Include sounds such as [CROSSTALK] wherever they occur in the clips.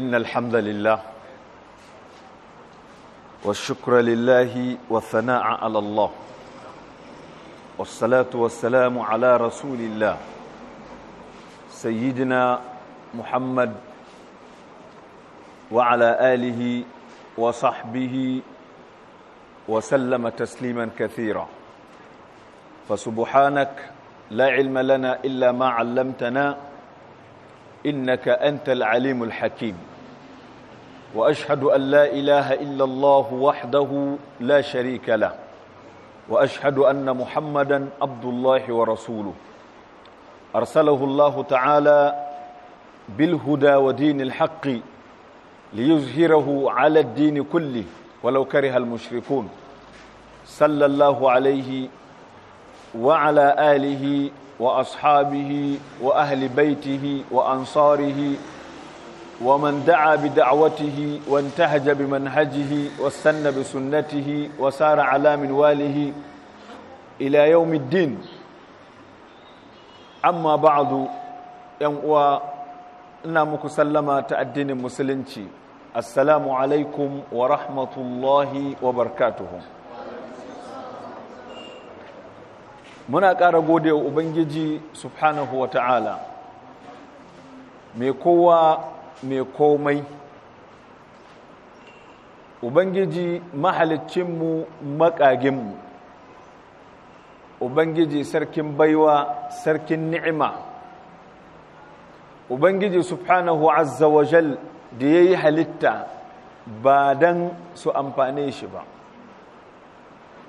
إن الحمد لله والشكر لله والثناء على الله والصلاة والسلام على رسول الله سيدنا محمد وعلى آله وصحبه وسلم تسليما كثيرا فسبحانك لا علم لنا إلا ما علمتنا إنك أنت العليم الحكيم واشهد ان لا اله الا الله وحده لا شريك له واشهد ان محمدا عبد الله ورسوله ارسله الله تعالى بالهدى ودين الحق ليظهره على الدين كله ولو كره المشركون صلى الله عليه وعلى اله واصحابه واهل بيته وانصاره ومن دعا بدعوته وانتهج بمنهجه واستنى بسنته وسار على من واله إلى يوم الدين أما بعد ينقوى نامك سلمة الدين المسلنشي السلام عليكم ورحمة الله وبركاته muna ƙara gode wa Ubangiji subhanahu wa ta'ala mai kowa mai komai ubangiji mahalicinmu makaginmu ubangiji sarkin baiwa sarkin ni'ima ubangiji subhanahu azza wa jal da ya yi halitta ba don su amfane shi ba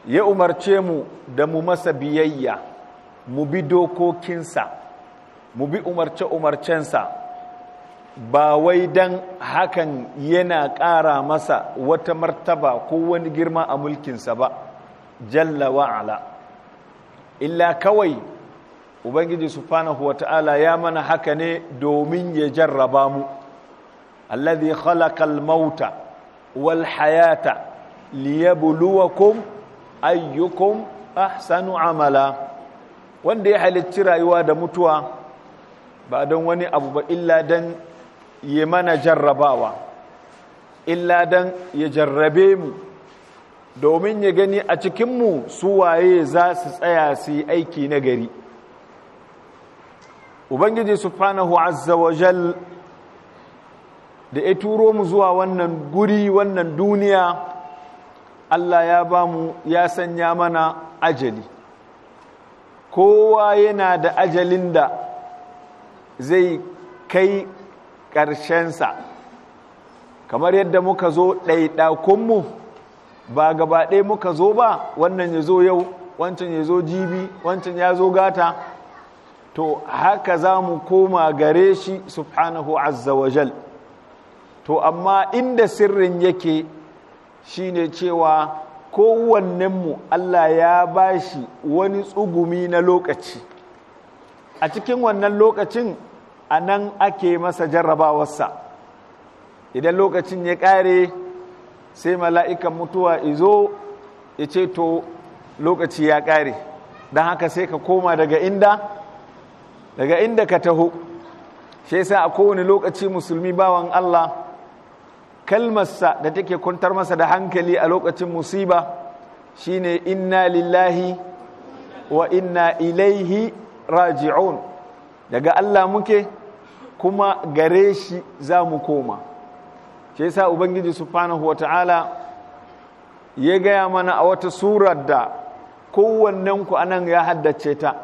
ya umarce mu da mu masa biyayya mu bi dokokinsa mu bi umarce-umarcensa ba wai dan hakan yana ƙara masa wata martaba ko wani girma a mulkinsa ba jalla wa'ala illa kawai ubangiji subhanahu ta'ala ya mana haka ne domin ya jarraba mu alladhi khalaqal mauta wal hayata liyabluwakum ayyukum ahsanu amala wanda ya halicci rayuwa da mutuwa ba don wani abu ba illa dan yi mana jarrabawa illa dan ya jarrabe mu domin ya gani a cikinmu su waye za su tsaya su yi aiki na gari ubangiji subhanahu azza wa jal da ya turo mu zuwa wannan guri wannan duniya Allah ya ba mu ya sanya mana ajali kowa yana da ajalin da zai kai ƙarshensa kamar yadda muka zo ɗaiɗakunmu ba gaba ɗaya muka zo ba wannan ya zo yau wancan ya zo jibi wancan ya zo gata to haka za mu koma gare shi subhanahu azza jal to amma inda sirrin yake shi ne cewa kowannenmu Allah ya bashi wani tsugumi na lokaci a cikin wannan lokacin a nan ake masa jarrabawarsa idan lokacin ya ƙare sai mala'ikan mutuwa izo ya ce to lokaci ya ƙare don haka sai ka koma daga inda daga inda ka taho shi yasa a kowane lokaci musulmi bawan Allah kalmarsa da take kwantar masa da hankali a lokacin musiba shine inna lillahi wa inna ilaihi raji'un daga Allah muke kuma gare shi za mu koma shi sa ubangiji subhanahu ta'ala ya gaya mana a wata surar da kowannen ku anan ya haddace ta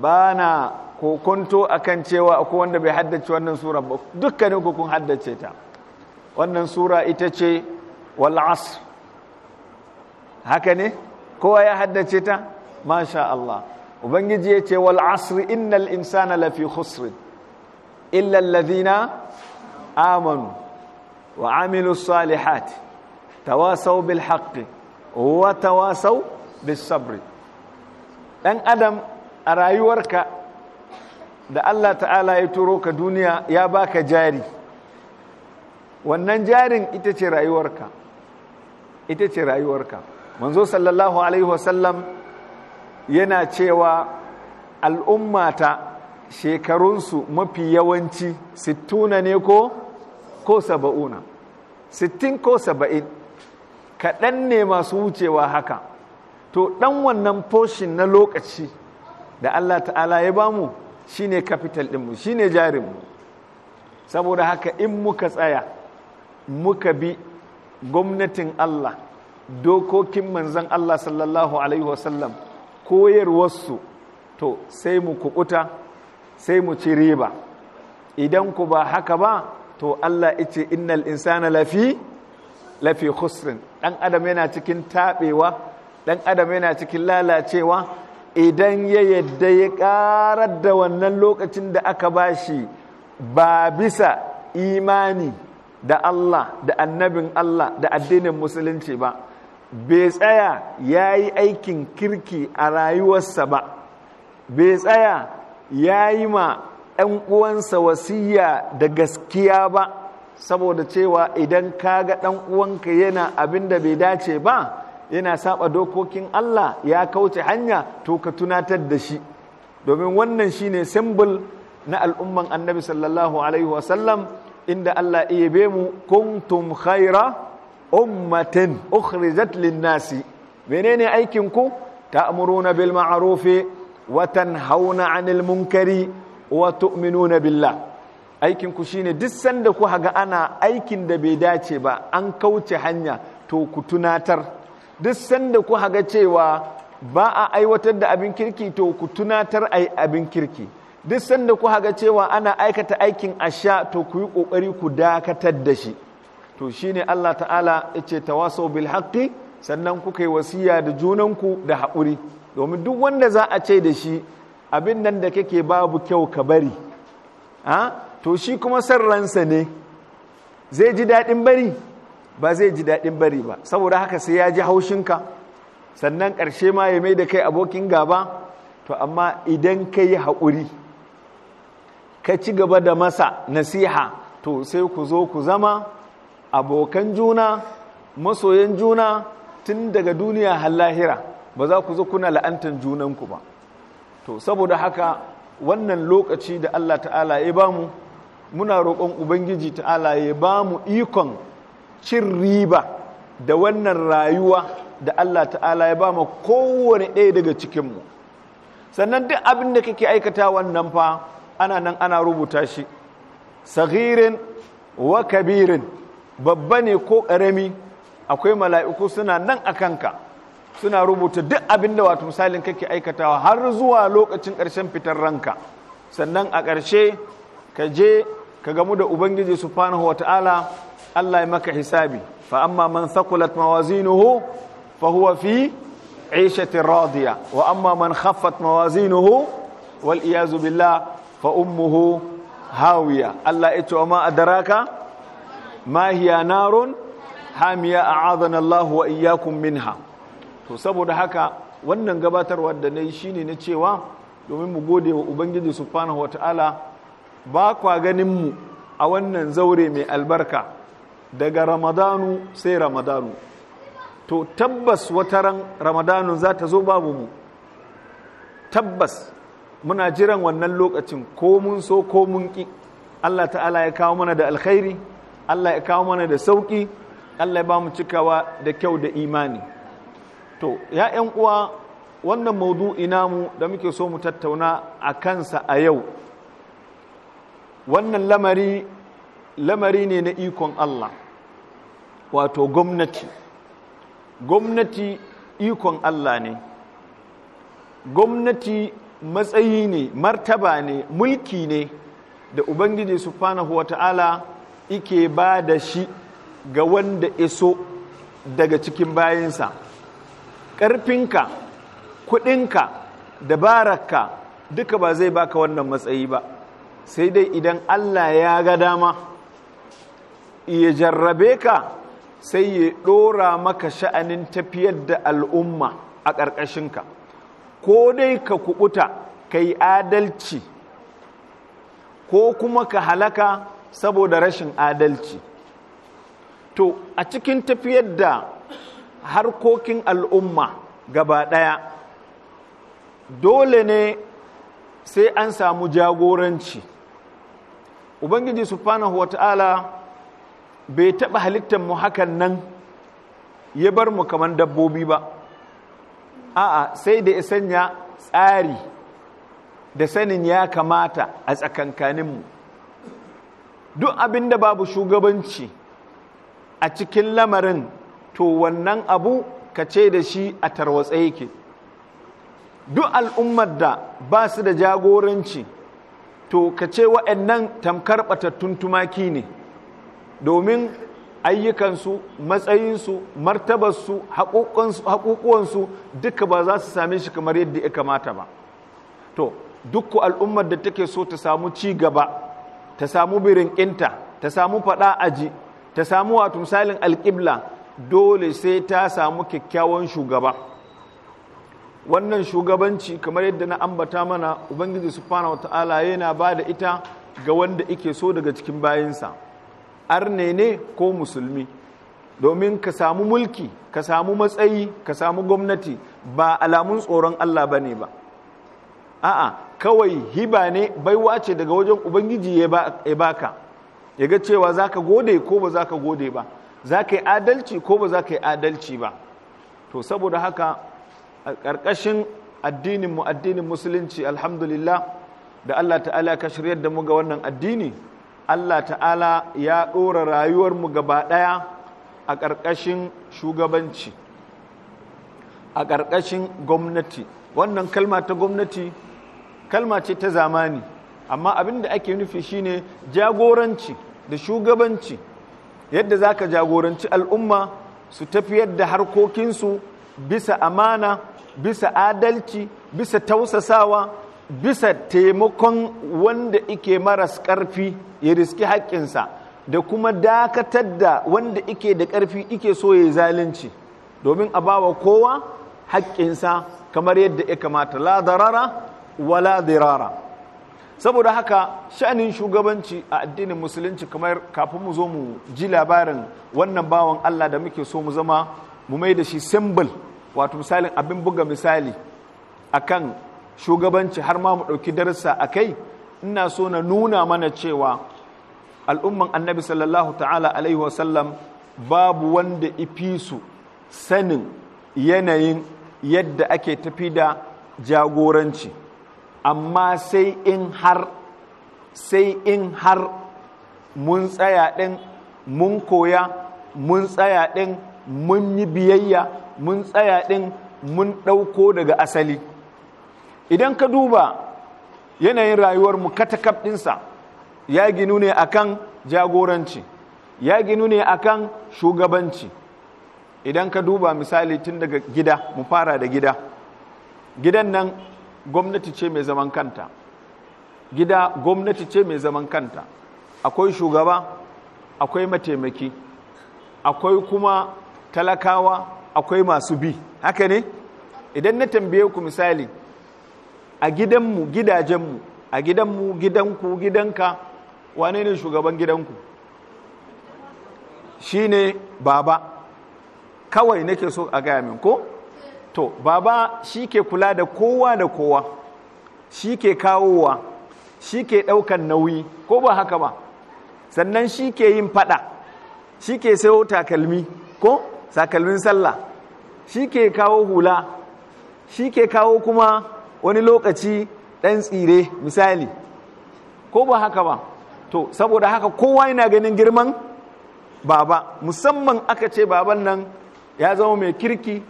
bana kokonto akan cewa akwai wanda bai haddace wannan surar ba dukkanin ku kun haddace ta wannan sura ita ce wal haka ne kowa ya haddace ta masha Allah ubangiji ya ce wal innal insana lafi khusr illal ladhina amanu wa amilus salihati tawasaw bil haqqi wa tawasaw bis sabri dan adam a rayuwarka da Allah ta'ala ya turo ka duniya ya baka jari wannan jarin ita ce rayuwarka ita ce rayuwarka manzo sallallahu alaihi wasallam yana cewa al'ummata shekarunsu mafi yawanci sittuna ne ko ko saba'una sittin ko saba'in kaɗan ne masu wucewa haka to ɗan wannan foshin na lokaci da Allah ta'ala ya bamu shine capital ɗinmu shine jarinmu saboda haka in muka tsaya muka bi gwamnatin Allah dokokin manzan Allah sallallahu alaihi wasallam koyarwarsu to sai mu kukuta sai mu ci riba idan ku ba haka ba to Allah ce innal insana lafi lafi khusrin dan adam yana cikin tabewa dan adam yana cikin lalacewa idan ya yadda ya karar da wannan lokacin da aka bashi ba bisa imani da Allah da annabin Allah da addinin musulunci ba bai tsaya ya yi aikin kirki a rayuwarsa ba bai tsaya ya yi ma ‘yan uwansa wasiya da gaskiya ba saboda cewa idan ka ga ɗan uwanka yana abin da bai dace ba yana saba dokokin Allah ya kauce hanya to ka tunatar da shi domin wannan shi ne simbol na al'umman annabi sallallahu alaihi wasallam inda Allah iya be mu kuntum khaira ummatin ukhrijat linnasi. nasi menene aikinku? ta ta'muruna bil ma'ruf watan hauna anil munkari wa na billah aikin ku shine duk sanda ku haga ana aikin da bai dace ba an kauce hanya to ku tunatar duk sanda ku haga cewa ba a aiwatar da abin kirki to ku tunatar ai abin kirki duk sanda ku haga cewa ana aikata aikin asha to ku yi kokari ku dakatar da shi to shine Allah ta'ala yace tawasau bil haqqi sannan kuka yi wasiya da junanku da haƙuri domin duk wanda za a ce da shi abin nan da kake babu kyau ka bari to shi kuma san ransa ne zai ji daɗin bari ba zai ji daɗin bari ba saboda haka sai ya ji haushinka sannan ƙarshe ma ya mai da kai abokin gaba to amma idan ka yi haƙuri ka ci gaba da masa nasiha to sai ku zo ku zama abokan juna masoyan juna tun daga duniya har lahira ba za ku zo kuna la'antar junanku ba to saboda haka wannan lokaci da Allah ta'ala ya ba mu muna roƙon ubangiji ta'ala ya ba mu ikon cin riba da wannan rayuwa da Allah ta'ala ya ba mu kowane ɗaya daga cikinmu sannan duk abin da kake aikata wannan fa ana nan ana rubuta shi sagirin wa kabirin babba ne ko ƙarami akwai mala'iku suna nan a kanka suna rubuta duk abin da wato misalin kake aikatawa har zuwa lokacin ƙarshen fitar ranka sannan a ƙarshe ka je ka gamu da ubangiji subhanahu wata'ala Allah ya maka hisabi fa amma man thaqulat mawazinuhu fa huwa fi 'ishatin radiya wa amma man khaffat mawazinuhu wal iyazu billah fa ummuhu hawiya Allah ya ce wa ma adraka ma hiya narun hamiya a'adana Allah wa iyyakum minha to saboda haka wannan gabatarwa da na yi shine na cewa domin mu gode wa ubangiji subhanahu wata'ala ba kwa ganinmu a wannan zaure mai albarka daga ramadanu sai ramadanu to tabbas wataran ramadanu za ta zo babu mu tabbas muna jiran wannan lokacin ko mun so ko mun ki Allah ta'ala ya kawo mana da alkhairi Allah ya kawo mana da sauƙi Allah ya ba mu cikawa da kyau da imani to ya ƴan uwa wannan maudu'i mu da muke so mu tattauna a kansa a yau wannan lamari lamari ne na ikon Allah wato gwamnati gwamnati ikon Allah ne gwamnati matsayi ne martaba ne mulki ne da ubangiji subhanahu wata'ala ike ba da shi ga wanda iso daga cikin bayansa ƙarfinka kuɗinka dabararka duka ba zai baka wannan matsayi ba sai dai idan Allah ya ga dama ya jarrabe ka sai ya ɗora maka sha'anin tafiyar da al'umma a ƙarƙashinka ko dai ka kuɓuta ka yi adalci ko kuma ka halaka saboda rashin adalci to a cikin tafiyar da harkokin al'umma gaba ɗaya dole ne sai an samu jagoranci ubangiji subhanahu wata'ala bai taɓa halittar mu hakan nan ya bar mu kamar dabbobi ba a'a sai da ya sanya tsari da sanin ya kamata a tsakankaninmu duk abinda babu shugabanci a cikin lamarin to wannan abu ka ce da shi a tarwatsa yake duk al'ummar da ba su da jagoranci to ka ce waɗannan tamkar batattun tumaki ne domin ayyukansu matsayinsu martabarsu haƙuƙuwansu duka ba za su same shi kamar yadda ya kamata ba to dukku al'ummar da take so ta samu ci gaba ta samu birinƙinta ta samu faɗa aji ta samu wato misalin alƙibla dole sai ta samu kyakkyawan shugaba wannan shugabanci kamar yadda na ambata mana ubangiji subhanahu wataala yana ba da ita ga wanda ike so daga cikin bayansa arne ne ko musulmi domin ka samu mulki ka samu matsayi ka samu gwamnati ba alamun tsoron Allah ba ne ba a'a kawai hiba ne baiwa ce daga wajen ubangiji ya baka ya ga cewa za ka gode ko ba za ka gode ba za ka yi adalci ko ba za ka yi adalci ba to saboda haka a ƙarƙashin addinin mu addinin musulunci alhamdulillah da Allah ta'ala ka shiryar da mu ga wannan addini Allah ta'ala ya ɗora rayuwar mu gaba ɗaya a ƙarƙashin shugabanci a ƙarƙashin gwamnati wannan kalma ta gwamnati kalma ce ta zamani amma abin da ake nufi shine jagoranci da shugabanci yadda za ka jagoranci al'umma su tafi yadda harkokinsu bisa amana bisa adalci bisa tausasawa bisa taimakon wanda ike maras ƙarfi ya riski haƙƙinsa da kuma dakatar da wanda ike da ƙarfi ike so ya zalunci domin a bawa kowa haƙƙinsa kamar yadda ya kamata la darara wala dirara saboda haka sha'anin shugabanci a addinin musulunci kamar kafin mu zo mu ji labarin wannan bawan Allah da muke so mu zama mu mai da shi symbol wato misalin abin buga misali akan shugabanci har ma mu ɗauki darussa a kai ina so na nuna mana cewa al'umman annabi sallallahu ta'ala alaihi wasallam babu wanda ifisu sanin yanayin yadda ake tafi da jagoranci amma sai in har sai in har mun tsaya ɗin mun koya mun tsaya ɗin mun yi biyayya mun tsaya ɗin mun ɗauko daga asali idan ka duba yanayin rayuwarmu katakaf ɗinsa ya ginu ne akan jagoranci ya ginu ne akan shugabanci idan ka duba misali tun daga gida mu fara da gida gidan nan gwamnati ce mai zaman kanta gida gwamnati ce mai zaman kanta akwai shugaba akwai mataimaki akwai kuma talakawa akwai masu bi haka ne idan na tambaye ku misali a gidanmu gidajenmu a gidanmu gidanku gidanka wane ne shugaban gidanku Shi shine baba kawai nake so a gaya min ko to baba shi ke kula da kowa da kowa shi ke kawowa shi ke ɗaukan nauyi ko ba haka ba sannan shi ke yin fada shi ke sayo takalmi ko takalmin sallah shi ke kawo hula shi ke kawo kuma wani lokaci ɗan tsire misali ko ba haka ba to saboda haka kowa yana ganin girman baba musamman aka ce baban nan ya zama mai kirki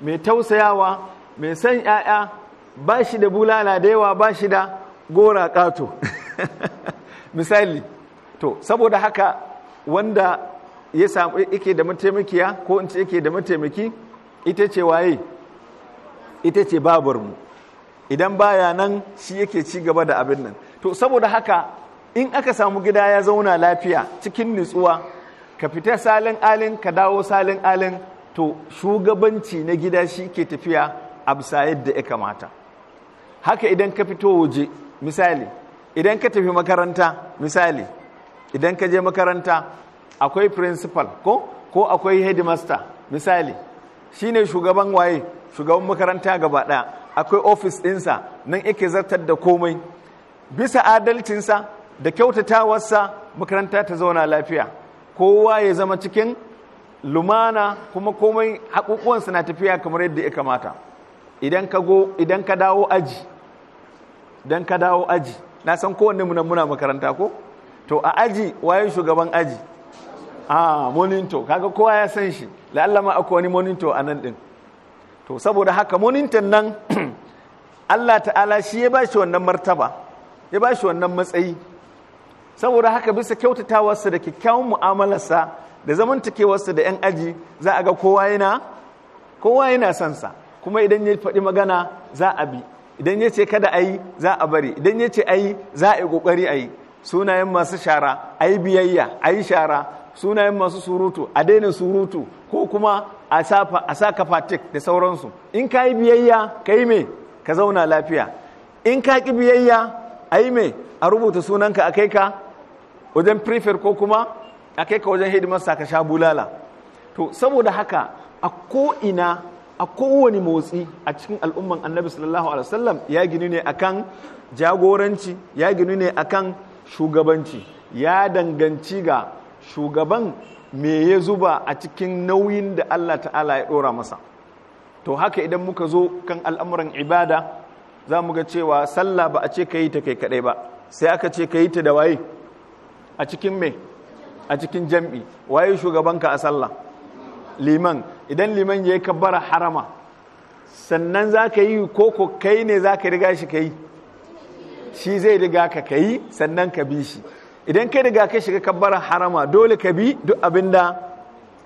mai tausayawa mai san 'ya'ya ba shi da bulala da yawa ba shi da gora ƙato [LAUGHS] misali to saboda haka wanda ya samu ike da mataimakiya ko in ce ike da mataimaki ita ce waye ita ce babarmu idan baya nan shi yake ci gaba da abin nan to saboda haka in aka samu gida ya zauna lafiya cikin nutsuwa ka fita salin alin ka dawo salin alin to shugabanci na gida shi ke tafiya a bisa yadda ya kamata haka idan ka fito waje misali idan ka tafi makaranta misali idan ka je makaranta akwai principal ko ko akwai headmaster misali shine shugaban waye shugaban makaranta gaba ɗaya akwai ofis ɗinsa nan yake zartar da komai bisa adalcinsa da kyautatawarsa makaranta ta zauna lafiya kowa ya zama cikin lumana kuma komai haƙuƙuwansu na tafiya kamar yadda ya kamata idan ka go idan ka dawo aji idan ka dawo aji na san kowanne munan muna makaranta ko to a aji waye shugaban aji a moninto kaga kowa ya san shi la'alla ma akwai wani moninto a nan din to saboda haka monintan nan [CLEARS THROAT] Allah ta'ala shi ya bashi wannan martaba ya bashi wannan matsayi saboda haka bisa kyautatawarsa da kyakkyawan mu'amalarsa da zamantakewarsa da 'yan aji za a ga kowa yana kowa sansa kuma idan ya faɗi magana za a bi idan ya ce kada a yi za a bari idan ya ce a yi za a yi ƙoƙari a yi sunayen masu shara a yi biyayya a yi shara sunayen masu surutu a daina surutu ko kuma a sa kafatik da sauransu in ka yi biyayya ka yi me ka zauna lafiya in ka ƙi biyayya a yi me a rubuta sunanka a kai ka wajen prefer ko kuma a kai ka wajen hidimarsa ka sha bulala to saboda haka a ko'ina a kowane motsi a cikin al'umman annabi sallallahu alaihi wasallam ya gini ne akan jagoranci ya gini ne akan shugabanci ya danganci ga shugaban me ya zuba a cikin nauyin da Allah ta'ala ya ɗora masa to haka idan muka zo kan al'amuran ibada za mu ga cewa sallah ba a ce ka yi ta kai kaɗai ba sai aka ce ka yi ta da waye a cikin mai a cikin jam'i waye shugabanka a sallah liman idan liman ya yi kabbara harama sannan za ka yi koko kai ne za ka riga shi ka yi shi zai riga ka ka yi sannan ka bi shi idan kai riga ka shiga kabbara harama dole ka bi duk abin da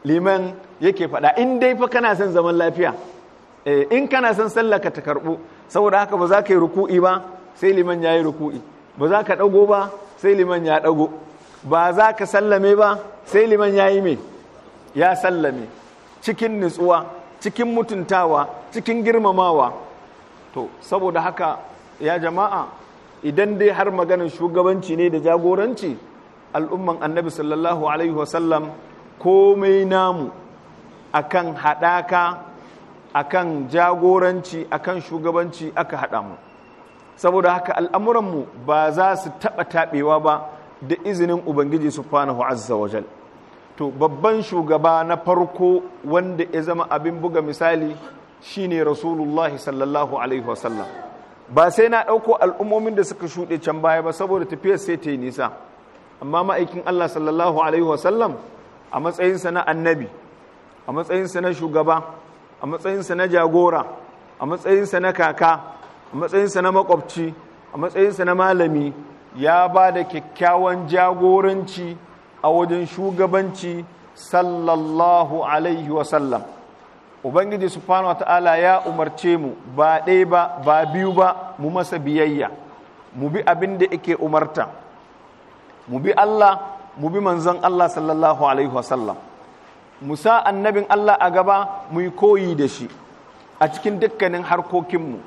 liman yake faɗa in dai fa kana son zaman lafiya eh, in kana son sallah ka ta karɓo saboda haka ba za ka yi ruku'i ba sai liman ya yi ruku'i ba za ka ɗago ba sai liman ya ɗago ba za ka sallame ba sai liman ya yi mai ya sallame cikin nutsuwa cikin mutuntawa cikin girmamawa to saboda haka ya jama'a idan dai har maganin shugabanci ne da jagoranci al'umman annabi sallallahu alaihi wasallam komai namu akan haɗaka akan jagoranci akan shugabanci aka haɗa mu saboda haka al'amuranmu ba za su taɓa taɓewa ba da izinin ubangiji subhanahu azza wajal to babban shugaba na farko wanda ya zama abin buga misali shine rasulullahi sallallahu alaihi wasallam ba sai na ɗauko al'ummomin da suka shuɗe can baya ba saboda tafiyar sai ta yi nisa amma ma'aikin Allah sallallahu alaihi wasallam a matsayinsa na annabi a matsayinsa na shugaba a matsayinsa na jagora a matsayinsa na kaka a matsayinsa na makwabci a matsayinsa na malami ya ba da kyakkyawan jagoranci a wajen shugabanci sallallahu alaihi wasallam ubangiji fano ta'ala ya umarce mu ba ɗaya ba ba biyu ba mu masa biyayya mu bi abin da yake umarta mu bi Allah mu bi manzon Allah sallallahu alaihi wasallam mu sa annabin Allah a gaba mu yi koyi da shi a cikin dukkanin harkokinmu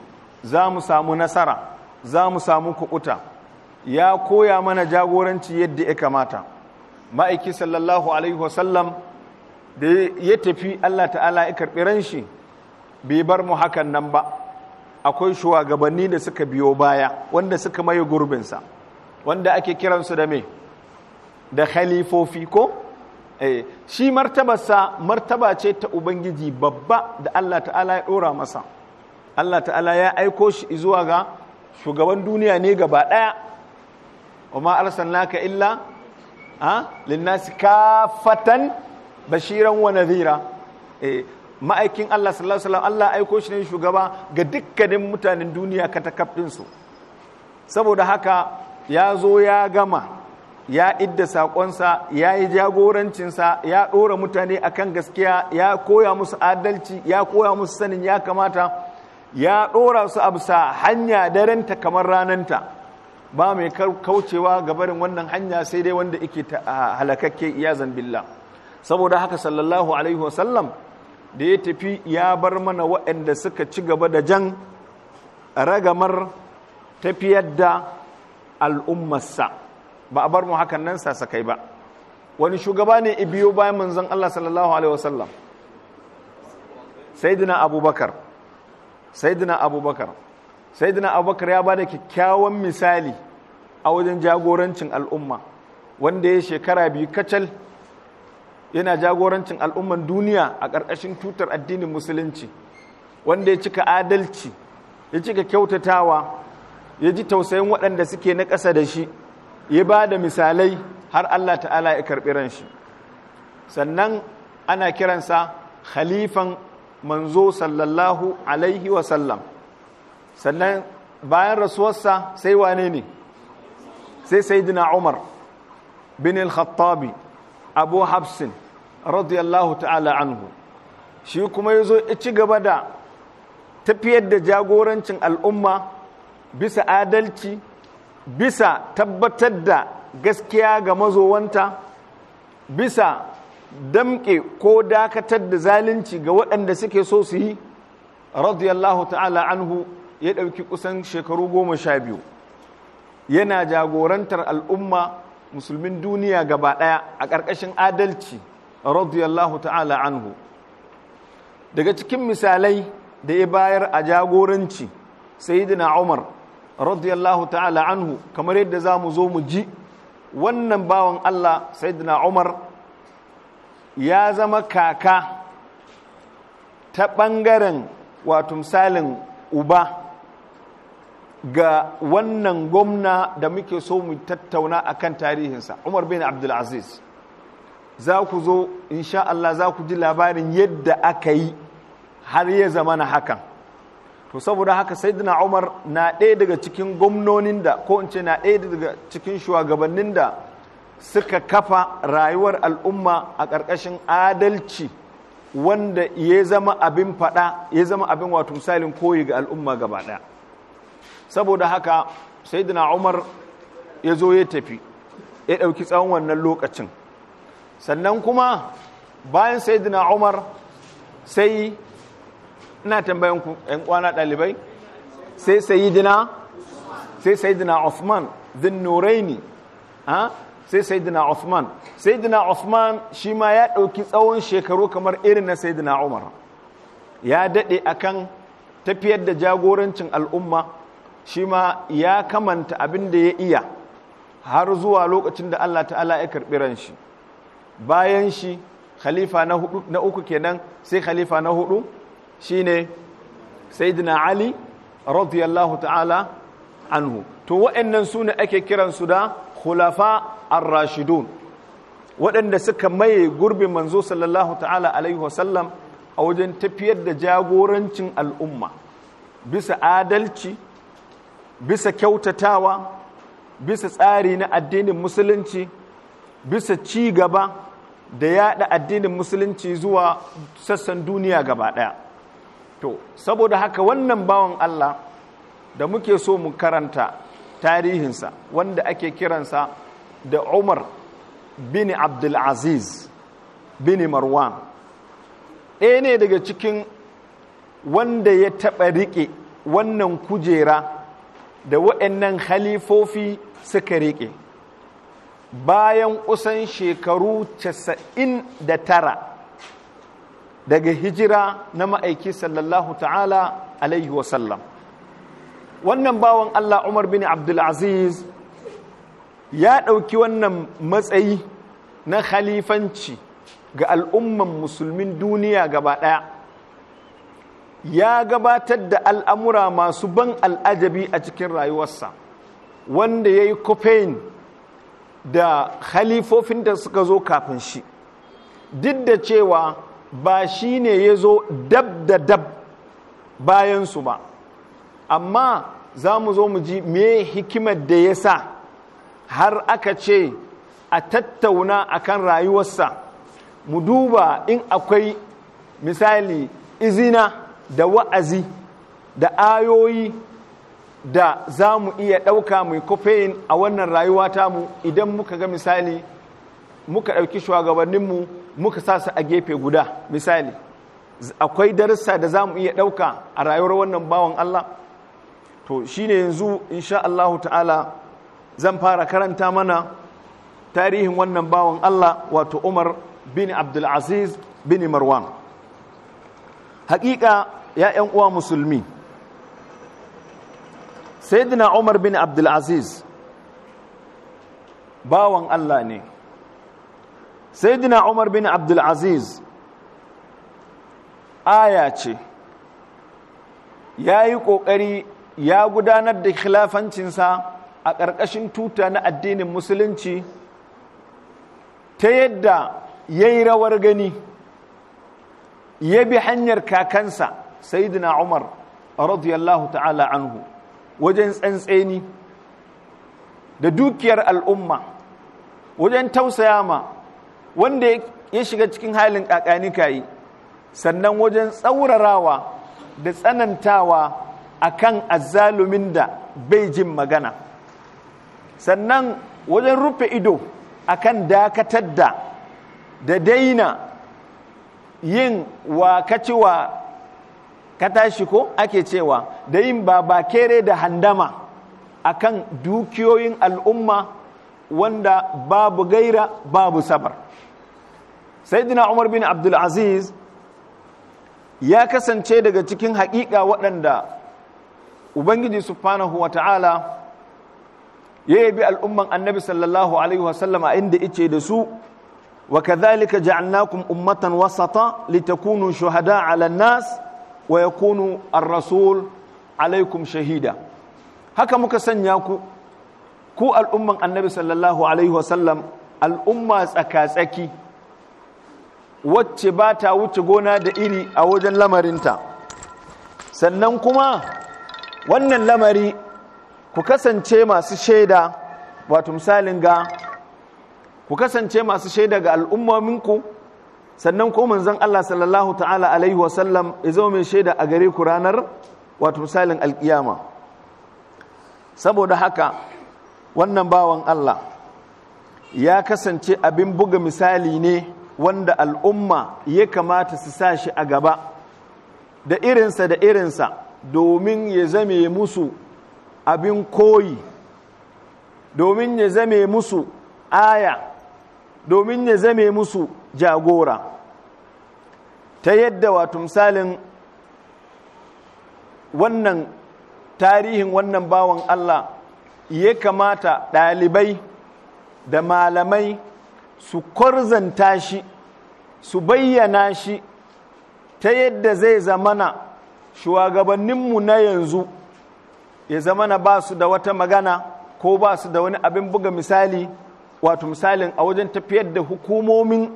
za mu samu nasara za mu samu kukuta ya koya mana jagoranci yadda ya kamata ma'aiki sallallahu alaihi wasallam da ya tafi Allah ta'ala ya karɓi ranshi bai bar mu hakan nan ba akwai shugabanni da suka biyo baya wanda suka maye gurbinsa wanda ake kiransu da me da khalifofi ko eh shi martabarsa martaba ce ta ubangiji babba da Allah ta'ala ya ɗora masa Allah ta'ala ya aiko shi zuwa ga shugaban duniya ne gaba ɗaya. wa ma arsalnaka illa ha linnasi kafatan bashiran wa nadhira eh ma'aikin Allah sallallahu alaihi wasallam Allah aiko shi ne shugaba ga dukkanin mutanen duniya katakaf din su saboda haka ya zo ya gama ya idda sakonsa ya yi jagorancinsa ya dora mutane akan gaskiya ya koya musu adalci ya koya musu sanin ya kamata ya dora su a bisa hanya darenta kamar ta. ba mai kaucewa gabarin wannan hanya sai dai wanda yake halakakke iyazan billah saboda haka sallallahu alaihi wasallam da ya tafi ya bar mana waɗanda suka ci gaba da jan ragamar tafiyar da al'ummarsa ba a bar mu hakan nan sasakai ba wani shugaba ne biyo bayan manzon Allah sallallahu alaihi wasallam sayyidina abubakar abubakar sai dina abubakar ya ba da kyakkyawan misali a wajen jagorancin al'umma wanda ya shekara biyu kacal yana jagorancin al'umman duniya a ƙarƙashin tutar addinin musulunci wanda ya cika adalci ya cika kyautatawa ya ji tausayin waɗanda suke na ƙasa da shi ya ba da misalai har Allah ta'ala ya karɓi ran sannan ana kiransa khalifan manzo sallallahu alaihi wasallam sannan bayan rasuwarsa sai wane ne sai sayyidina umar bin al-khattabi abu hafsin radiyallahu ta'ala anhu shi kuma ya zo ci gaba da tafiyar da jagorancin al'umma bisa adalci bisa tabbatar da gaskiya ga mazowanta bisa damke ko dakatar da zalunci ga waɗanda suke so su yi radiyallahu ta'ala anhu ya ɗauki kusan shekaru goma sha biyu yana jagorantar al'umma musulmin duniya gaba ɗaya a ƙarƙashin adalci radiyallahu ta'ala anhu daga cikin misalai da ya bayar a jagoranci sayidina umar radiyallahu ta'ala anhu kamar yadda za mu zo mu ji wannan bawan allah sayidina umar ya zama kaka ta ɓangaren wato misalin uba ga wannan gwamna da muke so mu tattauna a kan tarihinsa Umar bin Abdulaziz za ku zo insha Allah za ku ji labarin yadda aka yi har ya zama na hakan to saboda haka sayyidina Umar na ɗaya daga cikin gwamnonin da ko in ce na ɗaya daga cikin shugabannin da suka kafa rayuwar al'umma a ƙarƙashin adalci wanda ya zama abin faɗa ya zama abin wato misalin koyi ga al'umma gaba ɗaya saboda haka dina umar ya zo ya tafi ya ɗauki tsawon wannan lokacin sannan kuma bayan dina umar sai ina tambayin ku ‘yan kwana ɗalibai sai dina sai dina osman zin sai osman sai dina osman shi ma ya ɗauki tsawon shekaru kamar irin na dina Umar ya daɗe akan tafiyar da jagorancin al'umma shi ma ya kamanta abin da ya iya har zuwa lokacin da Allah ta'ala ya karɓi ran bayan shi khalifa na hudu na uku kenan sai khalifa na hudu shine sayyidina ali radiyallahu ta'ala anhu to waɗannan su ne ake kiransu da khulafa ar-rashidun waɗanda suka maye gurbin manzo sallallahu ta'ala alaihi wasallam a wajen tafiyar da jagorancin al'umma bisa adalci bisa kyautatawa bisa tsari na addinin musulunci bisa ci gaba da yada addinin musulunci zuwa sassan duniya gaba daya to saboda haka wannan bawan Allah da muke so mu karanta tarihinsa wanda ake kiransa da Umar bin Abdul Aziz bin Marwan ɗaya ne daga cikin wanda ya taɓa riƙe wannan kujera da waɗannan halifofi suka riƙe bayan kusan shekaru 99 daga hijira na ma'aiki sallallahu ta'ala alaihi wasallam wannan bawan Allah Umar bin Abdulaziz ya ɗauki wannan matsayi na khalifanci ga al'umman musulmin duniya gaba ɗaya ya gabatar da al'amura masu ban al'ajabi a cikin rayuwarsa wanda ya yi kofain da halifofin da suka zo kafin shi duk da cewa ba shi ne ya zo dab da dab bayan su ba amma za mu zo mu ji me hikimar da ya sa har aka ce a tattauna a kan rayuwarsa mu duba in akwai misali izina da wa'azi da ayoyi da za mu iya ɗauka mai kofein a wannan rayuwa tamu idan muka ga misali muka ɗauki shugabanninmu muka sa su a gefe guda misali akwai darussa da za mu iya ɗauka a rayuwar wannan bawan Allah to shi ne yanzu insha Allahu ta'ala zan fara karanta mana tarihin wannan bawan Allah wato Umar bin Abdul aziz bin Marwan haƙiƙa yayan uwa musulmi dina umar bin abdulaziz bawan allah ne dina umar bin abdulaziz aya ce ya yi ƙoƙari ya gudanar da khilafancinsa a ƙarƙashin tuta na addinin musulunci ta yadda ya yi rawar gani ya bi hanyar kakansa sayyidina umar radiyallahu ta'ala anhu wajen tsantseni da dukiyar al'umma wajen tausaya ma wanda ya shiga cikin halin kakani kayi sannan wajen tsaurarawa da tsanantawa akan azzalumin da bai jin magana sannan wajen rufe ido akan dakatar da da daina yin wakaciwa ka tashi ko ake cewa da yin kere da handama akan dukiyoyin al'umma wanda babu gaira babu sabar sayyidina umar bin abdulaziz ya kasance daga cikin haƙiƙa waɗanda ubangiji subhanahu wa ta'ala ya yabi al'umman annabi sallallahu alaihi wasallama inda ice da su wa kadhalika ja'alnakum ummatan wasata litakunu shuhada 'ala nas wa kunu an rasul alaikum shahida haka muka sanya ku ku al'umman annabi sallallahu alaihi wasallam al'umma tsakatsaki wacce ba ta wuce gona da iri a wajen lamarinta sannan kuma wannan lamari ku kasance masu shaida wato misalin ga ku kasance masu shaida ga al'ummominku sannan ko manzon Allah sallallahu ta'ala alaihi wa sallam izo mai shaida a gare ku ranar wato misalin alkiyama saboda haka wannan bawan Allah ya kasance abin buga misali ne wanda al'umma ya kamata su sa shi a gaba da irinsa da irinsa domin ya zame musu abin koyi domin ya zame musu aya domin ya zame musu jagora ta yadda wato misalin wannan tarihin wannan bawan Allah ya kamata ɗalibai da malamai su kwarzanta shi su bayyana shi ta yadda zai zamana shugabanninmu na yanzu ya zamana ba su da wata magana ko ba su da wani abin buga misali wato misalin a wajen tafiyar da hukumomin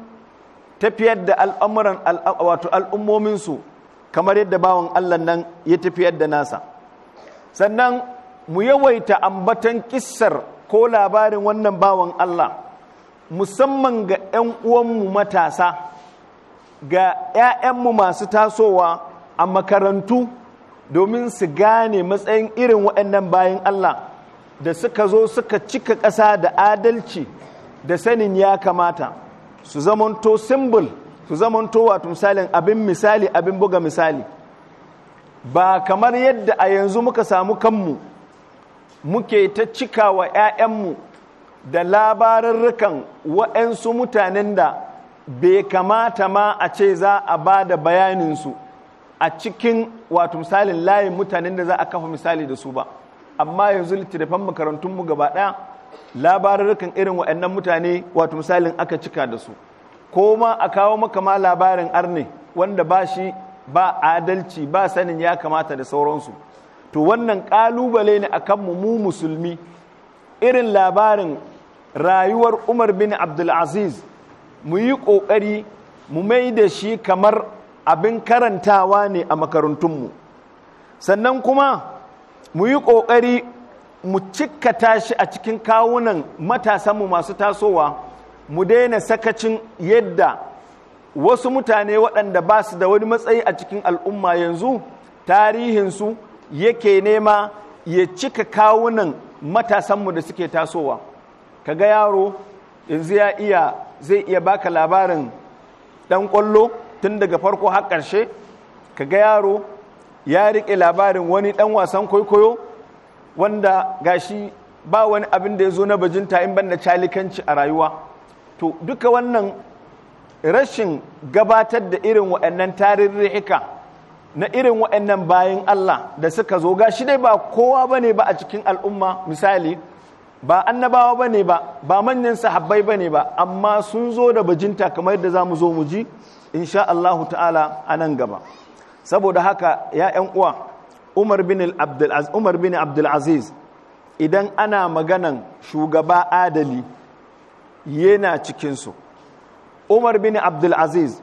tafiyar da al'amuran wato al'ummominsu kamar yadda bawan Allah nan ya tafiyar da nasa sannan mu yawaita ambatan kissar ko labarin wannan bawan Allah musamman ga 'yan uwanmu matasa ga 'ya'yanmu masu tasowa a makarantu domin su gane matsayin irin waɗannan bayan Allah da suka zo suka cika ƙasa da adalci da sanin ya kamata su zamanto simbol su zamanto wato misalin abin misali abin buga misali ba kamar yadda a yanzu muka samu kanmu muke ta cika wa 'ya'yanmu da rikan wa'yansu mutanen da bai kamata ma a ce za a ba da bayaninsu a cikin wato misalin layin mutanen da za a kafa misali da su ba. amma yanzu littattafan makarantunmu gaba ɗaya labarurrukan irin waɗannan mutane wato misalin aka cika da su ko ma a kawo maka ma labarin arne wanda ba shi ba adalci ba sanin ya kamata da sauransu to wannan ƙalubale ne a kanmu mu musulmi irin labarin rayuwar umar bin abdulaziz mu yi ƙoƙari mu mai da shi kamar abin karantawa ne a makarantunmu sannan kuma mu yi ƙoƙari mu cika tashi a cikin kawunan matasanmu masu tasowa mu daina sakacin yadda wasu mutane waɗanda ba su da wani matsayi a cikin al'umma yanzu tarihinsu yake nema ya cika kawunan matasanmu da suke tasowa kaga yaro yanzu ya iya zai iya baka labarin ɗan ƙwallo tun daga farko har ƙarshe kaga yaro ya riƙe labarin wani ɗan wasan kwaikwayo wanda gashi ba wani abin da ya zo na bajinta in da calikanci a rayuwa to duka wannan rashin gabatar da irin waɗannan tarirrika na irin waɗannan bayan Allah da suka zo gashi dai ba kowa bane ba a cikin al'umma misali ba annabawa bane ba ba manyan sahabbai bane ba amma sun zo da bajinta kamar yadda za mu zo mu ji insha Allah ta'ala a nan gaba saboda haka ya ‘yan uwa Umar bin Abdul Aziz idan ana maganan shugaba adali yana cikinsu. Umar bin Abdul Aziz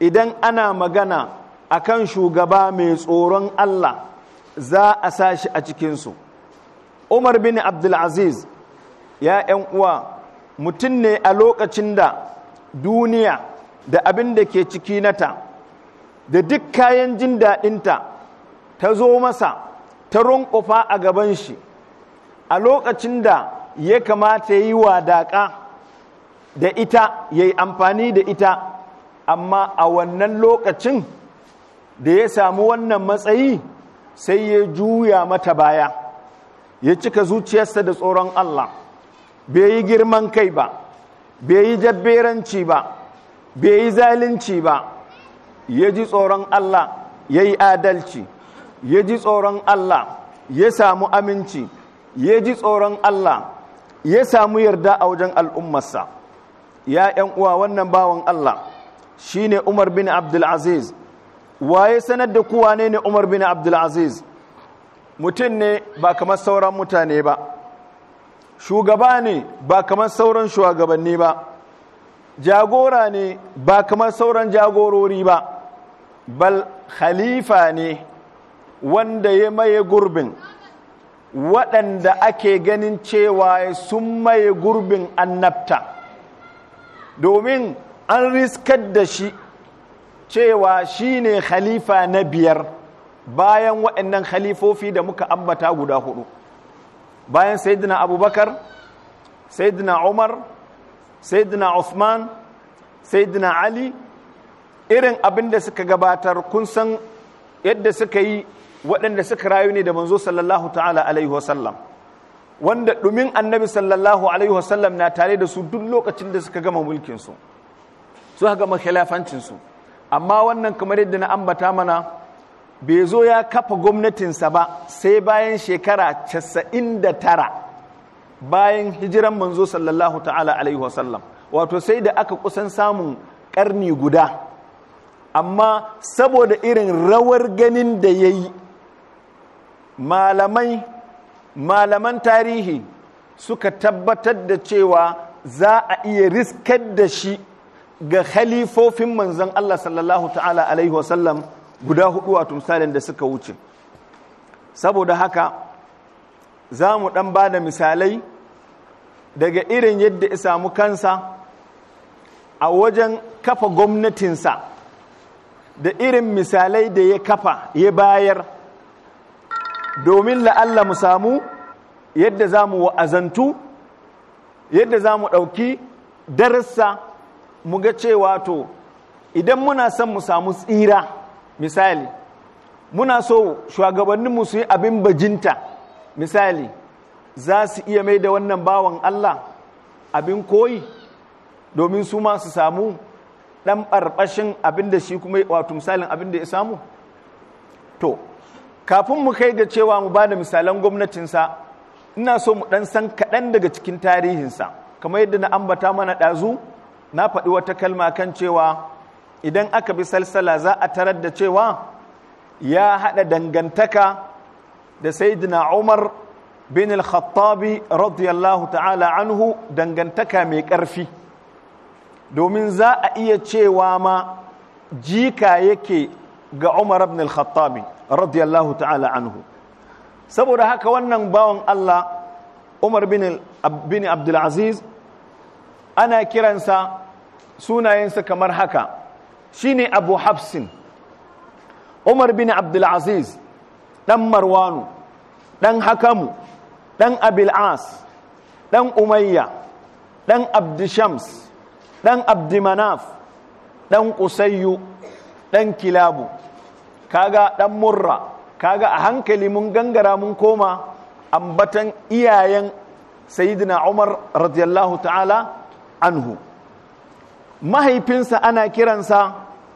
idan ana magana akan shugaba mai tsoron Allah za a sa shi a cikinsu. Umar bin Abdul Aziz ya ‘yan uwa mutum ne a lokacin da duniya da abin da ke ciki nata da duk kayan jin daɗinta ta zo masa ta runƙufa a gaban shi a lokacin da ya kamata yi daƙa da ita ya amfani da ita amma a wannan lokacin da ya samu wannan matsayi sai ya juya mata baya ya cika zuciyarsa da tsoron Allah bai yi girman kai ba bai yi jabberanci ba bai yi zalunci ba ya ji tsoron Allah ya yi adalci ya ji tsoron Allah ya samu aminci ya ji tsoron Allah ya samu yarda a wajen al'ummarsa ya ‘yan uwa wannan bawan Allah shi ne Umar bin Abdulaziz waye sanar da kuwa ne ne Umar bin Abdulaziz mutum ne ba kamar sauran mutane ba shugaba ne ba kamar sauran shugabanni ba jagora ne ba kamar sauran jagorori ba bal khalifa ne wanda ya maye gurbin waɗanda ake ganin cewa sun maye gurbin annabta domin an riskar da shi cewa shi ne khalifa na biyar bayan waɗannan khalifofi da muka ambata guda hudu bayan Saidina abubakar Saidina umar Saidina usman Saidina ali irin abin da suka gabatar kun san yadda suka yi waɗanda suka rayu ne da manzo sallallahu ta'ala alaihi wasallam wanda ɗumin annabi sallallahu alaihi wasallam na tare da su duk lokacin da suka gama mulkinsu su haka gama khilafancinsu amma wannan kamar yadda na ambata mana bai zo ya kafa gwamnatinsa ba sai bayan shekara casa'in da tara bayan hijiran manzo sallallahu ta'ala alaihi wasallam wato sai da aka kusan samun ƙarni guda amma saboda irin rawar ganin da ya yi malamai malaman tarihi suka tabbatar da cewa za a iya riskar da shi ga khalifofin manzon Allah sallallahu ta'ala alaihi wasallam guda hudu a tumsalin da suka wuce saboda haka za mu ɗan ba da misalai daga irin yadda isa mu kansa a wajen kafa gwamnatinsa da irin misalai da ya kafa ya bayar domin la'alla mu samu yadda za mu wa'azantu yadda za mu ɗauki darassa mu ga cewa to idan muna son mu samu tsira misali muna so shugabanninmu su yi abin bajinta misali za su iya mai da wannan bawan Allah abin koyi domin su ma su samu ɗan ɓarɓashin abin da shi kuma wato misalin abin da ya samu to kafin mu kai ga cewa mu bada da gwamnatin sa, ina so mu dan san kaɗan daga cikin tarihin sa. kamar yadda na ambata mana ɗazu na faɗi wata kalma kan cewa idan aka bi salsala za a tarar da cewa ya haɗa dangantaka da sayyidina umar bin al-khattabi radiyallahu ta'ala anhu dangantaka mai ƙarfi domin za a iya cewa ma jika yake ga Umar ibn al radiyallahu ta'ala anhu saboda haka wannan bawan Allah Umar bin Abdul ana kiransa sunayensa kamar haka shine Abu Hafsin Umar bin Abdul Aziz dan Marwanu dan Hakamu dan Abil As dan Umayya dan Abdishams ɗan abdimanaf ɗan ƙusayyu ɗan kilabu kaga ɗan murra kaga a hankali mun gangara mun koma ambatan iyayen sayidina umar radiyallahu ta'ala anhu mahaifinsa ana kiransa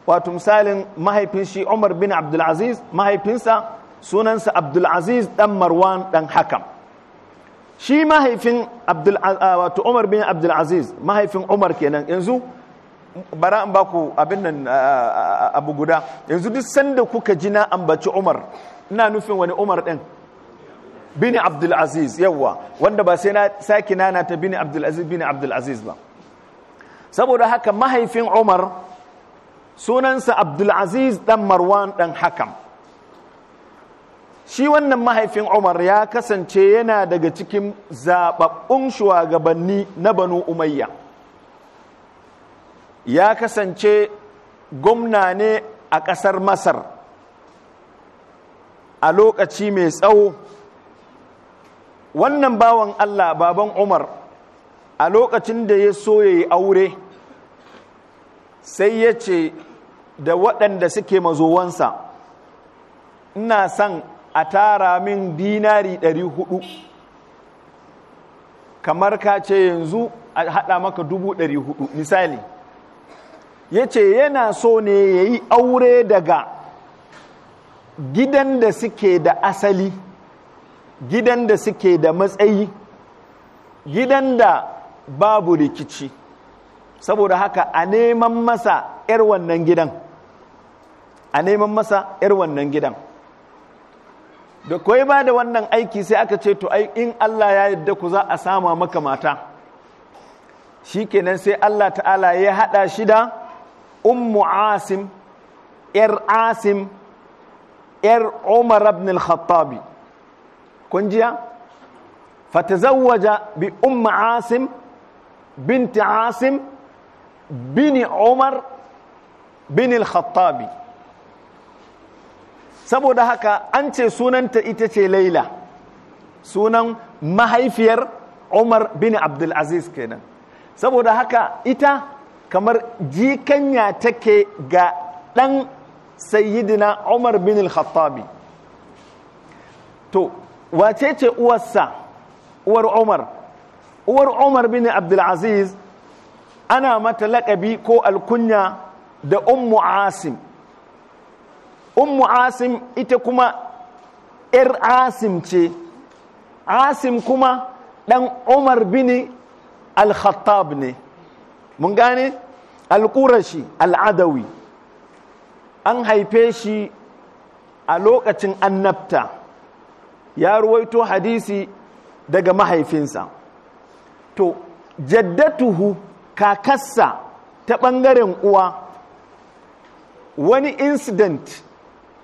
wato misalin mahaifin shi umar bin abdulaziz mahaifinsa sunansa abdulaziz ɗan marwan ɗan hakam shi mahaifin wato umar bin abdulaziz mahaifin umar kenan yanzu bara an baku abin nan abu guda yanzu duk sanda kuka ji na ambaci umar ina nufin wani umar din bin abdulaziz yawa wanda ba sai na saki nana ta bin abdulaziz bin abdulaziz ba saboda haka mahaifin umar sunansa abdulaziz dan marwan dan hakam shi wannan mahaifin Umar ya kasance yana daga cikin zaɓaɓɓun shugabanni na Banu Umayya ya kasance gwamna ne a ƙasar Masar a lokaci mai tsawo wannan bawan Allah baban Umar a lokacin da ya so ya yi aure sai ya ce da waɗanda suke mazowansa ina son a tara min dinari 400 kamar ka ce yanzu a haɗa maka dubu misali ya ce yana so ne ya yi aure daga gidan da suke da asali gidan da suke da matsayi gidan da babu rikici saboda haka a neman masa 'yar wannan gidan a neman masa 'yar wannan gidan da koyi ba da wannan aiki sai aka ce to in Allah ya yarda ku za a sama maka mata shi kenan sai Allah ta'ala ya hada shi da ummu asim yar asim yar umar ibn al-khattabi kun jiya fatazawwaja bi ummu asim binti asim bini umar bin al-khattabi saboda haka an ce sunanta ita ce laila sunan mahaifiyar umar bin abdulaziz kenan saboda haka ita kamar jikanya take ga ɗan sayyidina umar bin al-khattabi to wace ce uwarsa uwar umar uwar umar bin abdulaziz ana mata laƙabi ko alkunya da ummu asim ummu asim ita kuma ‘yar asim ce asim kuma ɗan umar bini al ne mun gane al al'adawi an haife shi a lokacin annabta ya ruwaito hadisi daga mahaifinsa to jaddatuhu kakassa ta ɓangaren uwa wani incident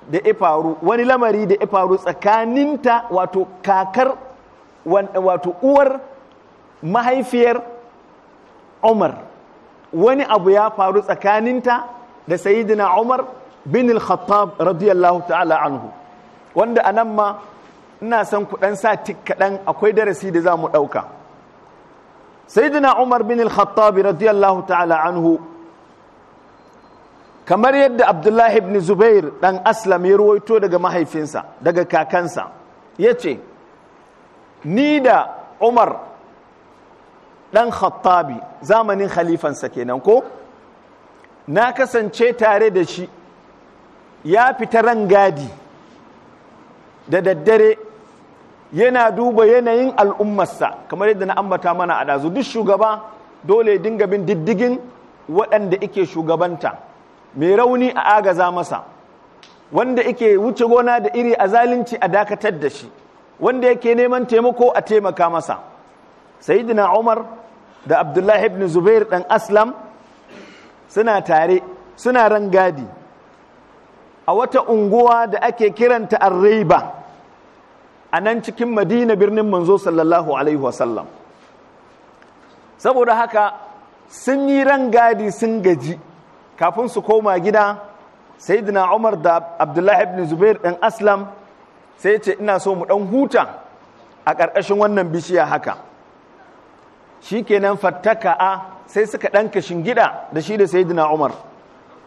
da ya faru wani lamari da ya faru tsakaninta wato kakar wato uwar mahaifiyar umar wani abu ya faru tsakaninta da sayidina umar bin al-khattab radiyallahu ta'ala anhu wanda anan ma ina san kuɗan sa kaɗan akwai darasi da za mu ɗauka sayidina umar bin al-khattab radiyallahu ta'ala anhu kamar yadda abdullahi ibn zubair dan aslam ya ruwaito daga mahaifinsa daga kakansa ya ce ni da umar dan khattabi zamanin khalifansa kenan ko na kasance tare da shi ya fita ran gadi da daddare yana duba yanayin al'ummarsa kamar yadda na ambata mana a dazu duk shugaba dole dinga bin diddigin waɗanda ike shugabanta mai rauni a agaza masa wanda yake wuce gona da iri a zalunci a dakatar da shi wanda yake neman taimako a taimaka masa sayyidina umar da abdullahi ibn zubair dan aslam suna tare suna rangadi a wata unguwa da ake kiranta arriba a nan cikin madina birnin manzo sallallahu alaihi wasallam saboda haka sun yi rangadi sun gaji kafin su koma gida saidina umar da abdullahi ibn zubair ɗan aslam sai ce ina so mu ɗan huta a ƙarƙashin wannan bishiya haka shi kenan fattaka a sai suka ɗanka gida da shi da saidina umar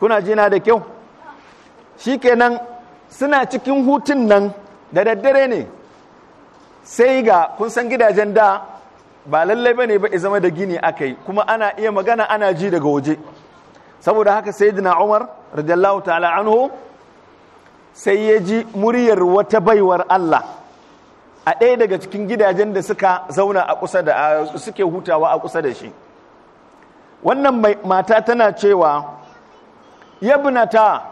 kuna jina da kyau shi kenan suna cikin hutun nan da daddare ne sai ga kun san gidajen da ba lallai ba ne ba zama da gini aka yi kuma ana iya magana ana ji daga waje saboda haka sayyidina Umar radiyallahu ta'ala anhu sai ya ji muryar wata baiwar Allah a ɗaya daga cikin gidajen da suka zauna a kusa da suke hutawa a kusa da shi wannan mata tana cewa yabnata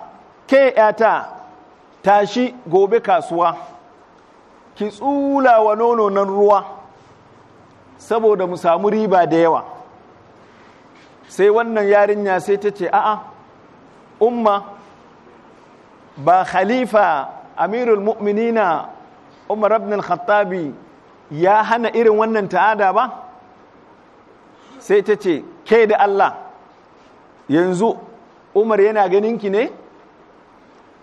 ke yata tashi gobe kasuwa ki tsula wa nono nan ruwa saboda mu samu riba da yawa sai wannan yarinya sai ta ce a'a umma ba khalifa amirul mu'minina umar ibn al-khattabi ya hana irin wannan ta'ada ba sai ta ce ke da Allah yanzu umar yana ganin ki ne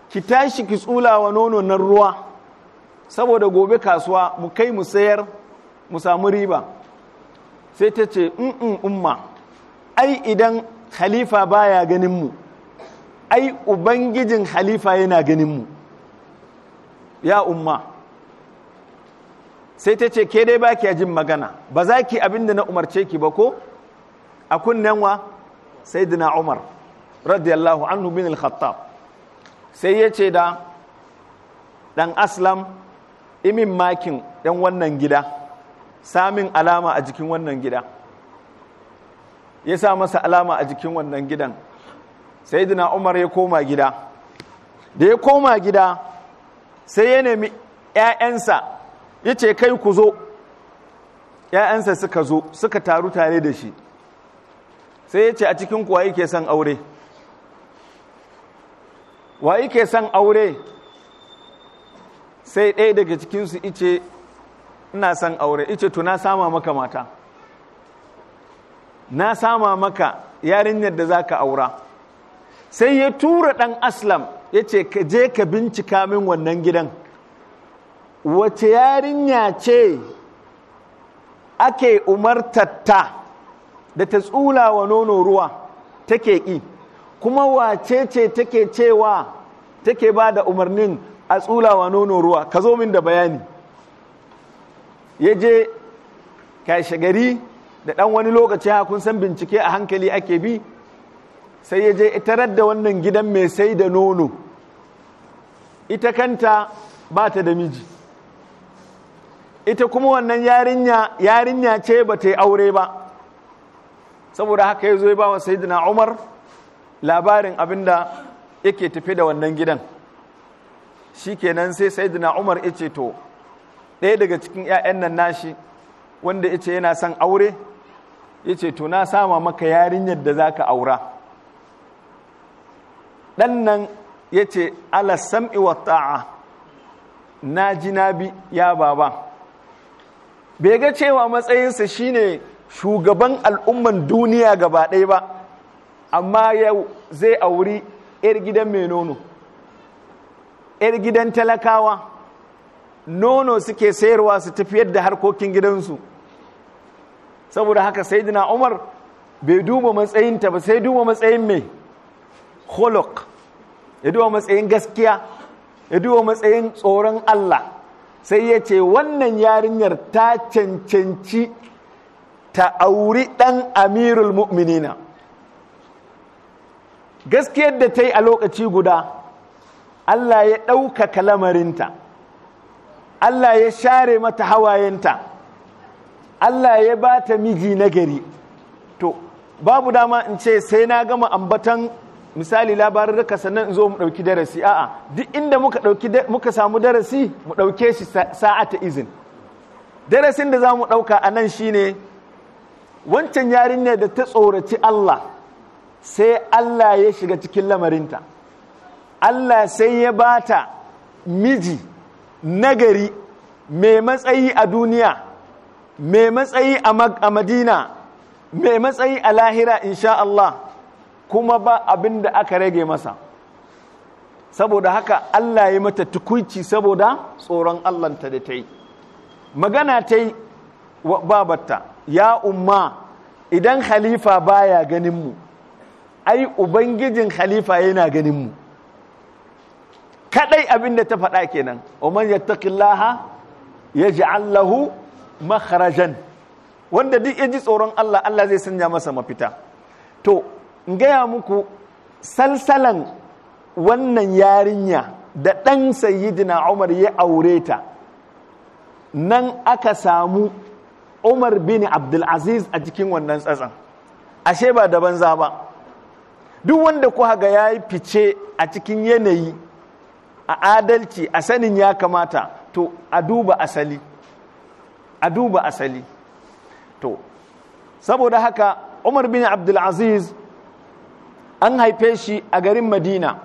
ki tashi ki tsula wa nono na ruwa saboda gobe kasuwa mu kai mu sayar mu samu riba sai ta ce umma ai idan khalifa baya ganin mu ai ubangijin halifa yana ganin mu ya umma sai ta ce ke dai ba ki jin magana ba za ki abin da na umarce ki ba ko a kunnen wa dina umar radiyallahu anhu bin al-khattab sai ya ce da dan aslam imin makin dan wannan gida samin alama a jikin wannan gida ya sa masa alama a jikin wannan gidan saidina umar ya koma gida da ya koma gida sai ya nemi 'ya'yansa ya ce kai ku zo 'ya'yansa suka zo suka taru tare da shi sai ya ce a cikin kuwa yake son aure wa yake son aure sai ɗaya daga cikinsu ice ina son aure ice tuna sama maka mata na sama maka yarinyar da za ka aura sai ya tura ɗan aslam ya ce ka je ka bincika min wannan gidan wace yarinya ce ake umartatta da ta tsula wa nono ruwa take ƙi kuma wace ce take cewa take ba da umarnin a tsula wa nono ruwa ka zo min da bayani ya je gari. da ɗan wani lokaci ha kun san bincike a hankali ake bi sai ya je itarar da wannan gidan mai sai da nono ita kanta ba ta da miji ita kuma wannan yarinya yarinya ce ba ta yi aure ba saboda haka ya zo ya ba wa sayidina umar labarin abinda yake tafi da wannan gidan shi kenan sai sayidina umar ya ce to ɗaya daga cikin 'ya'yan nan nashi wanda ya ce yana son aure ya ce to na sama maka yarinyar da za ka aura ɗan nan ya ce alasam'i wa ta'a na ji na bi ya baba bai ga cewa matsayinsa shine shugaban al'umman duniya gaba ba amma yau zai auri 'yar gidan mai nono 'yar gidan talakawa nono suke sayarwa su tafiyar da harkokin gidansu saboda haka Saidina umar bai duba matsayinta ba sai duba matsayin mai holok ya duba matsayin gaskiya ya duba matsayin tsoron Allah sai ya ce wannan yarinyar ta cancanci ta auri ɗan amirul mu'minina gaskiyar da ta yi a lokaci guda Allah ya ɗaukaka lamarinta Allah ya share mata hawayenta Allah ya ba ta miji nagari, to babu dama in ce sai na gama ambatan misali labarurruka sannan in zo mu ɗauki darasi a'a duk inda muka samu darasi mu ɗauke shi sa'a ta izin darasin da za mu ɗauka a nan ne wancan yarinya da ta tsoraci Allah sai Allah ya shiga cikin lamarinta Allah sai ya bata miji nagari mai matsayi a duniya mai matsayi a madina mai matsayi a lahira insha Allah kuma ba abin da aka rage masa saboda haka Allah ya mata tukunci saboda tsoron Allahnta da ta yi magana ta yi babata. ya umma idan khalifa baya ganin mu, ai ubangijin khalifa yana ganinmu kadai abin da ta faɗa kenan umar yattaqillaha yaj'al lahu makharajan wanda duk ya ji tsoron Allah Allah zai sanya masa mafita to in gaya muku salsalan wannan yarinya da ɗan sayyidina Umar ya aure ta nan aka samu Umar bin Abdulaziz a cikin wannan tsatsan ashe ba daban za ba duk wanda kuka ga yayi fice a cikin yanayi a adalci a sanin ya kamata to a duba asali a duba asali to saboda haka umar bin abdul aziz an haife shi a garin madina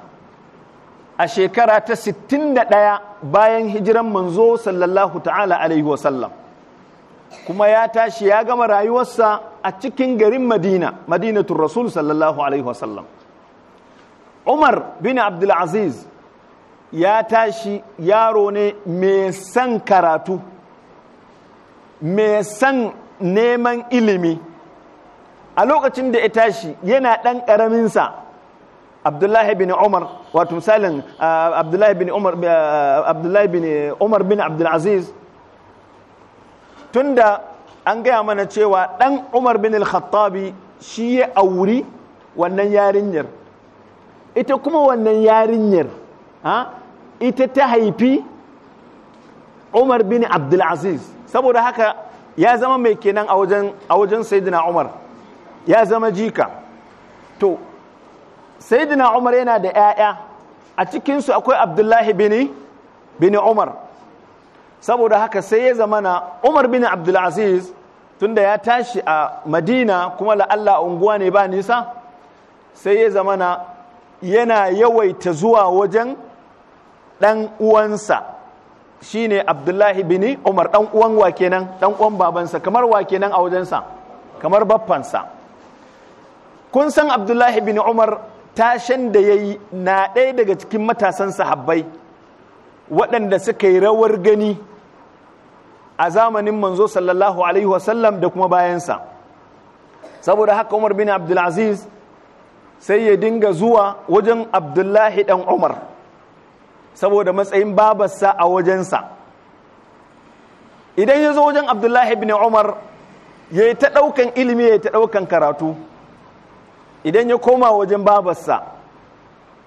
a shekara ta 61 bayan hijiran manzo sallallahu ta'ala alaihi wasallam kuma ya tashi ya gama rayuwarsa a cikin garin madina madinatul rasul sallallahu alaihi wasallam umar bin abdul aziz ya tashi yaro ne mai san karatu mai san neman ilimi a lokacin da ya tashi yana ɗan ƙaraminsa abdullahi bin umar wato misalin uh, abdullahi bin umar uh, abdullahi bin umar bin abdulaziz tunda an gaya mana cewa ɗan umar bin al-khattabi shi ya auri wannan yarinyar ita kuma wannan yarinyar ita ta haifi umar bin abdulaziz saboda haka ya zama mai kenan a wajen saidina Umar ya zama jika to saidina Umar yana da 'ya'ya a cikinsu akwai Abdullahi bin bin Umar saboda haka sai ya zamana Umar bin Abdulaziz tunda ya tashi a Madina kuma la'alla unguwa ne ba nisa sai ya zamana yana yawaita zuwa wajen ɗan uwansa shine abdullahi bin umar dan uwan wa kenan dan uwan babansa kamar wa kenan a wajensa kamar baffansa kun san abdullahi bin umar tashen da yayi na ɗaya daga cikin matasan sahabbai waɗanda suka yi rawar gani a zamanin manzo sallallahu alaihi wasallam da kuma bayansa saboda haka umar bin abdulaziz sai ya dinga zuwa wajen abdullahi ɗan umar saboda matsayin babarsa a wajensa idan ya zo wajen abdullahi ibn umar ya yi ta ɗaukan ilimi ya yi ta ɗaukan karatu idan ya koma wajen babarsa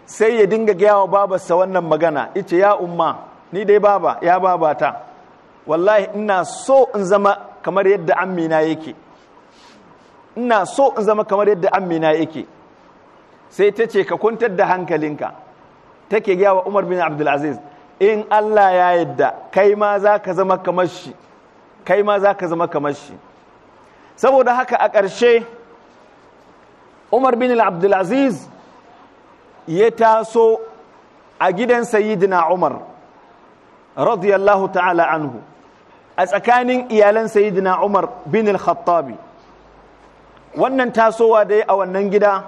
sai ya dinga gaya wa babarsa wannan magana ice ya umma ni dai baba ya babata wallahi ina so in zama kamar yadda amina yake ina so in zama kamar yadda amina yake sai ta ce ka kwantar da hankalinka take gaya wa umar bin Abdul aziz in allah ya yadda kai ma za ka zama kamar shi kai ma za ka zama kamar shi saboda haka a ƙarshe umar bin Abdul aziz ya taso a gidan sayidina umar radiyallahu ta'ala anhu a tsakanin iyalan sayidina umar bin al-khattabi wannan tasowa dai a wannan gida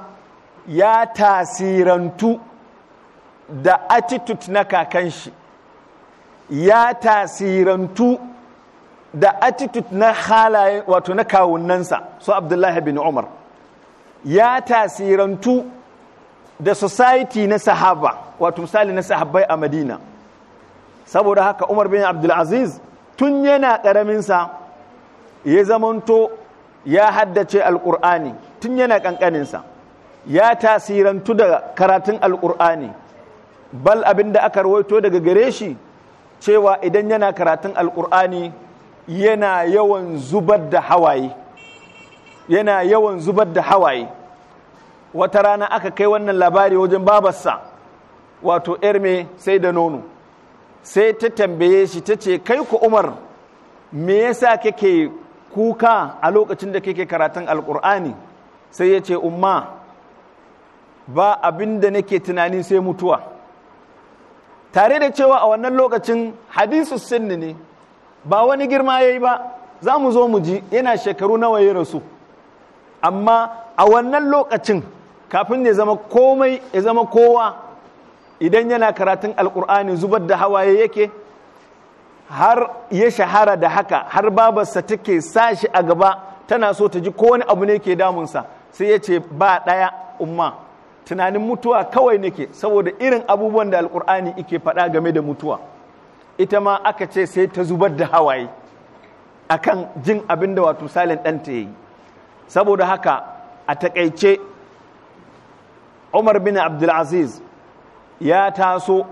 ya tasirantu da attitude na kakan shi ya tasirantu da attitude na halaye wato na kawunansa su so abdullahi bin umar ya tasirantu da society na sahaba wato misali na sahabbai a madina saboda haka umar bin abdulaziz tun yana karaminsa ya zamanto ya haddace alƙur'ani tun yana ƙanƙaninsa ya tasirantu da karatun alkur'ani bal abin da aka rawaito daga gare shi cewa idan yana karatun alkur'ani yana yawan zubar da hawaye yana yawan zubar da hawaye wata rana aka kai wannan labari wajen babarsa wato yar me sai da nono sai ta tambaye shi ta ce kai ku umar me yasa kake kuka a lokacin da kake karatun alkur'ani sai ya ce umma ba abin da nake tunani sai mutuwa tare da cewa a wannan lokacin hadisu sinni ne ba wani girma ya yi ba za mu zo mu ji yana shekaru nawa ya rasu amma a wannan lokacin kafin ya zama komai ya zama kowa idan yana karatun alkur'ani zubar da hawaye yake har ya shahara da haka har babarsa take sashi a gaba tana so ta ji ko wani abu ne ke damunsa sai ya ce ba ɗaya umma tunanin mutuwa kawai nake saboda irin abubuwan da alkur'ani ike faɗa game da mutuwa ita ma aka ce sai ta zubar da hawaye akan jin abin da wato salin ɗanta ya yi saboda haka a taƙaice umar bin abdulaziz ya taso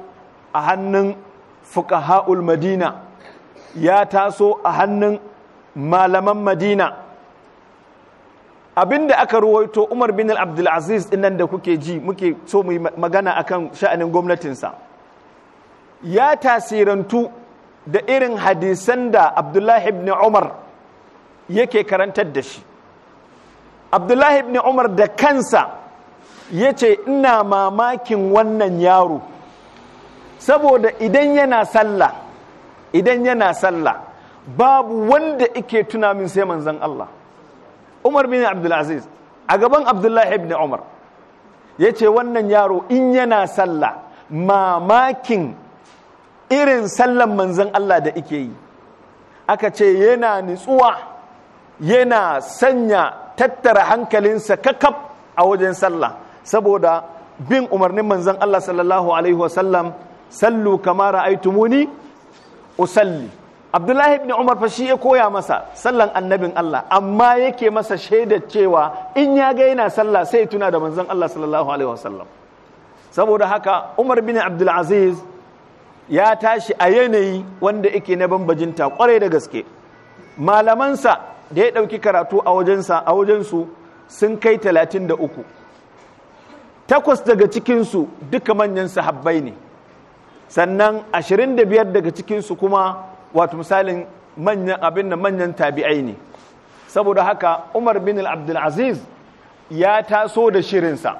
a hannun fukaha'ul madina ya taso a hannun malaman madina Abin da aka ruwaito Umar bin Abdulaziz din da kuke ji muke so mu magana akan sha'anin gwamnatinsa ya tasirantu da irin hadisan da Abdullahi ibn Umar yake karantar da shi Abdullahi ibn Umar da kansa ya ce ina mamakin wannan yaro saboda idan yana sallah idan yana sallah babu wanda ike tuna min sai manzon Allah umar bin abdulaziz a gaban abdullahi ibn umar ya ce wannan yaro in yana sallah mamakin irin sallan manzan Allah da ike yi aka ce yana nitsuwa yana sanya tattara hankalinsa kakaf a wajen sallah saboda bin umarnin manzan Allah sallallahu alaihi wasallam sallu kama ra'aytumuni usalli abdullahi ibn umar fa shi ya koya masa sallan annabin Allah amma yake masa shaidar cewa in ya ga yana sallah sai tuna da manzon Allah sallallahu alaihi wasallam saboda haka umar bin abdul aziz ya tashi a yanayi wanda yake na bambajinta kwarai da gaske malamansa da ya ɗauki karatu a wajensa a wajensu sun kai talatin da uku takwas daga cikinsu duka manyan sahabbai ne sannan ashirin da biyar daga cikinsu kuma wato misalin manyan abin da manyan tabi'ai ne saboda haka umar bin abdulaziz ya taso da shirinsa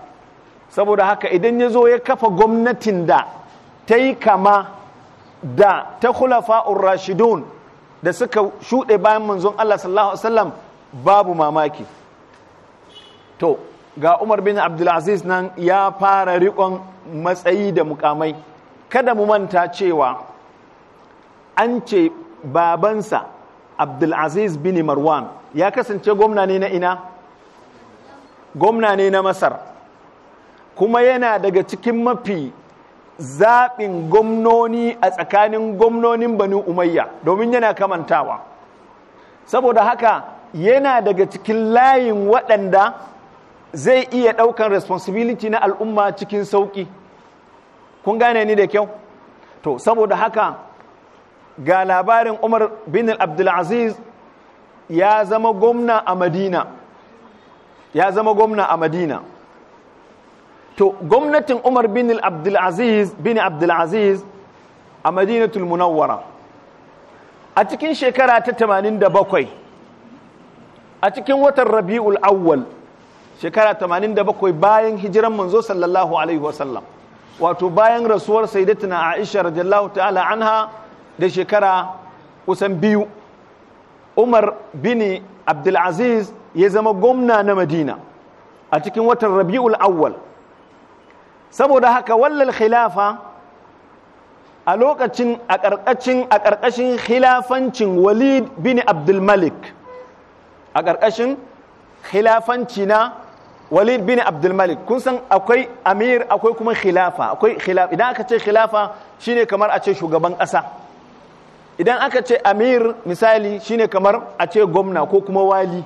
saboda haka idan ya zo ya kafa gwamnatin da ta yi kama da ta khulafa'ur rashidun da suka shuɗe bayan manzon Allah sallallahu alaihi wasallam babu mamaki to ga Umar bin Abdulaziz nan ya fara riƙon matsayi da mukamai kada mu manta cewa an ce babansa abdulaziz bin marwan ya kasance gwamna ne na ina gwamna ne na masar kuma yana daga cikin mafi zaɓin gwamnoni a tsakanin gwamnonin banu umayya domin yana kamantawa saboda haka yana daga cikin layin waɗanda zai iya ɗaukan responsibility na al'umma cikin sauƙi kun gane ni da kyau to saboda haka ga labarin umar bin abdulaziz ya zama gwamna a madina ya zama gwamna a madina to gwamnatin umar bin abdulaziz bin abdulaziz a madinatul munawwara a cikin shekara ta 87 a cikin watan rabi'ul awwal shekara 87 bayan hijiran manzo sallallahu alaihi wasallam wato bayan rasuwar sayyidatina aisha radiyallahu ta'ala anha da shekara kusan biyu umar bini abdulaziz ya zama gwamna na madina a cikin watan rabi'ul awwal saboda haka wallal khilafa a lokacin a ƙarƙashin a ƙarƙashin khilafancin walid bin abdulmalik a ƙarƙashin khilafanci na walid bin abdulmalik kun san akwai amir akwai kuma khilafa akwai khilafa idan aka ce khilafa shine kamar a ce shugaban ƙasa idan aka ce amir misali shine kamar a ce gwamna ko kuma wali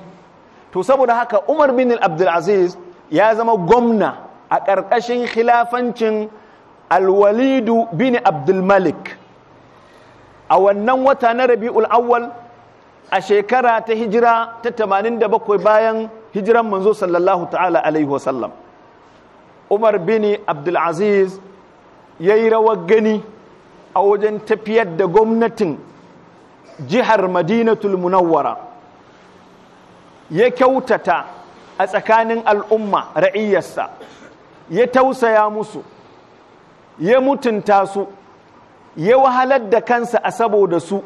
to saboda haka umar bin abdulaziz ya zama gwamna a ƙarƙashin khilafancin alwalidu bin abdulmalik a wannan wata na rabi'ul awwal a shekara ta hijira ta 87 bayan hijiran manzo sallallahu ta'ala alaihi wasallam umar bin abdulaziz ya yi rawar gani a wajen tafiyar da gwamnatin jihar madinatul munawwara ya kyautata a tsakanin al'umma ra'iyyarsa ya tausaya musu ya mutunta su ya wahalar da kansa a saboda su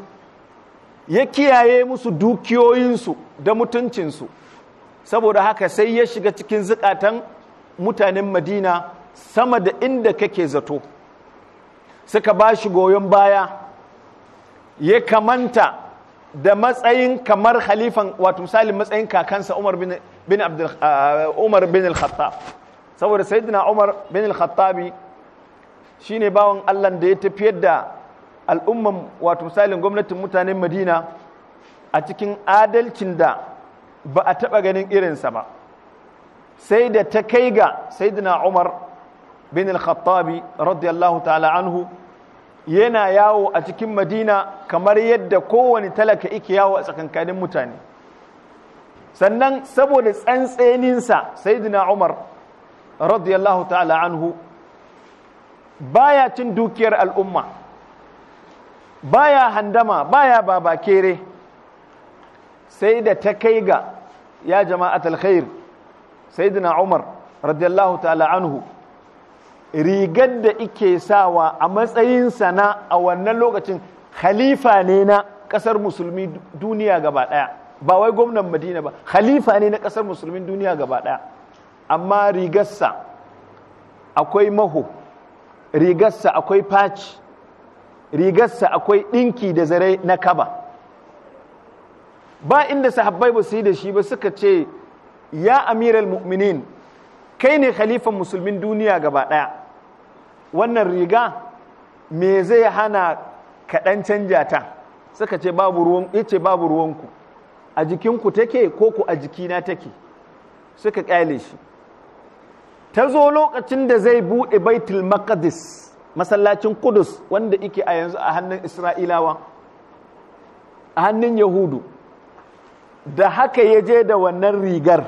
ya kiyaye musu dukiyoyinsu da mutuncinsu saboda haka sai ya shiga cikin zukatan mutanen madina sama da inda kake zato suka ba shi goyon baya ya kamanta da matsayin kamar halifan wato misalin matsayin kakansa ah, ah, Umar bin Al-Khattab saboda sayyidina Umar bin Al-Khattabi shine bawon Allah da ya tafiyar da al'umman wato misalin gwamnatin mutanen Madina a cikin adalcin da ba a taba ganin irinsa ba sai da ta kai ga sayyidina Umar bin al-khattabi radiyallahu ta'ala anhu yana yawo a cikin madina kamar yadda kowane talaka yake yawo a tsakankanin mutane sannan saboda tsantseninsa sayyidina umar radiyallahu ta'ala anhu baya cin dukiyar al'umma baya handama baya baba kere sai da ta kai ga ya jama'at al-khair sayyidina umar radiyallahu ta'ala anhu rigar da ike sawa a matsayinsa na a wannan lokacin khalifa ne na ƙasar musulmi duniya gaba ɗaya ba wai gwamnan madina ba khalifa ne na ƙasar musulmin duniya gaba ɗaya amma rigarsa akwai maho rigarsa akwai faci rigarsa akwai ɗinki da zare na kaba ba inda sahabbai ba su yi da shi ba suka ce ya amiral mu'minin kai ne khalifan musulmin duniya gaba ɗaya wannan riga me zai hana kaɗan canja ta suka ce babu ruwan ce babu ruwanku a jikinku take ko ku a jikina take suka ƙyale shi ta zo lokacin da zai buɗe baitul maqdis masallacin kudus wanda ike a yanzu a hannun isra'ilawa a hannun yahudu da haka ya je da wannan rigar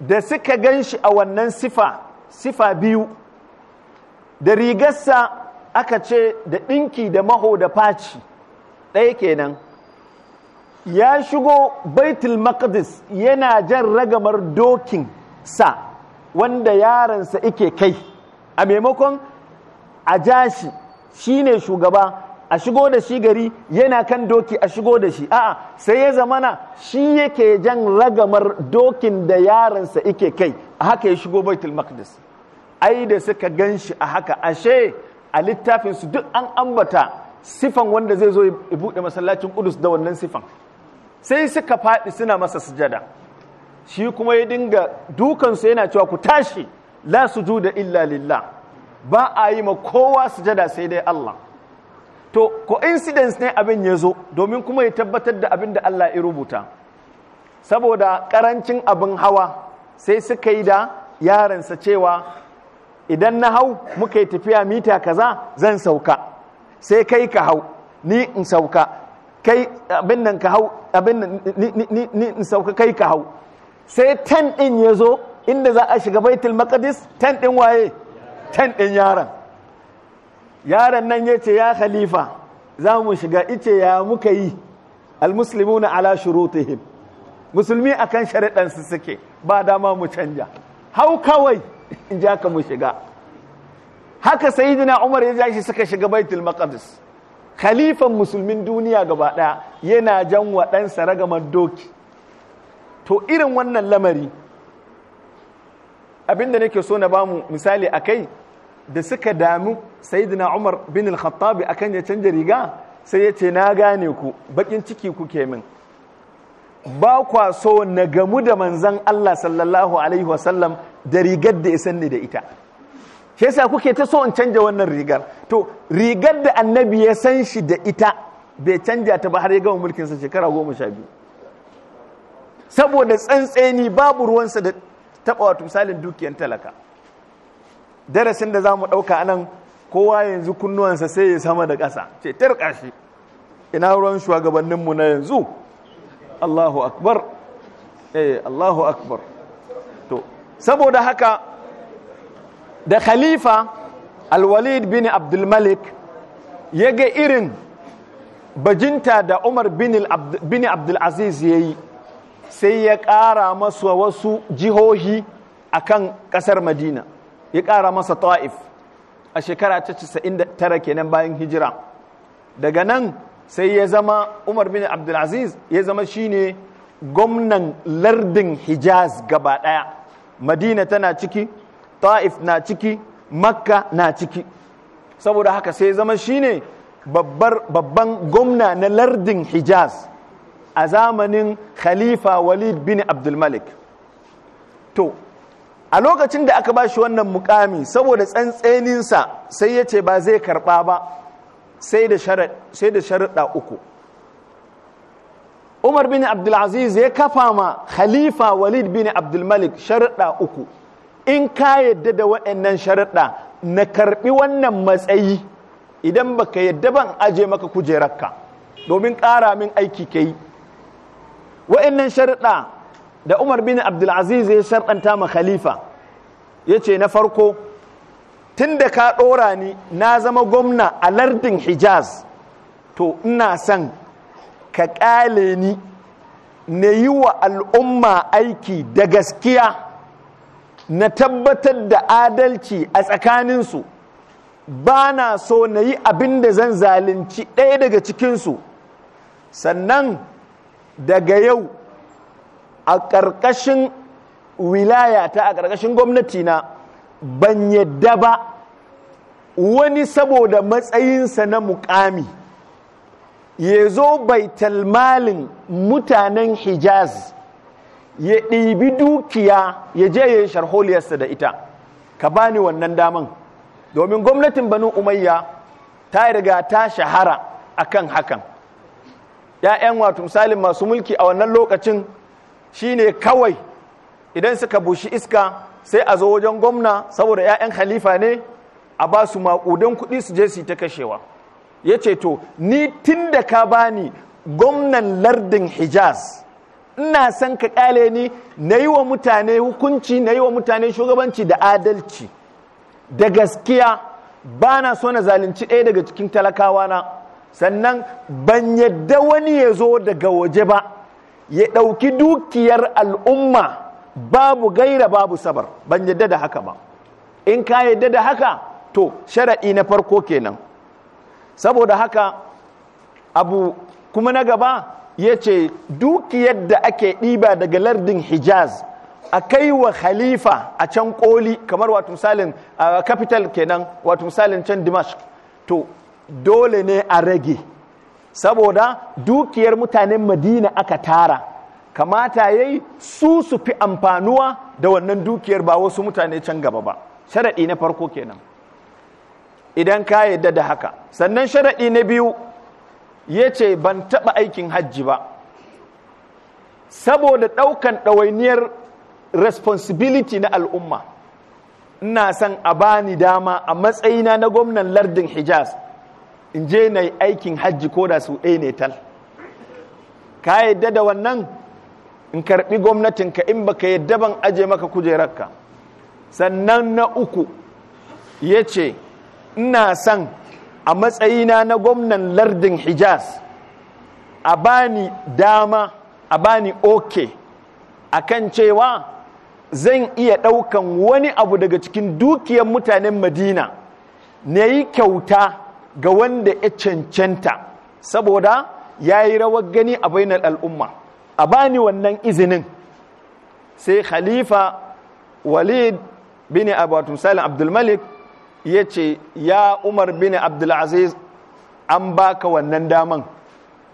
da suka gan shi a wannan sifa sifa biyu da rigarsa aka ce da ɗinki da maho da faci ɗaya kenan ya shigo baitul maqdis yana jan ragamar dokin sa wanda yaransa ike kai a maimakon a jashi shine shugaba a shigo da shi gari yana kan doki a shigo da shi a'a sai ya zamana shi yake jan ragamar dokin da yaransa ike kai a haka ya shigo baitul maqdis ai da suka gan shi a haka ashe a littafin su duk an ambata sifan wanda zai zo ya bude masallacin kudus da wannan sifan sai suka faɗi suna masa sujada shi kuma ya dinga dukansu yana cewa ku tashi la sujuda illa lillah ba a yi ma kowa sujada sai dai Allah to coincidence ne abin ya zo domin kuma ya tabbatar da abin da Allah ya rubuta saboda karancin abin hawa sai suka yi da yaransa cewa idan na hau muka yi tafiya mita kaza zan sauka sai kai ka hau ni in sauka kai abin nan ka hau abin ni in sauka kai ka hau sai tan din ya zo inda za a shiga baitul maqdis tan din waye tan din yaran yaron nan ya ce ya khalifa za mu shiga ice ya muka yi na ala shurutihim musulmi akan sharaɗansu suke ba dama mu canja hau kawai in ja ka mu shiga haka sai sayyidina umar ya ja shi suka shiga baitul maqdis khalifan musulmin duniya gaba ɗaya yana jan waɗansa ɗansa ragamar doki to irin wannan lamari abinda nake so na bamu misali a kai da suka damu sayidina umar bin al-khattabi akan ya canja riga sai ya ce na gane ku bakin ciki ku ke min ba kwa so na gamu da manzan Allah sallallahu alaihi wasallam da rigar da isan ni da ita shi yasa kuke ta so in canja wannan rigar to rigar da annabi ya san shi da ita bai canja ta ba har ya gama mulkin sa shekara goma sha biyu saboda tsantseni babu ruwansa da taɓa wato misalin dukiyan talaka darasin da za mu ɗauka anan kowa yanzu kunnuwansa sai ya sama da ƙasa ce riƙa shi ina ruwan shugabanninmu na yanzu Allahu akbar eh Allahu akbar to saboda haka da khalifa alwalid bin abdul ya ga irin bajinta da umar bin Abdulaziz ya yi sai ya ƙara masa wasu jihohi akan ƙasar madina ya ƙara masa ta'if a shekara ta da tara kenan bayan hijira daga nan sai ya zama umar bin abdulaziz ya zama shine gwamnan lardin hijaz gaba ɗaya madina tana ciki ta'if na ciki makka na ciki saboda haka sai ya zama shine babban gwamna na lardin hijaz a zamanin khalifa walid bin abdulmalik to a lokacin da aka ba shi wannan mukami saboda tsantseninsa sai ya ce ba zai karɓa ba sai da sharaɗa uku umar bin abdulaziz ya kafa ma khalifa walid bin abdulmalik sharaɗa uku in ka yadda da waɗannan sharaɗa na karɓi wannan matsayi idan baka yadda ban aje maka kujerarka domin ƙara min aiki ka yi waɗannan sharaɗa da umar bin abdulaziz ya sharɗanta ma khalifa yace na farko tun da ka ɗora ni na zama gwamna a lardin hijaz to ina son ka kale ni na yi wa al'umma aiki da gaskiya na tabbatar da adalci a tsakaninsu ba na so na yi abin da zan zalunci ɗaya daga cikinsu sannan daga yau a ƙarƙashin wilayata, a ƙarƙashin gwamnati na ban yadda ba wani saboda matsayinsa na mukami ya zo baitalmalin mutanen hijaz ya ɗibi dukiya ya je ya yi sharholiyarsa da ita ka bani wannan daman domin gwamnatin banu umayya ta riga ta shahara akan hakan ‘ya'yan wato misalin masu mulki a wannan lokacin shine kawai idan suka bushi iska sai a zo wajen gwamna saboda 'ya'yan khalifa ne a ba su maƙudan kuɗi su je su ta kashewa ya ce to ni tun da ka bani gwamnan lardin hijaz ina son ka ƙyale ni na yi wa mutane hukunci na yi wa mutane shugabanci da adalci da gaskiya ba na so na zalunci ɗaya daga cikin talakawa na sannan ban yadda wani ya zo daga waje ba ya ɗauki dukiyar al'umma babu gaira babu sabar ban yadda da haka ba in ka yadda da haka to sharaɗi na farko kenan saboda haka abu kuma na gaba ya ce dukiyar da ake ɗiba daga lardin hijaz a kai wa khalifa a can koli kamar wato misalin a capital kenan wato misalin can dimash to dole ne a rage saboda dukiyar mutanen madina aka tara kamata ya yi su su fi amfanuwa da wannan dukiyar ba wasu mutane can gaba ba sharaɗi na farko kenan idan ka yadda da haka sannan sharaɗi na biyu ya ce ban taɓa aikin hajji ba saboda ɗaukan ɗawainiyar responsibility na al'umma ina son a bani dama a matsayina na gwamnan lardin hijaz in je na aikin hajji ko da su ɗaya ne tal ka yadda da wannan in karɓi ka in baka yadda ban aje maka kujerarka sannan na uku ya ce ina san. a matsayina na gwamnan lardin hijaz a bani dama a bani oke a kan cewa zan iya ɗaukan wani abu daga cikin dukiyar mutanen madina na yi kyauta ga wanda ya cancanta saboda ya yi rawar gani a bainar al'umma a bani wannan izinin sai khalifa walid bin abatun salim abdulmalik ya ce ya umar bin abdulaziz an baka wannan daman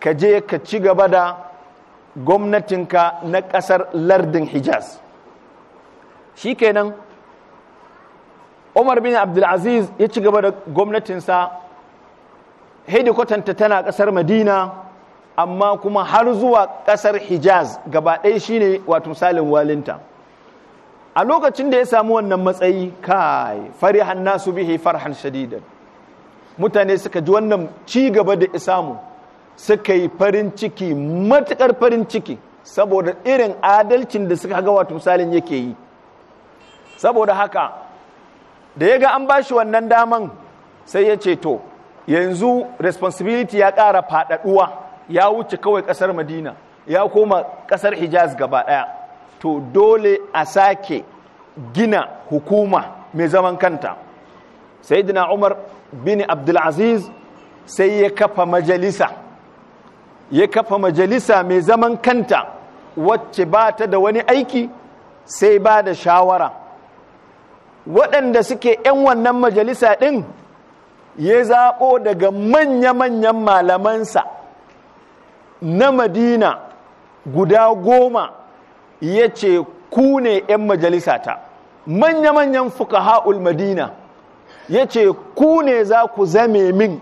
ka je ka ci gaba da gwamnatinka na ƙasar lardin hijaz shi kenan umar bin abdulaziz ya ci gaba da gwamnatinsa hedikwatanta tana kasar madina amma kuma har zuwa kasar hijaz gaba ɗaya shine wato salin walinta a lokacin da ya samu wannan matsayi kai farihan nasu bihi farhan shadidan mutane suka ji wannan ci gaba da isamu suka yi farin ciki matukar farin ciki saboda irin adalcin da suka ga wato misalin yake yi saboda haka da ya ga an bashi wannan daman sai ya ce to yanzu responsibility ya ƙara faɗaɗuwa ya wuce kawai ƙasar madina ya koma ƙasar hijaz gaba ɗaya to dole a sake gina hukuma mai zaman kanta sayyidina umar bin abdulaziz sai ya kafa majalisa ya kafa majalisa mai zaman kanta wacce ba ta da wani aiki sai ba da shawara waɗanda suke 'yan wannan majalisa ɗin ya zaɓo daga manya-manyan malamansa na madina guda goma ya ce ku ne 'yan majalisata manya-manyan fuka ha'ul madina ya ce ku ne za ku zame min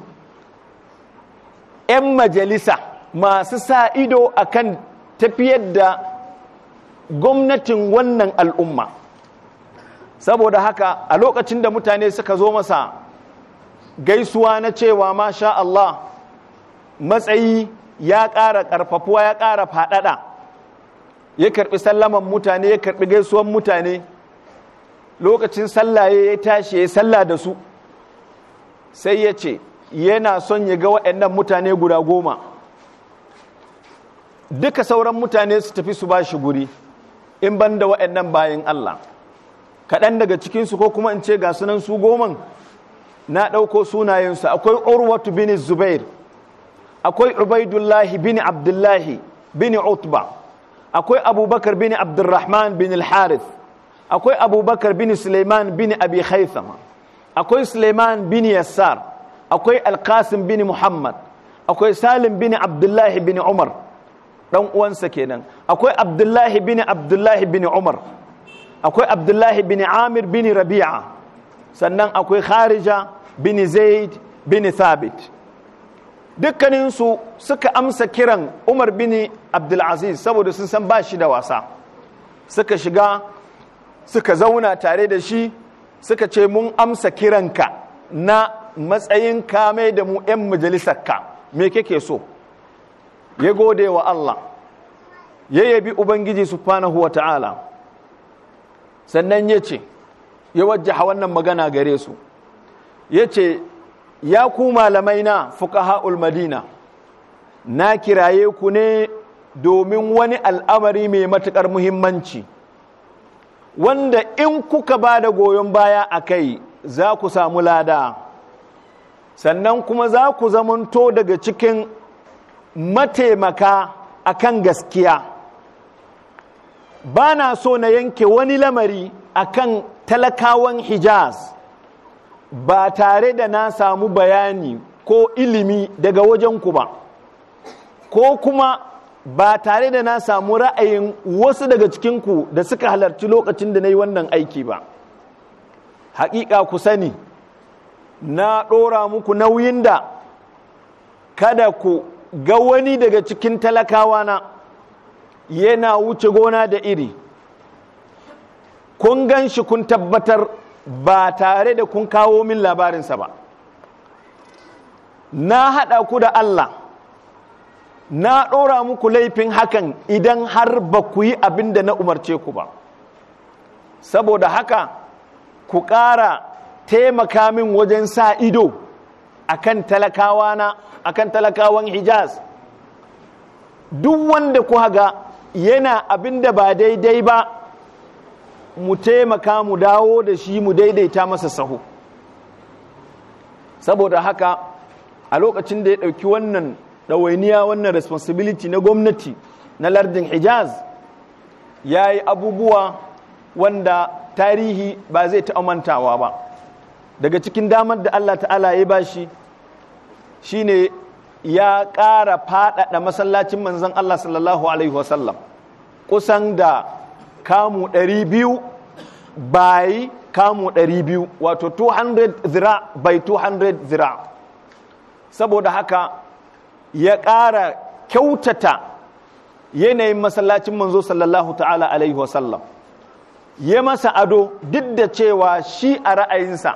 'yan majalisa masu sa ido a kan tafiyar da gwamnatin wannan al'umma saboda haka a lokacin da mutane suka zo masa gaisuwa na cewa masha Allah matsayi ya ƙara ƙarfafuwa ya ƙara faɗaɗa ya karɓi sallaman mutane ya karɓi gaisuwan mutane lokacin sallaye ya tashi ya salla da su sai ya ce yana son ya ga waɗannan mutane guda goma duka sauran mutane su tafi su ba shi guri in ban da waɗannan bayan Allah kaɗan daga cikinsu ko kuma in ce ga sunan su goman na ɗauko sunayensu akwai urwatu bin zubair akwai ubaidullahi bin abdullahi bin utba akwai abubakar bin abdurrahman bin al-harith akwai abubakar bin suleiman bin abi haithama akwai suleiman bin yassar akwai alkasim bin muhammad akwai salim bin abdullahi bin umar dan uwansa kenan akwai abdullahi bin abdullahi bin umar akwai abdullahi bin amir bin rabi'a sannan akwai kharija bin zaid bin thabit dukkaninsu suka amsa kiran umar bin abdulaziz saboda sun san ba da wasa suka shiga suka zauna tare da shi suka ce mun amsa kiranka na matsayin kame da mu 'yan majalisarka me kake so ya gode wa Allah ya yabi ubangiji subhanahu wa ta'ala sannan ya ce ya wajjaha wannan magana gare su Ya ce, ya ku malamai na fuqaha'ul madina na kiraye ku ne domin wani al'amari mai matukar muhimmanci wanda in kuka ba da goyon baya a kai za ku samu lada sannan kuma za ku zamanto daga cikin mataimaka akan gaskiya ba na so na yanke wani lamari akan talakawan hijaz ba tare da na samu bayani ko ilimi daga wajenku ba ko kuma ba tare da na samu ra'ayin wasu daga cikinku da suka halarci lokacin da na yi wannan aiki ba haƙiƙa ku sani na ɗora muku nauyin da kada ku ga wani daga cikin talakawa na yana wuce gona da iri kun gan shi kun tabbatar ba tare da kun kawo min labarinsa ba na haɗa ku da Allah na ɗora muku laifin hakan idan har ba ku yi abin da na umarce ku ba saboda haka ku ƙara taimaka min wajen sa ido akan talakawa na akan talakawan hijaz duk wanda ku haga yana abin da ba daidai ba mu taimaka mu dawo da shi mu daidaita masa sahu saboda haka a lokacin da ya ɗauki wannan ɗawainiya wannan responsibility na gwamnati na lardin hijaz ya yi abubuwa wanda tarihi ba zai ta amantawa ba daga cikin damar da allah ta'ala ya ba shi ne ya ƙara faɗaɗa masallacin manzan allah sallallahu alaihi wasallam kusan da kamu 200 by kamu 200 wato 200 zira by 200 zira saboda haka ya ƙara kyautata yanayin masallacin manzo sallallahu ta'ala alaihi wasallam ya masa ado duk da cewa shi a ra'ayinsa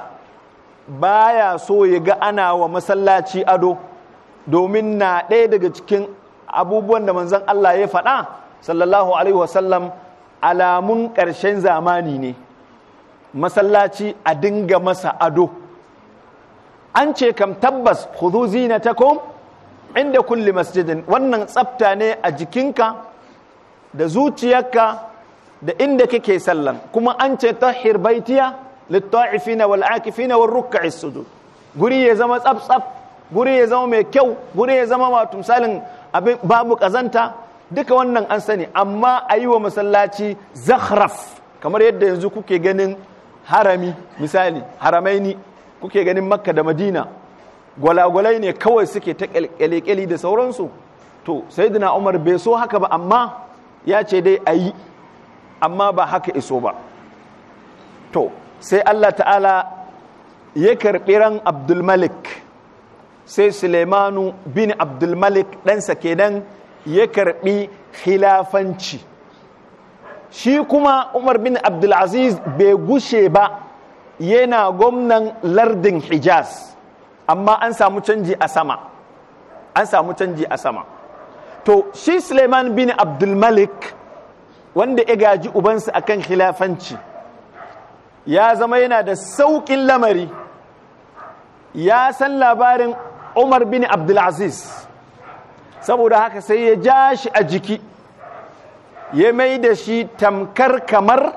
baya so ya ga ana wa masallaci ado domin na ɗaya daga cikin abubuwan da manzon Allah ya faɗa sallallahu alaihi wasallam alamun ƙarshen zamani ne masallaci a dinga masa ado an ce kam tabbas zina ta kom inda kulle masjidin wannan tsafta ne a jikinka da zuciyarka da inda kake sallan kuma an ce tahhir baitiya litta'ifina wal akifina na warruka isudu guri ya zama tsaf tsaf guri ya zama mai kyau guri ya zama matumsalin misalin babu kazanta duka wannan an sani amma a yi wa masallaci zahraf kamar yadda yanzu kuke ganin harami misali haramai haramaini kuke ganin makka da madina gwalagwalai ne kawai suke ta kyalkyali da sauransu to dina umar bai so haka ba amma ya ce dai a yi amma ba haka iso ba to sai allah ta'ala ya karɓi ran abdulmalik sai sulemanu bin abdulmalik ɗansa kenan ya karbi khilafanci shi kuma umar bin abdulaziz bai gushe ba yana gwamnan lardin hijaz amma an samu canji a sama an samu canji a sama to shi suleiman bin abdulmalik wanda ya gaji ubansa akan khilafanci ya zama yana da sauƙin lamari ya san labarin umar bin abdulaziz saboda haka sai ya ja shi a jiki ya mai da shi tamkar kamar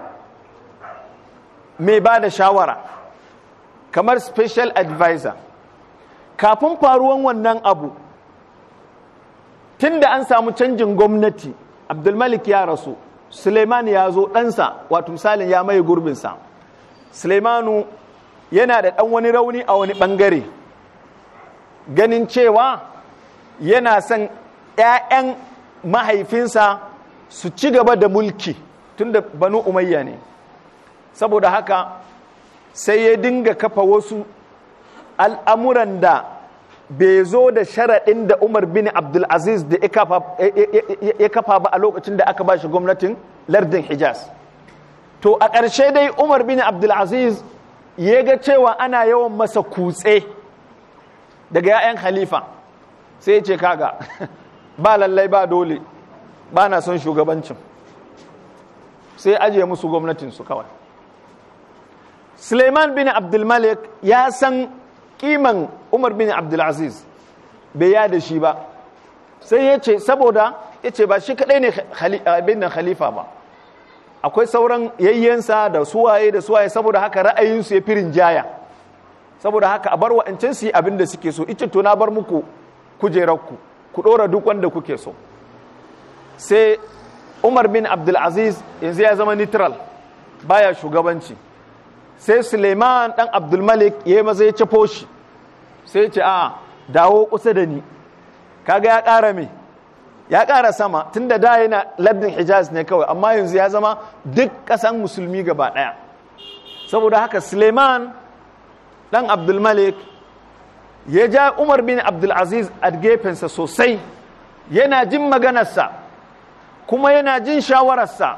mai ba da shawara kamar special advisor kafin faruwan wannan abu tun da an samu canjin gwamnati abdulmalik ya rasu suleiman ya zo ɗansa wato misalin ya maye gurbinsa suleimanu yana da ɗan wani rauni a wani ɓangare ganin cewa yana son 'ya'yan mahaifinsa su ci gaba da mulki tun da banu umayya ne saboda haka sai ya dinga kafa wasu al'amuran da bai zo da sharaɗin da umar bin abdulaziz da ya kafa ba a lokacin da aka ba shi gwamnatin lardin hijaz to a ƙarshe dai umar bin abdulaziz ya ga cewa ana yawan masa kutse daga 'ya'yan khalifa sai ya ce kaga ba lallai ba dole ba na son shugabancin sai ajiye musu gwamnatinsu kawai suleiman bin abdulmalik ya san kiman umar bin abdulaziz bai yada shi ba sai ya ce saboda ya ce ba shi kadai ne abin khalifa ba akwai sauran yayyensa da suwaye da suwaye saboda haka ra'ayinsu ya firin jaya saboda haka a bar wa'ancinsu su abin da suke so ita to na bar muku kujerarku ku ɗora duk wanda kuke so sai umar bin abdulaziz yanzu ya zama neutral baya shugabanci sai suleiman ɗan abdulmalik ya yi maza ya cafo shi sai ce a dawo kusa da ni kaga ya ƙara mai ya ƙara sama tun da da yana lardin hijaz ne kawai amma yanzu ya zama duk ƙasan musulmi gaba ɗaya saboda haka suleiman ɗan abdulmalik ya ja umar bin abdulaziz a gefensa sosai yana jin maganarsa kuma yana jin shawararsa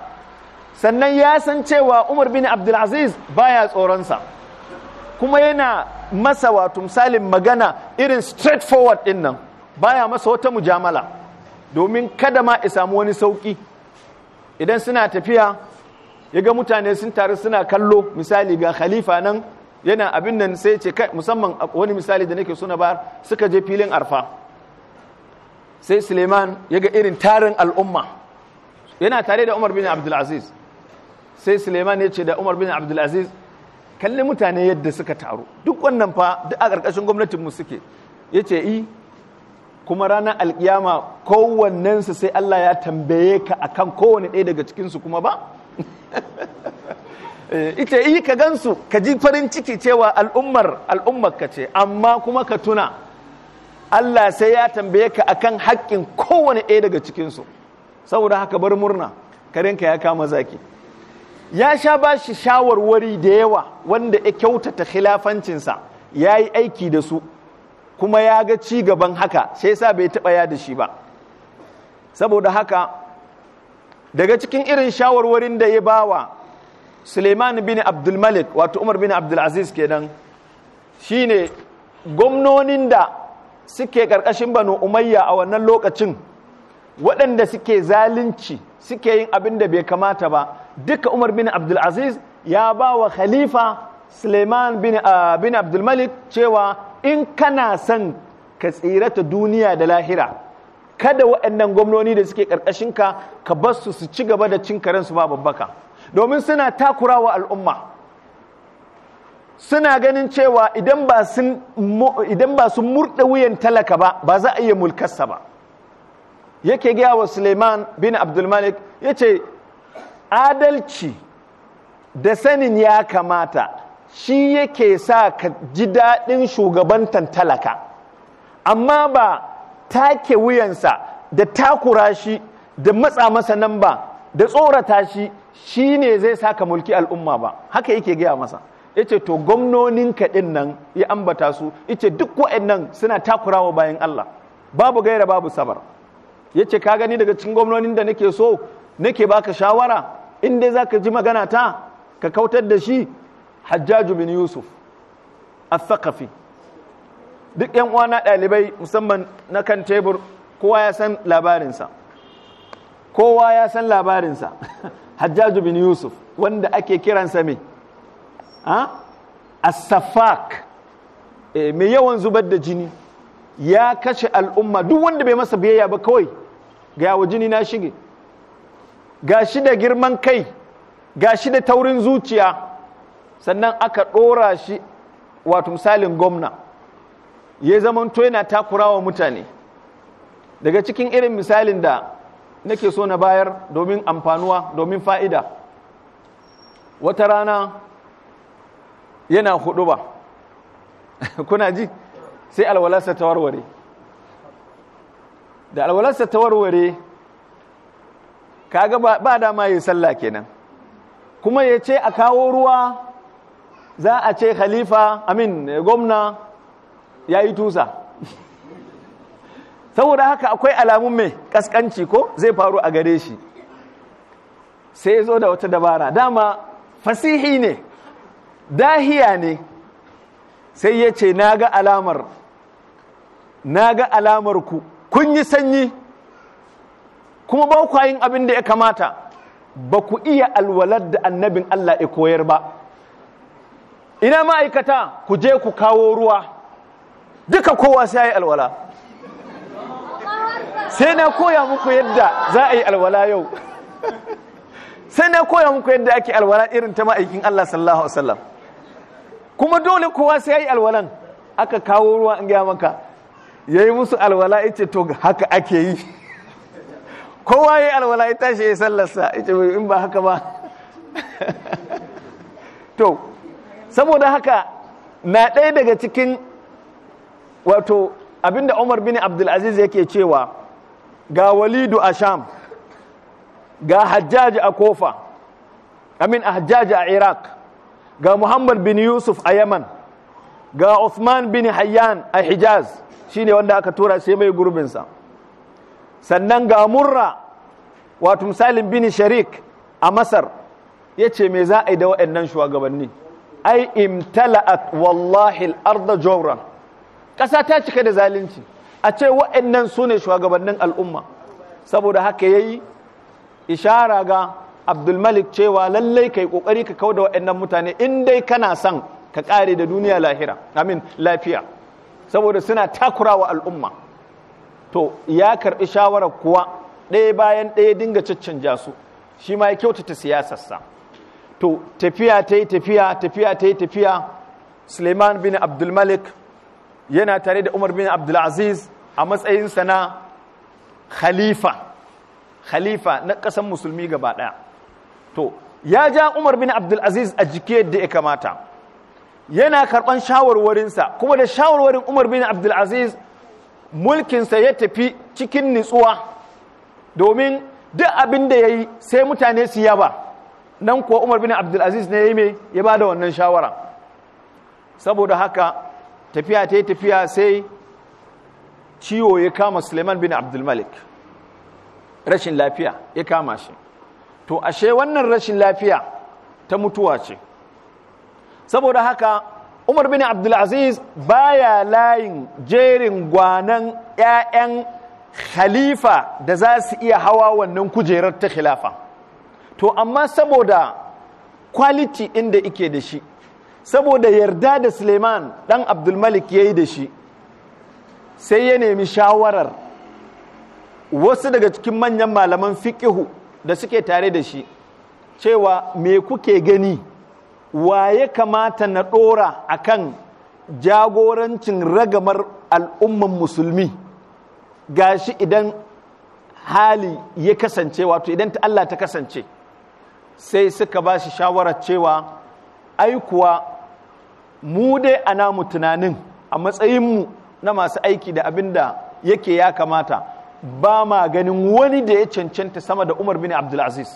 sannan ya san cewa umar bin abdulaziz baya tsoronsa kuma yana masa wato misalin magana irin straightforward din nan baya masa wata mujamala domin kada ma samu wani sauki idan suna tafiya ya ga mutane sun taru suna kallo misali ga khalifa nan yana abin nan sai ce kai musamman wani misali da nake suna bayar suka je filin arfa sai suleiman ya ga irin tarin al'umma yana tare da umar bin abdulaziz sai suleiman ya ce da umar bin abdulaziz kalli mutane yadda suka taru duk wannan fa duk a ƙarƙashin gwamnatinmu suke ya ce i kuma ranar alƙiyama kowannensu sai allah ya tambaye ka a kan kowane ɗaya daga cikinsu kuma ba [LAUGHS] Eh, ita yi ka gansu ka ji farin ciki cewa al'ummar al'ummar ka ce amma kuma ka tuna Allah sai ya tambaye ka akan haƙƙin kowane ɗaya daga cikinsu saboda haka bar murna karenka ya kama zaki ya sha ba shi shawarwari da yawa wanda ya kyautata khilafancinsa ya yi aiki da su kuma ya ga ci gaban haka sai sa bai taɓa ya da shi ba saboda haka daga cikin irin shawarwarin da ya bawa suleiman bin abdulmalik wato umar bin abdulaziz kenan shine gwamnonin da suke karkashin banu umayya a wannan lokacin waɗanda suke zalunci suke yin abin da bai kamata ba duka umar bin abdulaziz ya ba wa khalifa suleiman bin, uh, ah, abdulmalik cewa in kana son ka tsira ta duniya da lahira kada waɗannan gwamnoni da suke ƙarƙashinka ka bar su su ci gaba da cin karen su ba babbaka domin suna takura wa al'umma suna ganin cewa idan ba sun murɗa wuyan talaka ba ba za a iya mulkarsa ba yake gaya wa suleiman bin abdulmalik ya ce adalci da sanin ya kamata shi yake sa ka ji daɗin shugabantan talaka amma ba take wuyansa da takura shi da matsa masa nan ba da tsorata shi shi ne zai sa ka mulki al'umma ba haka yake gaya masa ya ce to gwamnonin kaɗin nan ya ambata su ya ce duk nan suna wa bayan Allah babu gaira babu sabar ya ce ka gani daga cikin gwamnonin da nake so nake baka shawara in dai za ka ji magana ta ka kautar da shi hajjaju bin yusuf al-thaqafi duk yan uwana ɗalibai musamman na kan tebur kowa ya san labarinsa kowa ya san labarinsa [LAUGHS] hajjaju bin yusuf wanda ake kiransa mai asafak eh, mai yawan zubar da jini ya kashe al'umma duk wanda bai masa biyayya ba kawai ga yawo jini na shige ga shi da girman kai ga shi da taurin zuciya sannan aka ɗora shi wato misalin gwamna ya zama zamanto yana takurawa mutane daga cikin irin misalin da nake so na bayar domin amfanuwa domin fa'ida wata rana yana hudu ba [LAUGHS] kuna ji sai alwalarsa ta warware da alwalarsa ta warware kaga ba dama yi sallah kenan kuma ya ce a kawo ruwa za a ce khalifa amin gwamna ya yi tusa [LAUGHS] saboda haka akwai alamun mai kaskanci ko zai faru a gare shi sai ya zo da wata dabara dama fasihi ne dahiya ne sai ya ce na ga alamar na ga alamar ku kun yi sanyi kuma ba kwayin abin da ya kamata ba ku iya alwalar da annabin Allah ya koyar ba ina ma'aikata ku je ku kawo ruwa duka kowa sai ya yi alwala sai na koya muku yadda za a yi alwala yau sai na koya muku yadda ake alwala irin ta ma'aikin Allah sallallahu alaihi wasallam kuma dole kowa sai yayi alwalan aka kawo ruwa an gaya maka yayi musu alwala yace to haka ake yi kowa yayi alwala ya tashi ya sallarsa yace in ba haka ba [LAUGHS] to saboda haka na ɗaya daga cikin wato abinda Umar bin Abdul Aziz yake cewa ga walidu a sham ga hajjaji a kofa amin a hajjaji a iraq ga muhammad bin yusuf a yaman ga Uthman bin hayyan a hijaz shine wanda aka tura sai mai gurbinsa sannan ga murra wato misalin bin sharik a masar ya ce me za a yi da waɗannan shugabanni ai imtala'at wallahi al'arda jauran ƙasa ta cika da zalunci a ce waɗannan su ne shugabannin al'umma saboda haka ya yi ishara ga abdulmalik cewa lallai ka yi ƙoƙari ka kau da wa'annan mutane in dai kana son ka ƙare da duniya lahira amin lafiya saboda suna takura wa al'umma to ya karɓi shawarar kuwa ɗaya bayan ɗaya dinga caccanja su shi ma ya kyautata siyasarsa to tafiya ta yi tafiya tafiya ta yi tafiya suleiman bin abdulmalik yana tare da umar bin abdulaziz a matsayinsa na khalifa khalifa na ƙasar musulmi gaba ɗaya to ya ja umar bin abdulaziz a jiki yadda ya kamata yana karɓan shawarwarinsa kuma da shawarwarin umar bin abdulaziz mulkinsa ya tafi cikin nitsuwa domin duk abin da ya yi sai mutane su yaba nan kuwa umar bin abdulaziz ne ya yi mai ya ba wannan shawara saboda haka tafiya ta yi tafiya sai ciwo ya kama suleiman bin abdulmalik rashin lafiya ya kama shi to ashe wannan rashin lafiya ta mutuwa ce saboda haka umar bin abdulaziz baya layin jerin gwanan 'ya'yan khalifa da za su iya hawa wannan kujerar ta khilafa to amma saboda kwaliti inda ike da shi saboda yarda da suleiman ɗan abdulmalik ya yi da shi sai ya nemi shawarar wasu daga cikin manyan malaman fiƙihu da suke tare da shi cewa me kuke gani wa ya kamata na ɗora a kan jagorancin ragamar al'umman musulmi ga shi idan hali ya kasance wato idan ta Allah ta kasance sai suka ba shi shawarar cewa Aikuwa mu dai a namu tunanin a matsayinmu na masu aiki da abin da yake ya kamata ba ma ganin wani da ya cancanta sama da umar bin abdulaziz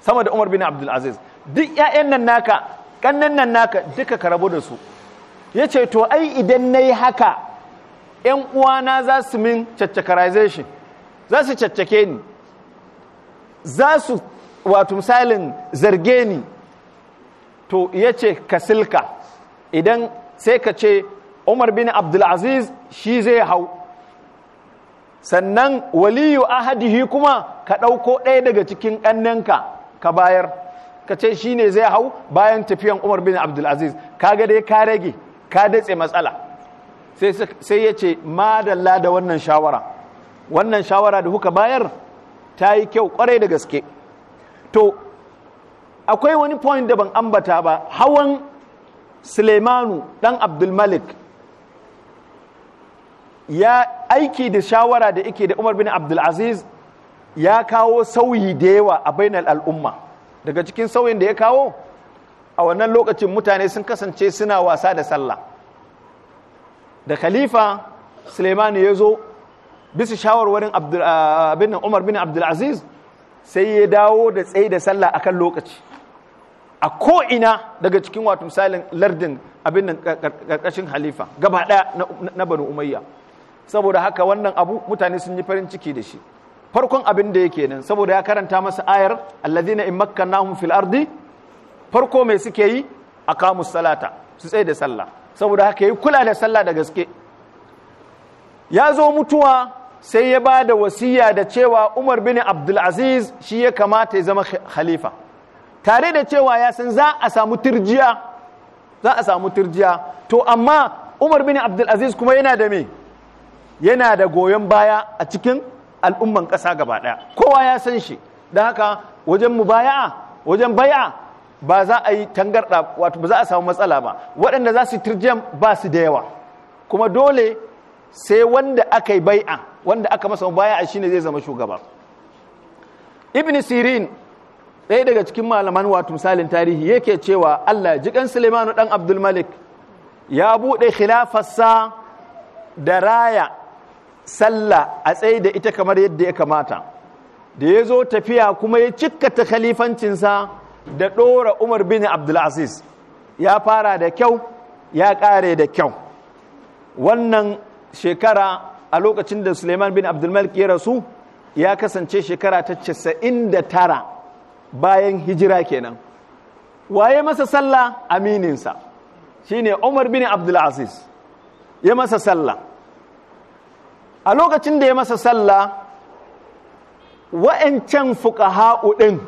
sama da umar bin abdulaziz duk 'ya'yan nan naka ƙannan nan naka duka ka rabu da su ya ce to ai idan na yi haka 'yan uwana za su min caccakarization za su caccake ni za su wato misalin zarge ni to ya ce ka silka idan sai ka ce umar bin abdulaziz shi zai hau sannan waliyu ahadihi kuma ka ɗauko ɗaya daga cikin ƙannenka ka bayar ka ce shi ne zai hau bayan tafiyan umar bin abdulaziz ka ga dai ka rage ka datse matsala sai ya ce madalla da wannan shawara wannan shawara da kuka bayar ta yi kyau kwarai da gaske to akwai wani point da ban ambata ba hawan Suleimanu dan Abdulmalik ya aiki da shawara da yake da Umar bin Abdulaziz ya kawo sauyi da yawa a bainar al'umma daga cikin sauyin da ya kawo a wannan lokacin mutane sun kasance suna wasa da sallah da khalifa Suleimanu ya zo bisa shawarwarin ah, Umar bin Abdulaziz sai ya dawo da tsaye da sallah akan lokaci a ko'ina daga cikin wato misalin lardin abin nan ƙarƙashin halifa gaba ɗaya na banu umayya saboda haka wannan abu mutane sun yi farin ciki da shi farkon abin da yake nan saboda ya karanta masa ayar alladhina in namun fil ardi farko mai suke yi a kamus salata su tsaye da sallah saboda haka yi kula da sallah da gaske ya zo mutuwa sai ya ba da wasiya da cewa Umar bin abdul'aziz shi ya kamata ya zama khalifa tare da cewa ya san za a samu turjiya za a samu turjiya to amma umar bin abdulaziz kuma yana da me yana da goyon baya a cikin al'umman ƙasa gaba ɗaya kowa ya san shi don haka wajen mubaya'a wajen baya ba za a yi tangarɗa wato ba za a samu matsala ba waɗanda za su turjiya ba su da yawa kuma dole sai wanda aka yi bai'a wanda aka masa mubaya'a shine zai zama shugaba ibn sirin ɗaya daga cikin malaman wato misalin tarihi yake cewa Allah jikan Suleimanu dan Abdul Malik ya buɗe khilafarsa da raya sallah a tsaye da ita kamar yadda ya kamata da ya zo tafiya kuma ya cikkata khalifancinsa da ɗora Umar bin Abdul Aziz ya fara da kyau ya ƙare da kyau wannan shekara a lokacin da Suleiman bin Abdulmalik ya rasu ya kasance shekara ta 99 bayan hijira kenan waye masa sallah amininsa shine Umar bin Abdul Aziz ya masa sallah a lokacin da ya masa sallah wa'ancan fuqaha'u din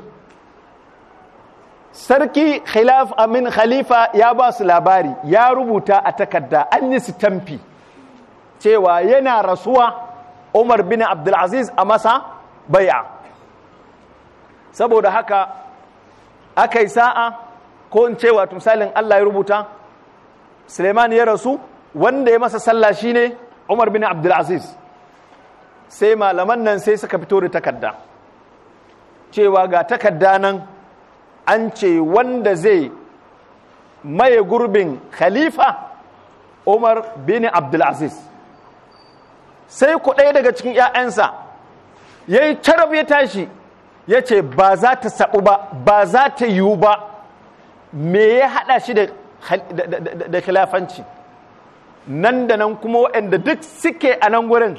sarki khilaf amin khalifa ya ba su labari ya rubuta a takarda an yi su tamfi. cewa yana rasuwa Umar bin Abdul a masa bai'a saboda haka aka yi sa'a ko in ce wato misalin Allah ya rubuta Suleiman ya rasu wanda ya masa sallah ne Umar bin Abdulaziz sai malaman nan sai suka fito da takarda cewa ga takarda nan an ce wanda zai maye gurbin khalifa Umar bin Abdulaziz sai ku ɗaya daga cikin ‘ya'yansa ya yi carab ya tashi ya ce ba za ta saɓu ba ba za ta yiwu ba me ya haɗa shi da khilafanci nan da nan kuma waɗanda duk suke a nan wurin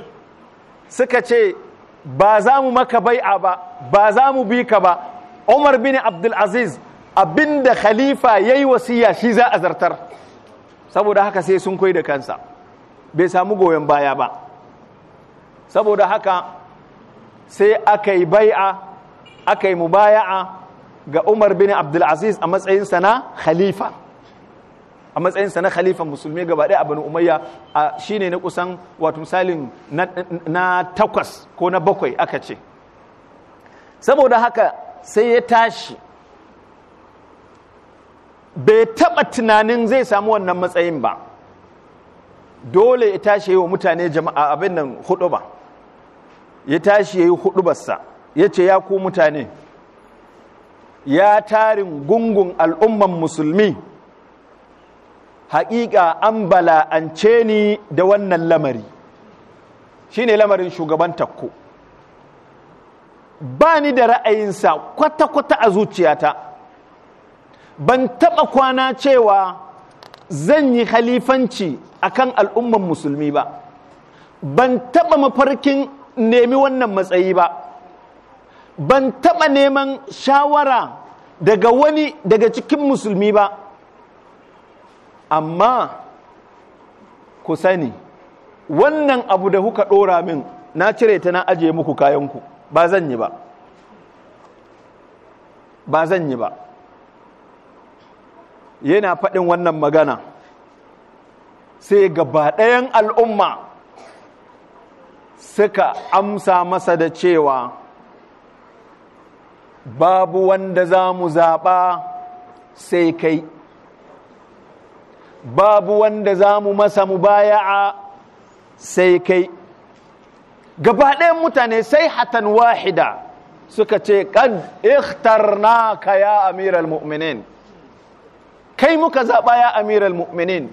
suka ce ba za mu maka bai'a ba ba za mu bi ka ba umar bin abdulaziz abinda khalifa ya yi wasiya shi za a zartar saboda haka sai sun koyi da kansa bai samu goyon baya ba saboda haka sai aka yi bai'a aka yi mubaya'a ga umar bin abdulaziz a matsayinsa na khalifa a matsayinsa na Khalifa, musulmi gaba ɗaya a bani umayya shi ne na kusan wato misalin na takwas ko na bakwai aka ce saboda haka sai ya tashi bai taɓa tunanin zai samu wannan matsayin ba dole ya tashi yi wa mutane jama'a abin nan hudu ba ya tashi ya yi hudubarsa ya ce ya ku mutane ya tarin gungun al'umman musulmi haƙiƙa an bala'ance ni da wannan lamari shi ne lamarin shugaban takko ba ni da ra'ayinsa kwata-kwata a zuciyata ban taɓa kwana cewa zan yi halifanci akan al'umman musulmi ba ban taɓa mafarkin nemi wannan matsayi ba ban taɓa neman shawara daga wani daga cikin musulmi ba amma ku sani wannan abu da kuka ɗora min na cire ta na ajiye muku kayanku ba zan yi ba ba zan yi ba yana faɗin wannan magana sai gaba ɗayan al'umma suka amsa masa da cewa babu wanda za mu zaɓa sai kai babu wanda za mu masa mubaya'a sai kai gaba ɗayan mutane sai hatan wahida suka ce kad ikhtarna ka ya amiral mu'minin kai muka zaɓa ya amiral mu'minin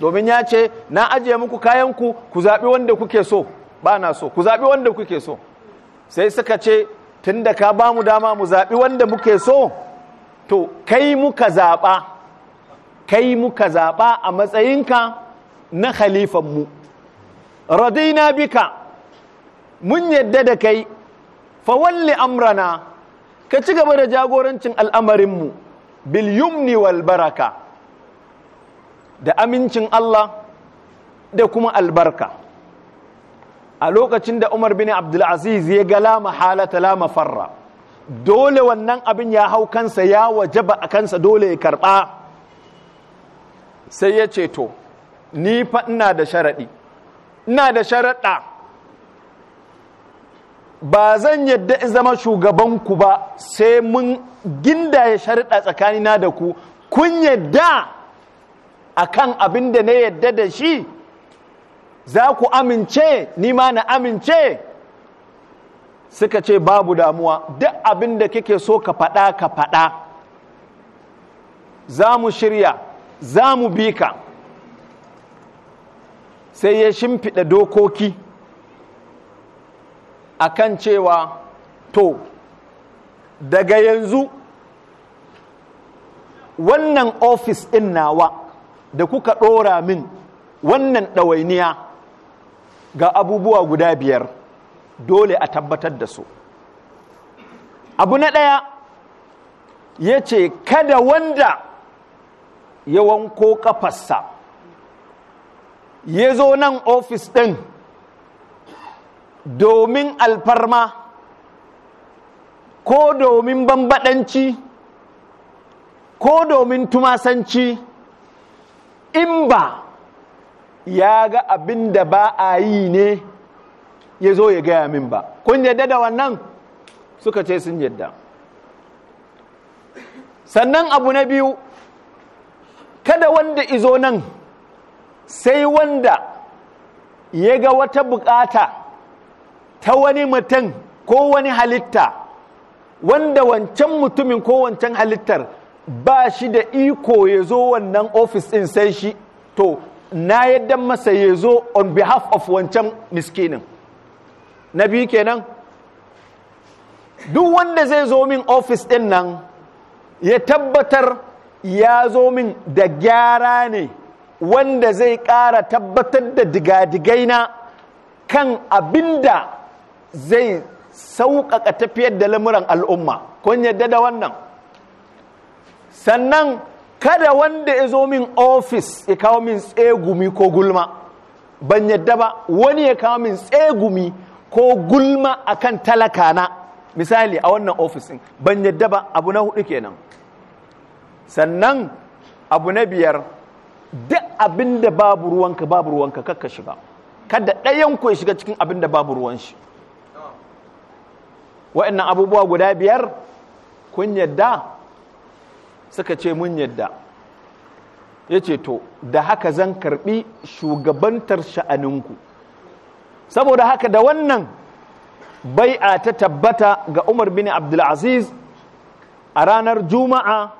domin ya ce na ajiye muku kayanku ku zaɓi wanda kuke so ba na so ku zaɓi wanda kuke so sai suka ce tun da ka ba mu dama mu zaɓi wanda muke so to kai muka zaɓa kai muka zaɓa a matsayinka na khalifanmu radina bika mun yadda da kai fawalli amrana ka ci gaba da jagorancin al'amarinmu bil yumni baraka da amincin Allah da kuma albarka a lokacin da Umar bin Abdulaziz ya ga lama halata, la mafarra dole wannan abin ya hau kansa ya wajaba a kansa dole ya karɓa. sai ya ce to ni fa ina da sharaɗi ina da sharaɗa ba zan yadda in zama shugabanku ba sai mun ginda ya sharaɗa tsakanina da ku kun yadda a kan abin da na yadda da shi za ku amince ni ma na amince suka ce babu damuwa duk abin da kake so ka faɗa ka faɗa za mu shirya za mu bi ka sai ya shimfiɗa dokoki a kan cewa to daga yanzu wannan ofis ɗin nawa da kuka ɗora min wannan ɗawainiya ga abubuwa guda biyar dole a tabbatar da su abu na ɗaya ya ce kada wanda ya wanko ƙafarsa ya zo nan ofis ɗin domin alfarma ko domin bambaɗanci ko domin tumasanci in ba ya ga abin da ba a yi ne ya zo ya gaya min ba kun yadda da wannan suka ce sun yadda sannan abu na biyu kada wanda izo nan sai wanda ya ga wata bukata ta wani mutum ko wani halitta wanda wancan mutumin ko wancan halittar ba shi da iko ya zo wannan ofis ɗin sai shi to na yadda masa ya zo on behalf of wancan miskinin na biyu kenan duk wanda zai zo min ofis ɗin nan ya tabbatar ya zo min da gyara ne wanda zai kara tabbatar da digadigai na kan abinda zai sauƙaƙa tafiyar da lamuran al'umma kun yadda da wannan sannan kada wanda ya zo min ofis ya kawo min tsegumi ko gulma ban yadda ba wani ya kawo min tsegumi ko gulma kan talaka na misali a wannan ofis ban yadda ba abu na hudu kenan sannan abu na biyar duk abin da babu ruwanka babu ruwanka kakka shiga kada ɗayan ku ya shiga cikin abin da babu ruwan shi wa'annan abubuwa guda biyar kun yadda suka ce mun yadda ya ce to da haka zan karbi shugabantar sha'aninku saboda haka da wannan bai a ta tabbata ga umar bin abdulaziz a ranar juma'a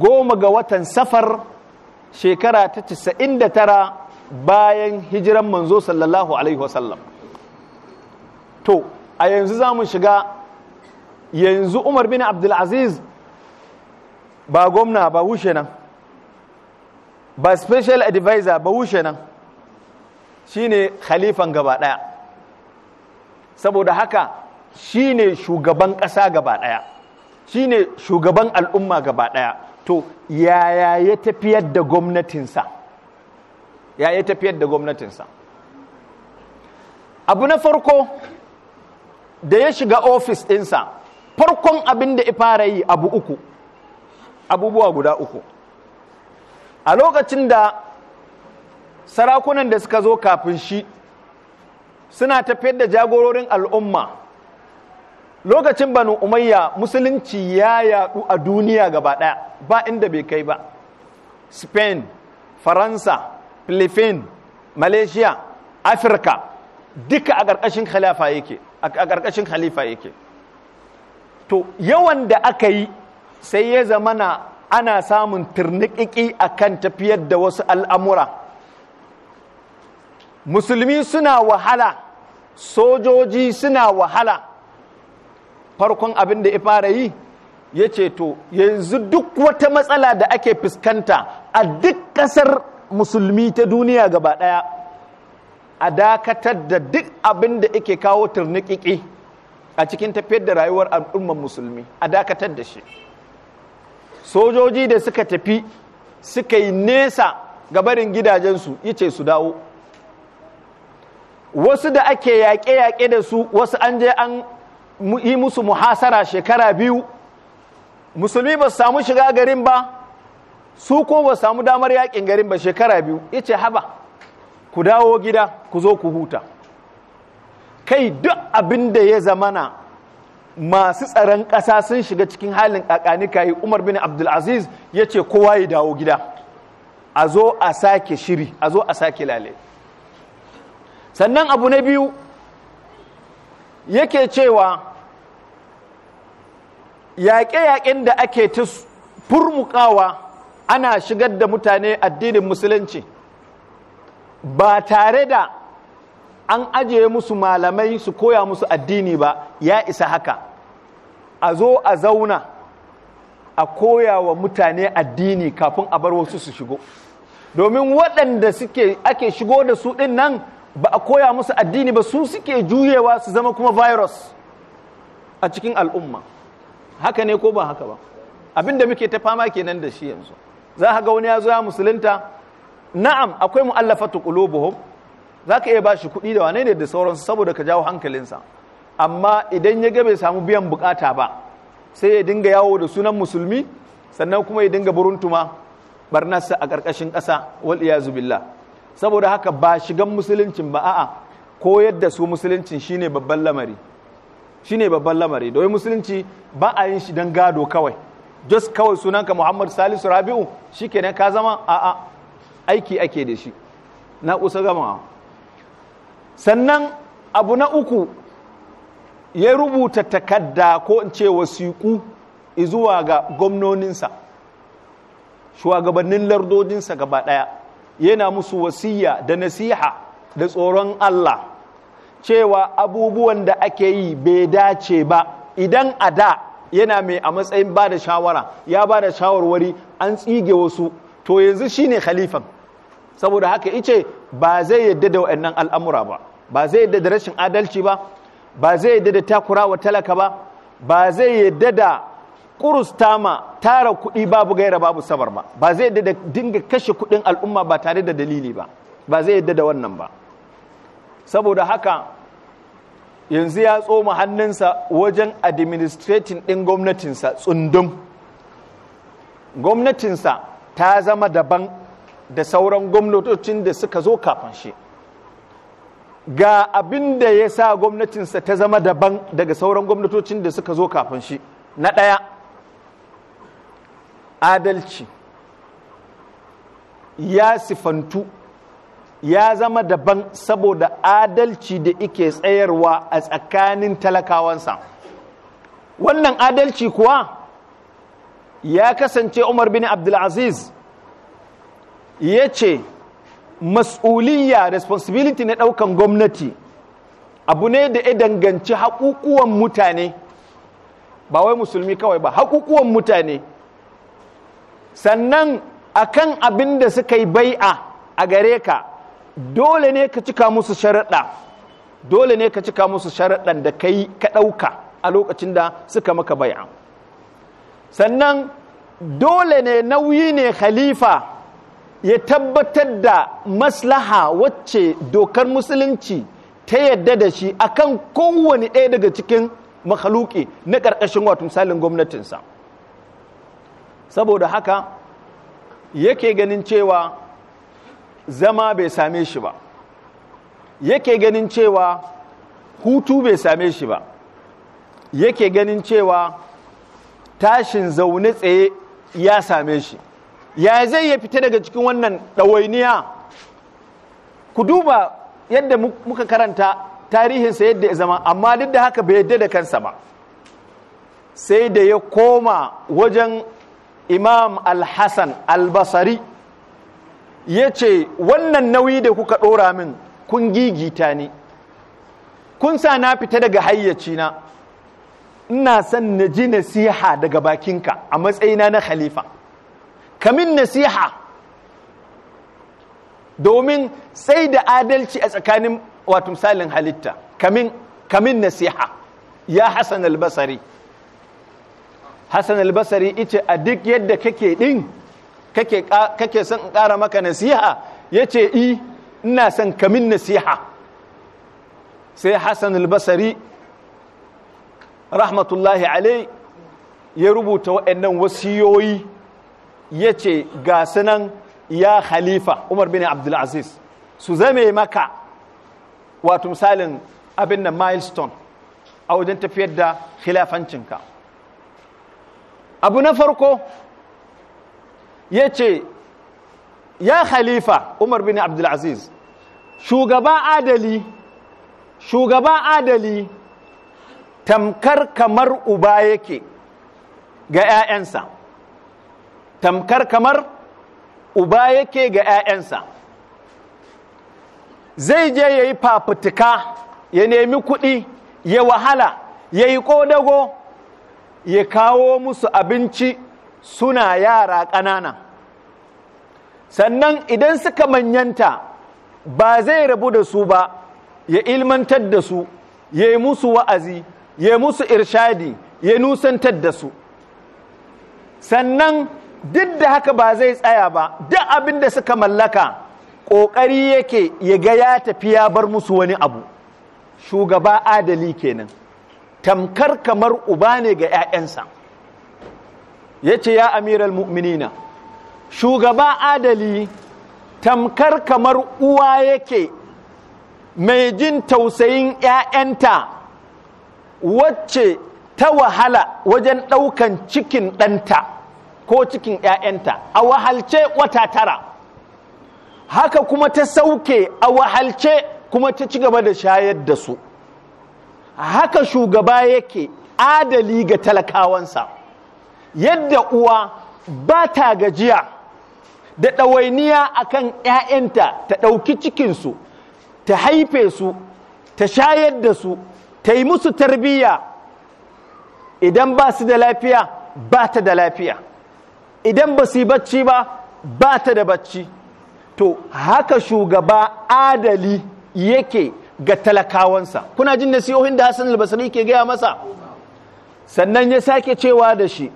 goma ga watan safar shekara ta casa'in da tara bayan hijiran manzo sallallahu alaihi wasallam to a yanzu za mu shiga yanzu umar bin abdulaziz ba gwamna ba wushe nan ba special advisor ba wushe nan shine khalifan gaba daya saboda haka shine shugaban ƙasa gaba daya shine shugaban al'umma gaba daya to yaya ya tafiyar da gwamnatinsa yaya tafiyar da gwamnatinsa abu na farko da ya shiga ofis ɗinsa farkon abin da ya fara yi abu uku abubuwa guda uku a lokacin da sarakunan da suka zo kafin shi suna tafiyar da jagororin al'umma lokacin banu umayya musulunci ya yadu a duniya gaba ɗaya ba inda bai kai ba spain faransa philippines malaysia afirka duka a ƙarƙashin khalifa yake to yawan da aka yi sai ya zamana ana samun a kan tafiyar da wasu al'amura musulmi suna wahala sojoji suna wahala farkon abin da ya fara yi ya ce to yanzu duk wata matsala da ake fuskanta a duk ƙasar musulmi ta duniya gaba ɗaya a dakatar da duk abin da ake kawo turniƙiƙi a cikin tafiyar da rayuwar al'ummar musulmi a dakatar da shi sojoji da suka tafi suka yi nesa ga barin gidajensu yace su dawo wasu da ake yaƙe-yaƙe da su wasu an je an yi musu muhasara shekara biyu musulmi ba su samu shiga garin ba su ko ba samu damar yaƙin garin ba shekara biyu yace haba ku dawo gida ku zo ku huta kai duk abin da ya zamana masu tsaron ƙasa sun shiga cikin halin ƙaƙanika yi umar bin abdulaziz ya ce kowa ya dawo gida a zo a sake shiri a zo a sake lale sannan abu na biyu yake cewa yaƙe-yaƙen da ake ta furmukawa ana shigar da mutane addinin musulunci ba tare da an ajiye musu malamai su koya musu addini ba ya isa haka a zo a zauna a koya wa mutane addini kafin a bar wasu su shigo domin waɗanda suke ake shigo da su ɗin nan ba a koya musu addini ba su suke juyewa su zama kuma virus a cikin al'umma haka ne ko ba haka ba abin muke ta fama kenan da shi yanzu za ga wani ya zo ya musulunta na'am akwai mu'allafatu qulubuhum za ka iya ba shi kuɗi da wane ne da sauransu saboda ka jawo hankalinsa amma idan ya ga bai samu biyan bukata ba sai ya dinga yawo da sunan musulmi sannan kuma ya dinga buruntuma barnarsa a ƙarƙashin ƙasa wal iyazu billah saboda haka ba shigan musuluncin ba a'a ko yadda su musuluncin shine babban lamari shine babban lamari domin musulunci ba a yin shi don gado kawai just kawai sunanka Muhammad Salisu Rabi'u shikenan ka zama a'a aiki ake da shi na kusa gama sannan abu na uku ya rubuta takadda ko in ce wasiƙu zuwa ga gwamnoninsa shugabannin lardodinsa gaba ɗaya yana musu wasiya da nasiha da tsoron Allah cewa abubuwan da ake yi bai dace ba idan a da yana mai a matsayin ba da shawara ya ba da shawarwari an tsige wasu to yanzu shine khalifan saboda haka ice ba zai yadda da wa'annan al'amura ba ba zai yadda da rashin adalci ba ba zai yadda da takura wa talaka ba ba zai yadda da kurusta ma tara kuɗi babu gaira babu sabar ba ba zai yadda da dinga kashe kuɗin al'umma ba tare da dalili ba ba zai yadda da wannan ba saboda haka yanzu ya tsoma hannunsa wajen administrating ɗin gwamnatinsa tsundum gwamnatinsa ta zama daban da sauran gwamnatocin da suka zo kafin shi ga abin da ya sa gwamnatinsa ta zama daban daga sauran gwamnatocin da suka zo kafin shi na ɗaya adalci ya sifantu ya zama daban saboda adalci da ike tsayarwa a tsakanin talakawansa wannan adalci kuwa ya kasance umar bin abdulaziz ya ce mas'uliyya responsibility na ɗaukan gwamnati abu ne da ya danganci haƙuƙuwan mutane ba wai musulmi kawai ba haƙuƙuwan mutane sannan akan abin da suka yi bai'a a gare ka dole ne ka cika musu sharaɗa dole ne ka cika musu sharaɗan da ka yi ka ɗauka a lokacin da suka maka bai'a sannan dole ne nauyi ne khalifa ya tabbatar da maslaha wacce dokar musulunci ta yadda da shi akan kowane ɗaya daga cikin makhaluki na ƙarƙashin wato misalin gwamnatinsa saboda haka yake ganin cewa zama bai same shi ba yake ganin cewa hutu bai same shi ba yake ganin cewa tashin zaune tsaye ya same shi ya zai ya fita daga cikin wannan ɗawainiya ku duba yadda muka karanta tarihinsa yadda ya zama amma duk da haka bai yadda da kansa ba sai da ya koma wajen imam al albasari. ya ce wannan nauyi da kuka ɗora min kun gigita ne kun sa na fita daga hayyacina ina son na ji nasiha daga bakinka a matsayina na khalifa kamin nasiha domin sai da adalci a tsakanin wato misalin halitta kamin kamin nasiha ya hasan albasari hasan albasari ita a duk yadda kake din kake kake son in ƙara maka nasiha yace i ina son kamin nasiha sai hasan albasari rahmatullahi alai ya rubuta waɗannan wasiyoyi ya ce ga sunan ya khalifa umar bin abdulaziz su zame maka wato misalin abin da milestone a wajen tafiyar da khilafancinka abu na farko ya ce ya khalifa umar bin abdulaziz shugaba adali shugaba adali tamkar kamar uba yake ga 'ya'yansa tamkar kamar uba yake ga 'ya'yansa zai je ya yi fafutuka ya nemi kuɗi ya wahala ya yi ƙodago ya kawo musu abinci suna yara ƙanana sannan idan suka manyanta ba zai rabu da su ba ya ilmantar da su ya yi musu wa'azi ya musu irshadi ya nusantar da su sannan duk da haka ba zai tsaya ba duk abin da suka mallaka ƙoƙari yake ya ga ya tafi ya bar musu wani abu shugaba adali kenan tamkar kamar uba ne ga 'ya'yansa ya ce ya amiral mu'minina shugaba adali tamkar kamar uwa yake mai jin tausayin 'ya'yanta wacce ta wahala wajen ɗaukan cikin ɗanta ko cikin ‘ya'yanta a wahalce wata tara haka kuma ta sauke a wahalce kuma ta ci gaba da shayar da su haka shugaba yake adali ga talakawansa yadda uwa ba ta gajiya da ɗawainiya akan ‘ya'yanta ta ɗauki cikinsu ta haife su ta shayar da su ta yi musu tarbiyya idan ba su da lafiya ba ta da lafiya idan ba su yi bacci ba ba ta da bacci to haka shugaba adali yake ga talakawansa kuna jin nasihohin da Hassan al-Basri ke gaya masa sannan ya sake cewa da shi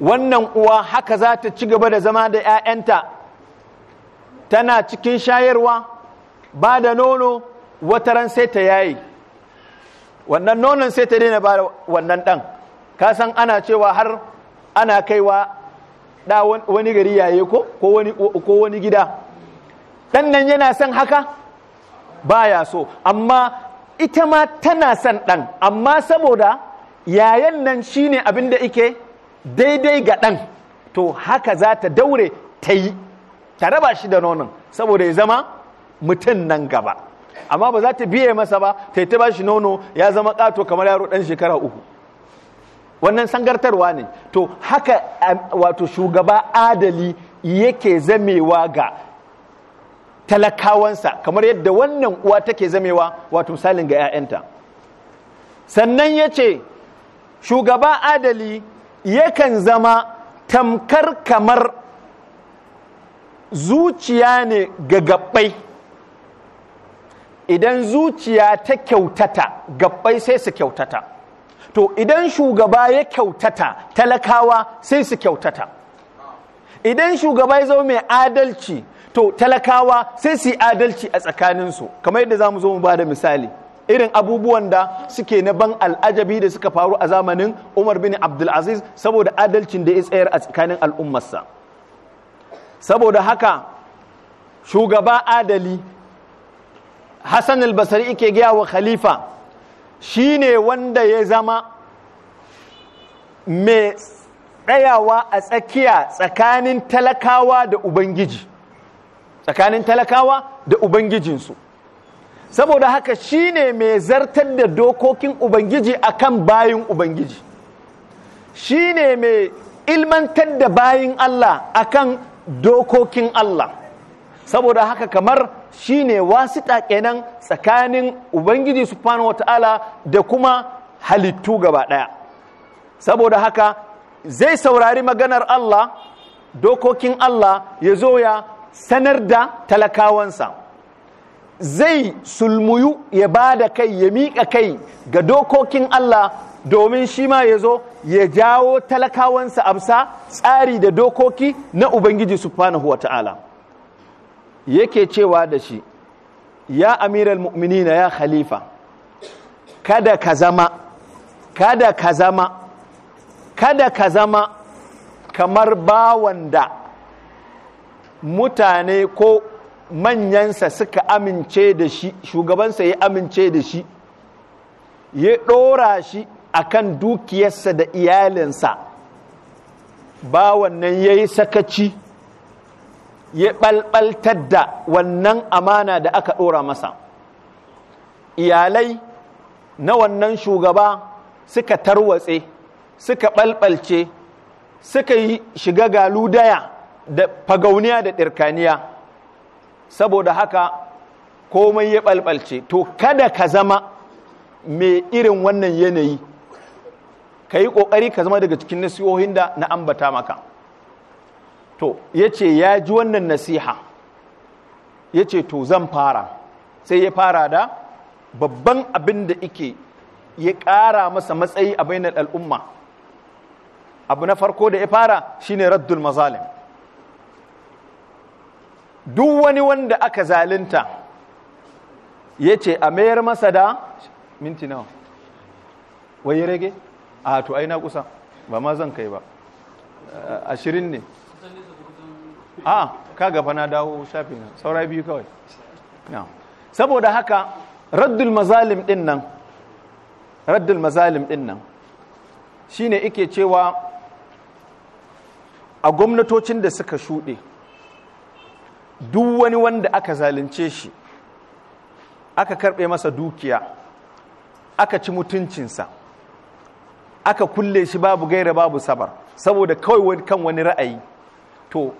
wannan uwa haka za ta ci gaba da zama da 'ya'yanta tana cikin shayarwa ba da nono wataran sai ta yayi wannan nonon sai ta daina ba wannan ɗan kasan ana cewa har ana kaiwa da wani gari yaye ko ko wani gida dan nan yana son haka baya so amma ita ma tana son dan amma saboda yayan nan shine abin da yake daidai ga dan to haka za ta daure ta yi ta raba shi da nonon saboda ya zama mutum nan gaba amma ba za ta biye masa ba ta yi ta bashi nono ya zama ƙato kamar yaro ɗan shekara uku wannan sangartarwa ne to haka wato shugaba adali yake zamewa ga talakawansa kamar yadda wannan uwa take zamewa wato misalin ga 'ya'yanta sannan ya ce shugaba adali yakan zama tamkar kamar zuciya ne ga gabbai idan zuciya ta kyautata gabbai sai su kyautata to idan shugaba ya kyautata talakawa sai su kyautata idan shugaba ya zama mai adalci to talakawa sai su yi adalci a tsakaninsu kamar yadda za mu zo mu ba da misali irin abubuwan da suke na ban al'ajabi da suka faru a zamanin umar bin abdulaziz saboda adalcin da ya tsayar a tsakanin al'ummarsa saboda haka shugaba adali hassan albasari ike gaya wa khalifa Shi ne wanda ya zama mai tsayawa a tsakiya tsakanin talakawa da ubangiji tsakanin talakawa da ubangijinsu saboda haka shi ne mai zartar da dokokin ubangiji akan bayin ubangiji Shi ne mai ilmantar da bayin Allah akan dokokin Allah saboda haka kamar shine wasita kenan tsakanin ubangiji subhanahu wataala da kuma halittu gaba daya saboda haka zai saurari maganar Allah dokokin Allah ya zo ya sanar da talakawansa zai sulmuyu ya ba da kai ya miƙa kai ga dokokin Allah domin shi ma ya zo ya jawo talakawansa amsa tsari da dokoki na Ubangiji subhanahu wa ta'ala. yake cewa da shi ya amiral mu'minina ya khalifa kada ka zama kada ka zama kada ka zama kamar bawan da mutane ko manyansa suka amince da shi shugabansa ya amince da shi ya ɗora shi akan dukiyarsa da iyalinsa bawan nan ya yi sakaci ya ɓalɓaltar da wannan amana da aka ɗora masa iyalai na wannan shugaba suka tarwatse suka ɓalɓalce suka yi shiga daya da fagauniya da ɗirkaniya saboda haka komai ya ɓalɓalce to kada ka zama mai irin wannan yanayi ka yi ƙoƙari ka zama daga cikin nasihohin da na ambata maka to ya ce ya ji wannan nasiha ya ce to zan fara sai ya fara da babban abin da ike ya ƙara masa matsayi a bainar al'umma abu na farko da ya fara shine raddul mazalim duk wani wanda aka zalinta ya ce a mayar masa da minti nawa wai rage a to aina kusa ba ma zan kai ba ashirin ne a ah, ka gaba na dawo shafi na saura biyu kawai saboda haka raddul mazalim din nan raddul mazalim din nan shine ike cewa a gwamnatocin da suka shuɗe duk wani wanda aka zalunce shi aka karɓe masa dukiya aka ci mutuncinsa aka kulle shi babu gaira babu sabar saboda kawai kan wani ra'ayi to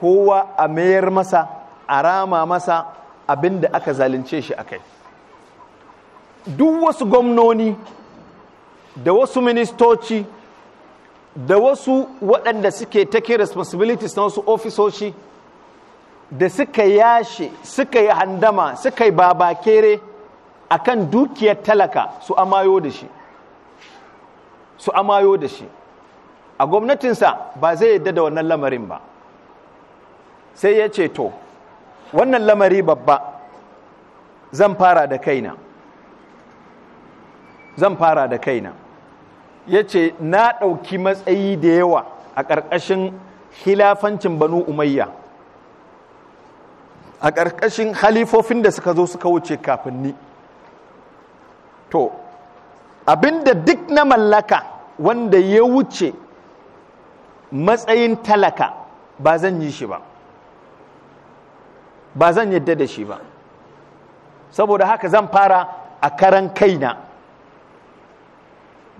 kowa a mayar masa a rama masa abinda aka zalunce shi a kai duk wasu gwamnoni da wasu ministoci da wasu waɗanda suke take responsibilities na wasu ofisoshi da suka yashe suka yi handama suka yi babakere a kan dukiyar talaka su amayo da shi su amayo da shi a gwamnatinsa ba zai yadda da wannan lamarin ba sai ya ce to wannan lamari babba zan fara da kaina zan fara da kaina ya ce na ɗauki matsayi da yawa a ƙarƙashin hilafancin banu umayya a ƙarƙashin halifofin da suka zo suka wuce kafin ni to abinda duk na mallaka wanda ya wuce matsayin talaka ba zan yi shi ba ba zan yadda da shi ba saboda haka zan fara a karan kaina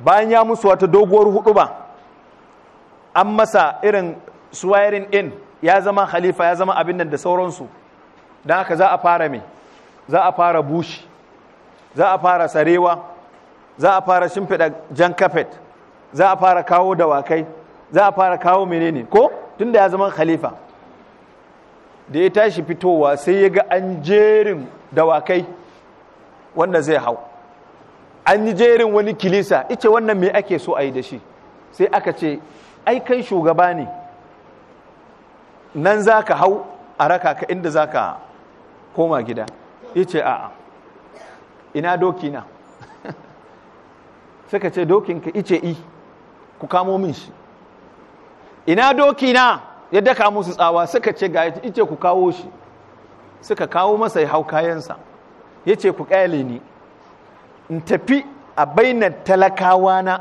bayan ya musu wata doguwar hudu ba an masa irin swearing in ya zama khalifa ya zama abin nan da sauransu don haka za a fara mai za a fara bushi za a fara sarewa za a fara shimfiɗa jan kafet za a fara kawo dawakai za a fara kawo menene ko tunda ya zama khalifa da ya tashi fitowa sai ya ga an jerin dawakai wanda zai hau an yi jerin wani kilisa ice wannan me ake so a yi da shi sai aka ce ai kai shugaba ne nan za ka hau a raka ka inda za ka koma gida ice a'a ina dokina suka [LAUGHS] ce dokinka ice i ku kamo min shi ina dokina ya daka musu tsawa suka ce ga ce ku kawo shi suka kawo masa ya hau kayansa ya ce ku ƙyale ni in tafi a bainar talakawa na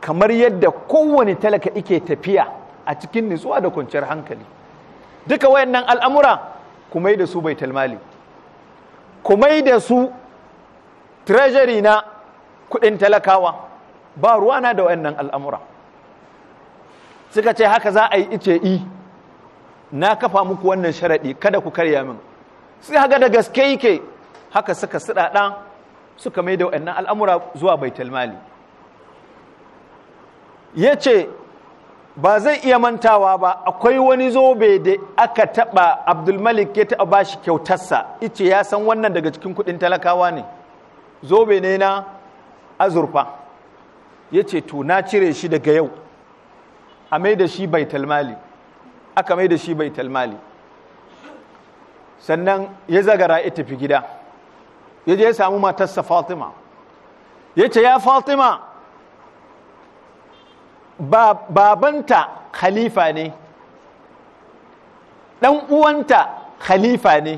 kamar yadda kowane talaka ike tafiya a cikin nutsuwa da kwanciyar hankali duka wayannan al'amura kuma yi da su bai talmali kuma yi da su treasury na kudin talakawa ba ruwana da wayannan al'amura suka ce haka za a yi ice i na kafa muku wannan sharaɗi kada ku karya min sai haka da gaske yake haka suka siɗaɗa suka mai da wa'annan al'amura zuwa baitalmali ya ce ba zai iya mantawa ba akwai wani zobe da aka taɓa abdulmalik ya taɓa ba shi kyautarsa ice ya san wannan daga cikin kuɗin talakawa ne zobe ne na azurfa ya ce to na cire shi daga yau a mai da shi bai talmali. aka mai da shi bai talmali. sannan ya zagara ya tafi gida ya je ya samu matarsa fatima ya ce ya fatima babanta khalifa ne ɗan uwanta khalifa ne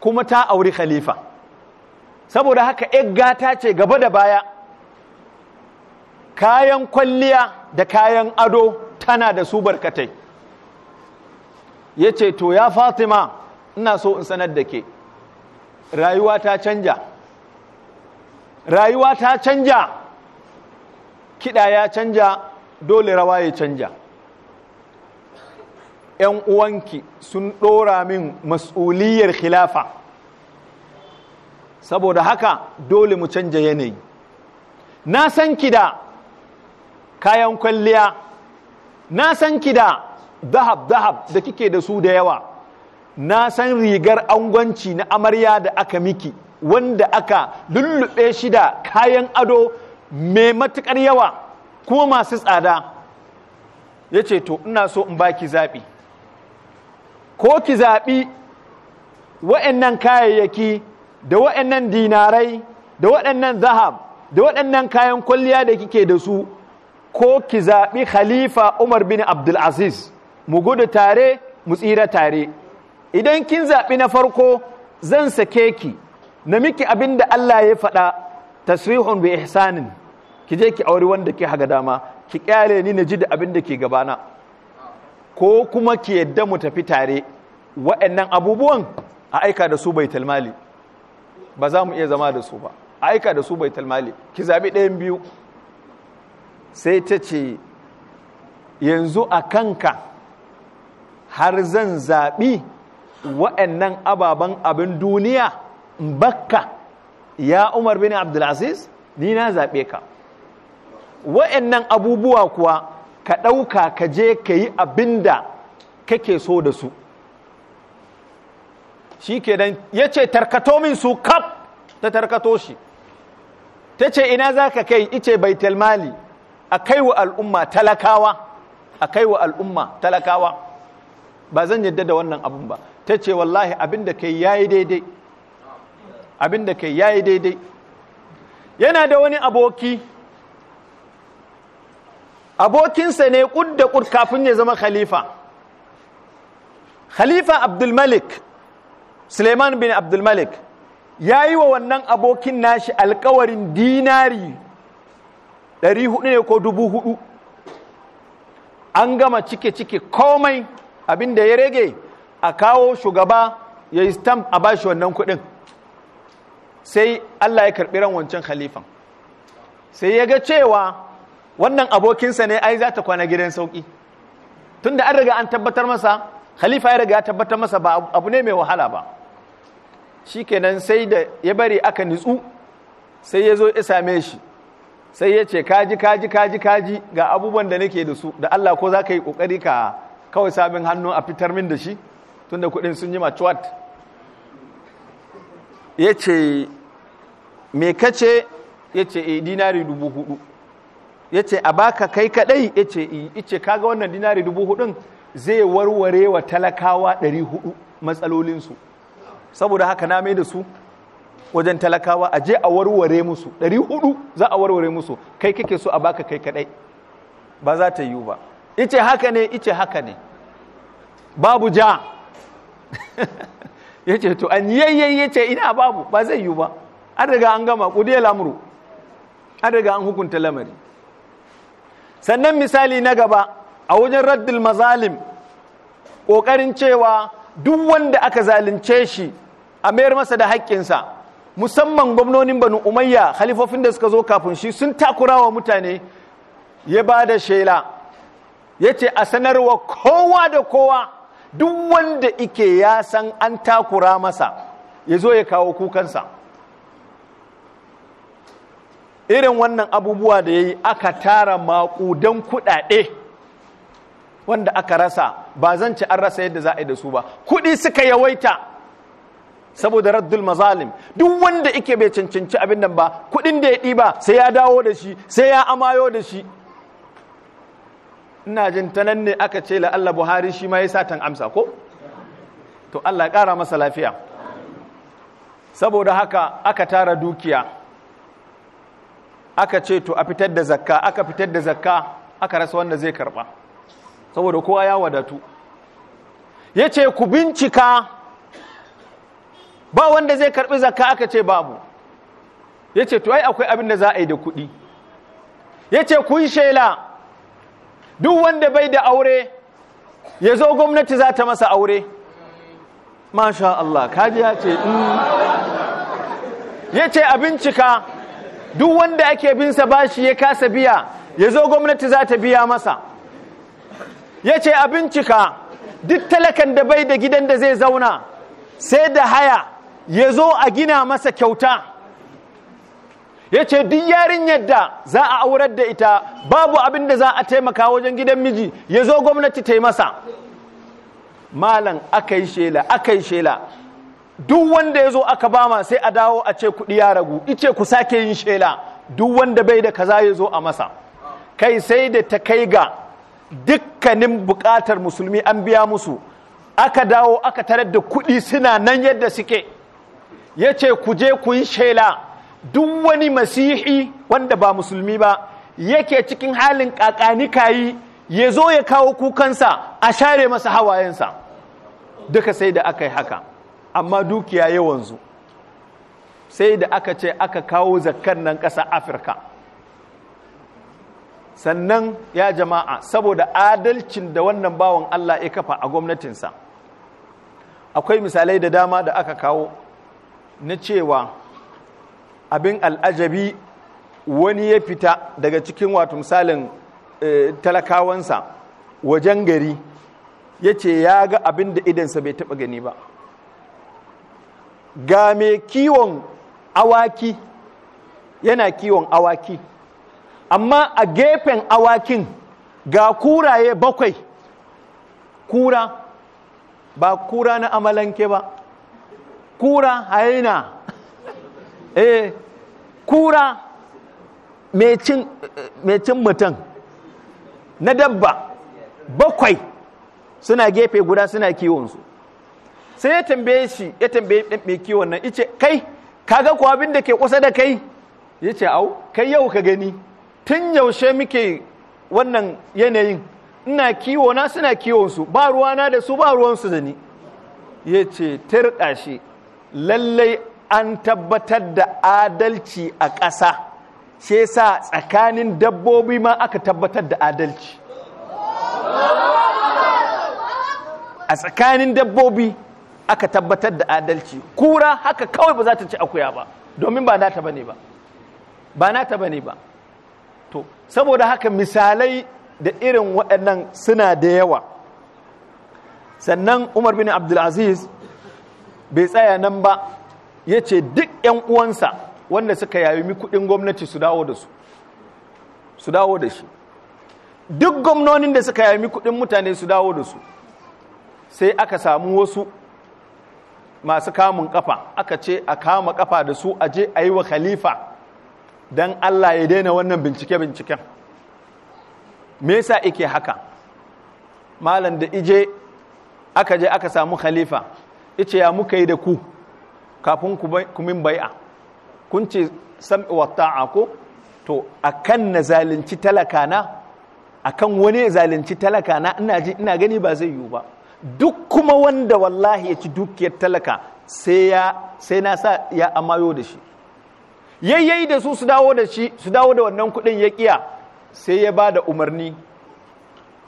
kuma ta auri khalifa saboda haka ‘yar gata ce gaba da baya kayan kwalliya da kayan ado tana da su barkatai ya ce to ya fatima ina so in sanar da ke rayuwa ta canja rayuwa ta canja kiɗa ya canja dole rawa ya canja ‘yan uwanki sun ɗora min mas'uliyar khilafa saboda haka dole mu canja yanayi na san ki da kayan kwalliya na san ki da dahab dahab da kike da su da yawa na san rigar angwanci na amarya da aka miki wanda aka lullube shi da kayan ado mai matukar yawa kuma masu tsada ya ce to ina so in ba ki zaɓi ko ki zaɓi wa'annan kayayyaki da wa'annan dinarai da waɗannan zahab da waɗannan kayan kwalliya da kike da su ko ki zaɓi khalifa umar bin abdulaziz mu gudu tare mu tsira tare idan kin zaɓi na farko zan sake ki na miki abin da Allah ya faɗa tasrihun bi ihsanin ki je ki auri wanda ke haga dama ki ƙyale ni na ji da abin da ke gabana ko kuma ki yadda mu tafi tare wa'annan abubuwan a aika da su bai talmali ba za mu iya zama da su ba a aika da su bai talmali ki zaɓi ɗayan biyu sai ta ce yanzu a kanka har zan zaɓi wa'annan ababen abin duniya bakka ya umar bin abdulaziz ni na zaɓe ka wa'annan abubuwa kuwa ka ɗauka ka je ka yi abin da kake so da su shi ke dan ya ce tarkato min su kaf ta tarkato shi ta ce ina za ka kai ice baitalmali a kai wa al'umma talakawa a kai wa al'umma talakawa ba zan yadda da wannan abin ba ta ce wallahi abin da kai yayi daidai abin da kai yayi daidai yana da wani aboki abokinsa ne kud da kud kafin ya zama khalifa khalifa abdulmalik suleiman bin abdulmalik ya yi wa wannan abokin nashi alkawarin dinari ɗari hudu ne ko dubu hudu an gama cike-cike komai Abinda ya rage a kawo shugaba ya yi stamp a bashi wannan kudin sai Allah ya karɓi ran wancan khalifan sai ya ga cewa wannan abokinsa ne ai za ta kwana gidan sauki tun da an riga an tabbatar masa khalifa ya riga ya tabbatar masa ba abu ne mai wahala ba shi kenan sai da ya bari aka nitsu sai ya zo ya same shi sai ya ce kaji kaji kaji kaji ga abubuwan da nake da su da Allah ko za ka yi ƙoƙari ka kawai sabin hannu a fitar min da shi tun da kuɗin sun yi machuwat ya ce me kace ya ce e dinari dubu hudu ya ce a baka kai kadai ya ce eh. e kaga wannan dinari dubu hudun zai warware wa talakawa ɗari hudu matsalolinsu saboda haka na mai da su wajen talakawa a je a warware musu ɗari hudu za a warware musu kai kake so a baka kai kadai ba za ta yiwu ba ice haka ne ice haka ne babu ja [LAUGHS] ya ce to an yayyayi ya ce ina babu ba zai yiwu ba an riga an gama ƙudiyar lamuru an riga an hukunta lamari sannan misali na gaba a wajen raddul mazalim ƙoƙarin cewa duk wanda aka zalunce shi a mayar masa da haƙƙinsa musamman gwamnonin banu umayya halifofin da suka zo kafin shi sun takura wa mutane ya ba da shela ya ce a sanarwa kowa da kowa duk wanda ike ya san an takura masa ya zo ya kawo kukansa irin wannan abubuwa da ya yi aka tara maƙudan kudade, wanda aka rasa ba zan ci an rasa yadda za a yi da su ba kuɗi suka yawaita saboda raddul mazalim duk wanda ike bai cancanci abin nan ba kudin da ya ɗiba sai ya dawo da shi sai ya amayo da shi ina jin ta nan ne aka ce la Allah Buhari shi ma ya satan amsa ko to Allah ya ƙara masa lafiya saboda haka aka tara dukiya aka ce to a fitar da zakka aka fitar da zakka aka rasa wanda zai karba saboda kowa ya wadatu yace ku bincika ba wanda zai karbi zakka aka ce babu yace to ai akwai abin da za a yi da kuɗi yace kun shela duk wanda bai da aure ya zo gwamnati za ta masa aure masha Allah kaji ya ce mm. ya ce a bincika duk wanda ake sa bashi ya kasa biya ya zo gwamnati za ta biya masa ya ce a bincika duk talakan da bai da gidan da zai zauna sai da haya ya zo a gina masa kyauta ya ce duk yarinyar da za a aurar da ita babu abin da za a taimaka wajen gidan miji ya zo gwamnati ta yi masa malam aka yi shela aka yi shela duk wanda ya zo aka bama sai a dawo a ce kuɗi ya ragu ice ku sake yin shela duk wanda bai da kaza ya zo a masa kai sai da ta kai ga dukkanin bukatar musulmi an biya musu aka dawo aka tarar da kuɗi suna nan yadda suke ya ce ku je ku yi shela duk wani masihi wanda ba musulmi ba yake cikin halin kakanika yi ya zo ya kawo kukansa a share masa hawayensa duka sai da aka yi haka amma dukiya wanzu sai da aka ce aka kawo zakkan nan ƙasa afirka sannan ya jama'a saboda adalcin da wannan bawan allah ya kafa a gwamnatinsa akwai misalai da dama da aka kawo na cewa abin al'ajabi wani ya fita daga cikin wato misalin eh, talakawansa wajen gari ya ce ya ga abin da idansa bai taɓa gani ba ga mai kiwon awaki yana kiwon awaki amma a gefen awakin ga kuraye bakwai kura ba kura na amalanke ba kura a eh, kura mai cin mutum na dabba bakwai suna gefe guda suna kiwonsu sai ya tambaye shi ya tambaye mai kiwon nan ice kai kaga kuwa abin da ke kusa da kai ya ce au kai yau ka gani tun yaushe muke wannan yanayin ina kiwona suna kiwonsu ba ruwana da su ba ruwansu da ni ya ce tirɗa shi lallai an tabbatar da adalci a ƙasa shi sa tsakanin dabbobi ma aka tabbatar da adalci a tsakanin dabbobi aka tabbatar da adalci kura haka kawai ba za ta ci akuya ba domin ba nata bane ba ba na bane ba to saboda haka misalai da irin waɗannan suna da yawa sannan umar bin abdulaziz bai tsaya nan ba ya ce duk 'yan uwansa wanda suka yayumi kudin gwamnati su dawo da su su dawo da shi duk gwamnonin da suka yayumi kudin mutane su dawo da su sai aka samu wasu masu kamun kafa aka ce a kama kafa da su aje a yi wa khalifa don allah ya daina wannan bincike-binciken me yasa ike haka malam da ije aka je aka samu khalifa yace ya muka yi da ku kafin ku min bai'a kun ce sam'i wa ko to akan na zalunci talaka na akan wani zalunci talaka na ina ji ina gani ba zai yiwu ba duk kuma wanda wallahi ya ci dukiyar talaka sai ya sai na sa ya amayo da shi yayyayi da su su dawo da shi su dawo da wannan kudin ya kiya sai ya bada umarni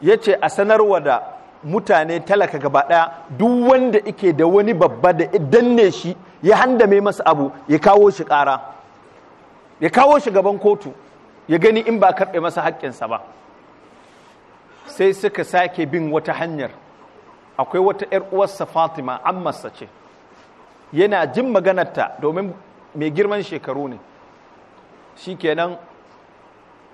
yace a sanarwa da mutane talaka gaba ɗaya duk wanda ike da wani babba da ne shi ya handame masa abu ya kawo shi ƙara ya kawo shi gaban kotu ya gani in ba karɓe masa haƙƙinsa ba sai suka sake bin wata hanyar akwai wata ‘yar uwarsa fatima ammarsa ce yana jin maganarta domin mai girman shekaru ne shi kenan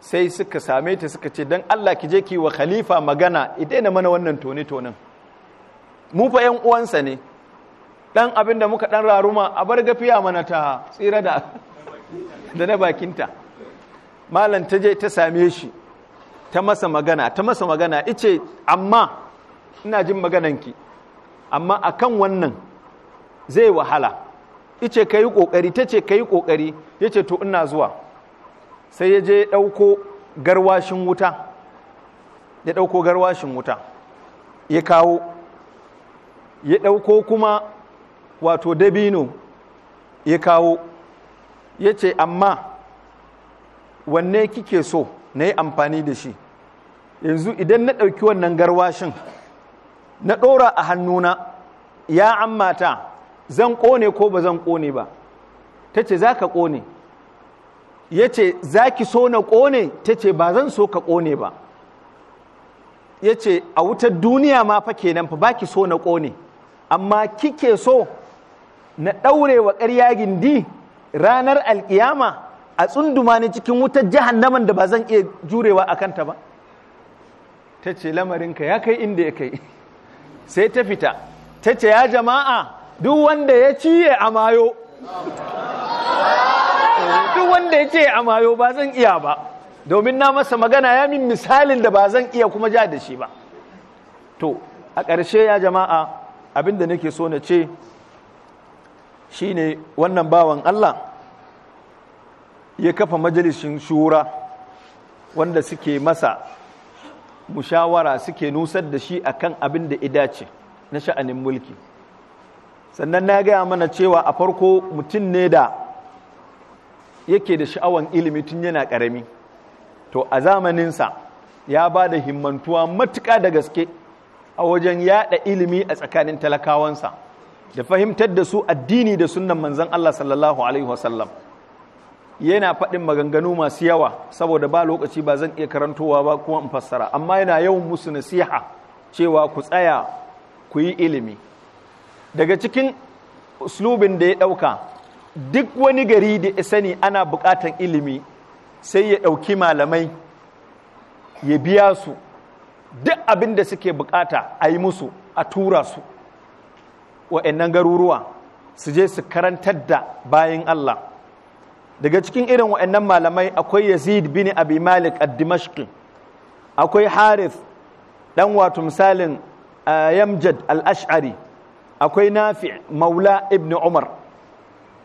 sai suka same ta suka ce don Allah ki je ki wa khalifa magana ita na mana wannan toni-tonin mu fa yan uwansa ne dan abin da muka dan raruma a bar gafiya mana ta tsira da [LAUGHS] da na bakinta malam ta je ta same shi ta masa magana ta masa magana ice amma ina jin ki amma akan wannan zai wahala ice kai kokari tace kai kokari yace to ina zuwa sai ya je ɗauko garwashin wuta ya ɗauko garwashin wuta ya kawo ya ɗauko kuma wato dabino ya kawo ya ce amma wanne kike so na yi amfani da shi yanzu idan na ɗauki wannan garwashin na ɗora a hannuna ya ammata zan ƙone ko ba zan ƙone ba ta ce za ka ƙone ya ce za ki so na ƙone ta ce ba zan so ka ƙone ba ya ce a wutar duniya ma fa kenan fa ba ki so na ƙone amma kike so na ɗaure wa ƙarya gindi ranar alƙiyama a tsunduma ne cikin wutar jahannaman da ba zan iya jurewa a kanta ba ta ce lamarinka ya kai inda ya kai sai ta fita ta ce ya jama'a duk wanda ya ciye a mayo duk wanda ya ce mayo ba zan iya ba domin na masa magana ya min misalin da ba zan iya kuma ja da shi ba to a ƙarshe ya jama'a abin da nake so na ce shine wannan bawan Allah ya kafa majalisin shura wanda suke masa mushawara suke nusar da shi akan abin da ce na sha'anin mulki sannan na gaya mana cewa a farko mutum ne da yake da sha'awan ilimi tun yana ƙarami to a zamaninsa ya ba da himmantuwa matuka da gaske a wajen yaɗa ilimi a tsakanin talakawansa da fahimtar da su addini da sunan manzan Allah sallallahu alaihi wasallam yana faɗin maganganu masu yawa saboda ba lokaci ba zan iya karantowa ba kuma in fassara amma yana yawan musu nasiha cewa ku tsaya ku yi ilimi daga cikin uslubin da ya ɗauka duk wani gari da sani ana bukatan ilimi sai ya ɗauki malamai ya biya su duk abin da suke buƙata a yi musu a tura su wa'annan garuruwa su je su karantar da bayan Allah daga cikin irin wa'annan malamai akwai yazid bin abi malik a dimashqi akwai harith ɗan wato misalin eh, yamjad al-ash'ari akwai nafi maula ibn umar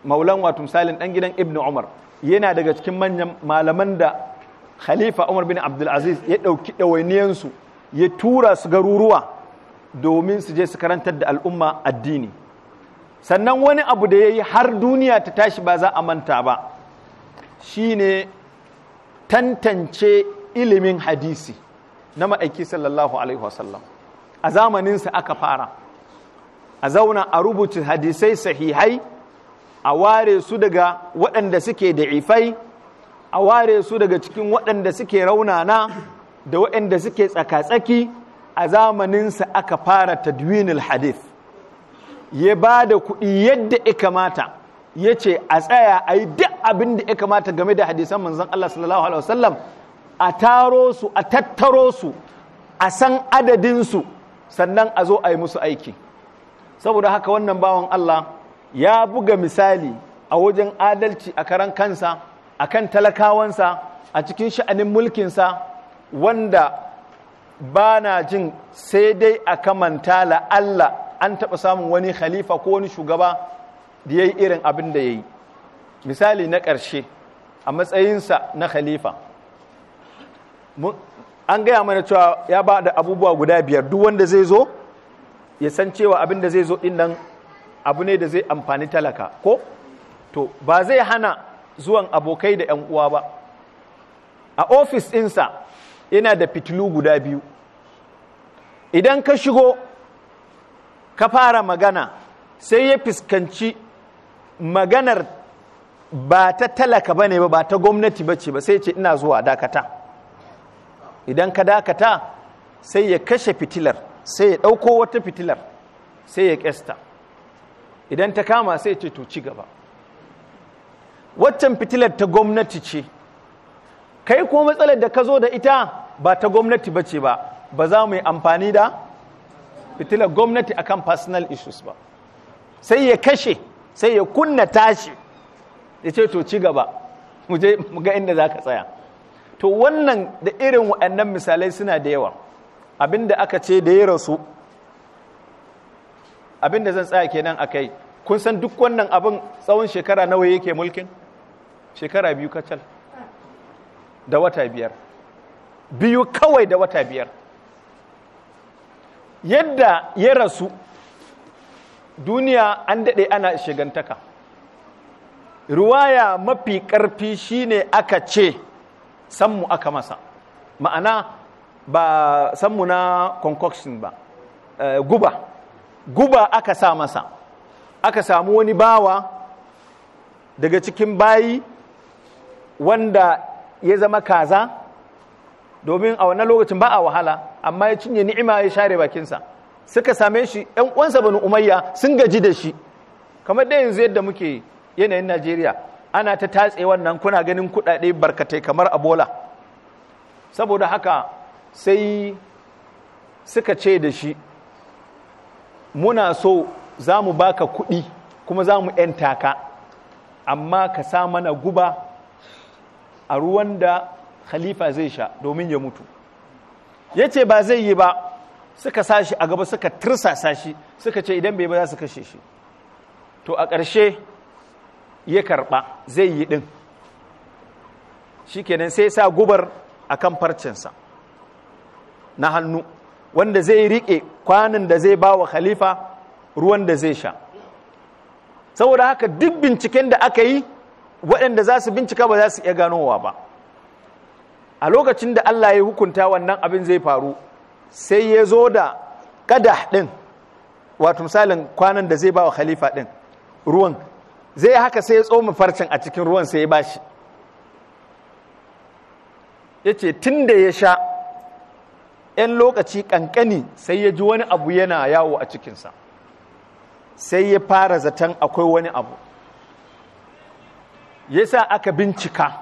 maulan wato misalin ɗan gidan ibn umar yana daga cikin manyan malaman da khalifa umar bin Abdul aziz ya ɗauki ɗawainiyansu ya tura su garuruwa domin su je su karantar da al'umma addini sannan wani abu da ya yi har duniya ta tashi ba za a manta ba shine tantance ilimin hadisi na ma'aiki sallallahu alaihi wasallam a zamaninsa aka fara a zauna a rubuta hadisai sahihai a ware su daga waɗanda suke da ifai a ware su daga cikin waɗanda suke raunana da waɗanda suke tsaka-tsaki a zamaninsa aka fara tadwinil hadith ya ba da kuɗi yadda ya kamata ya ce a tsaya a yi duk abin da ya kamata game da hadisan manzan Allah sallallahu Alaihi wasallam a taro su a tattaro su a san adadinsu sannan a zo a yi musu aiki saboda haka wannan bawan Allah ya buga misali a wajen adalci a karan kansa a kan talakawansa a cikin sha'anin mulkinsa wanda ba na jin sai dai a kamanta Allah an taɓa samun wani khalifa ko wani shugaba da ya yi irin abin da ya yi misali na ƙarshe a matsayinsa na khalifa an gaya mana cewa ya ba da abubuwa guda biyar duk wanda zai zo ya san cewa abin da zai zo inda abu ne da zai amfani talaka ko to ba zai hana zuwan abokai da ‘yan uwa ba a ofis ɗinsa yana da fitilu guda biyu idan ka shigo ka fara magana sai ya fuskanci maganar ba ta talaka ba ne ba ba ta gwamnati ba ce ba sai ce ina zuwa dakata idan ka dakata sai ya kashe fitilar sai ya ɗauko wata fitilar sai ya ƙesta idan ta kama sai ce to ci gaba waccan fitilar ta gwamnati ce kai ko matsalar da ka zo da ita ba ta gwamnati ba ce ba ba za mu yi amfani da fitilar gwamnati akan personal issues ba sai ya kashe sai ya kunna tashi ya ce to ci gaba mu je mu ga inda za ka tsaya to wannan da irin waɗannan misalai suna da yawa abinda aka ce da ya rasu abin da zan tsaya kenan kai. kun san duk wannan abin tsawon shekara nawa yake mulkin shekara biyu kacal da wata biyar biyu kawai da wata biyar yadda ya rasu duniya an daɗe ana shigantaka ruwaya mafi ƙarfi shine aka ce sanmu aka masa ma'ana ba sanmu na concoction ba eh, guba guba aka sa masa aka samu wani bawa daga cikin bayi wanda ya zama kaza domin a wannan lokacin ba a wahala amma ya cinye ni'ima ya share bakinsa suka same shi ‘yan uwansa bani umayya sun gaji da shi kamar da yanzu yadda muke yanayin najeriya ana ta tatse wannan kuna ganin kuɗaɗe barkatai kamar abola saboda haka sai suka ce da shi muna so za mu baka kuɗi kuma za mu ‘yanta taka amma ka sa mana guba a ruwan da khalifa zai sha domin ya mutu ya ce ba zai yi ba suka sa shi a gaba suka tirsasa shi suka ce idan bai ba za su kashe shi to a ƙarshe ya karɓa zai yi ɗin shi kenan sai sa gubar a kan farcinsa na hannu wanda zai riƙe kwanan da zai ba wa khalifa ruwan da zai sha saboda haka duk binciken da aka yi waɗanda za su bincika ba za su iya ganowa ba a lokacin da Allah ya hukunta wannan abin zai faru sai ya zo da kada ɗin wato misalin kwanan da zai ba wa khalifa ɗin ruwan zai haka sai ya tsoma farcin a cikin ruwan sai ya ba shi ya ce tun da ya sha ‘yan lokaci ƙanƙani sai ya ji wani abu yana yawo a cikinsa sai ya fara zaton akwai wani abu ya sa aka bincika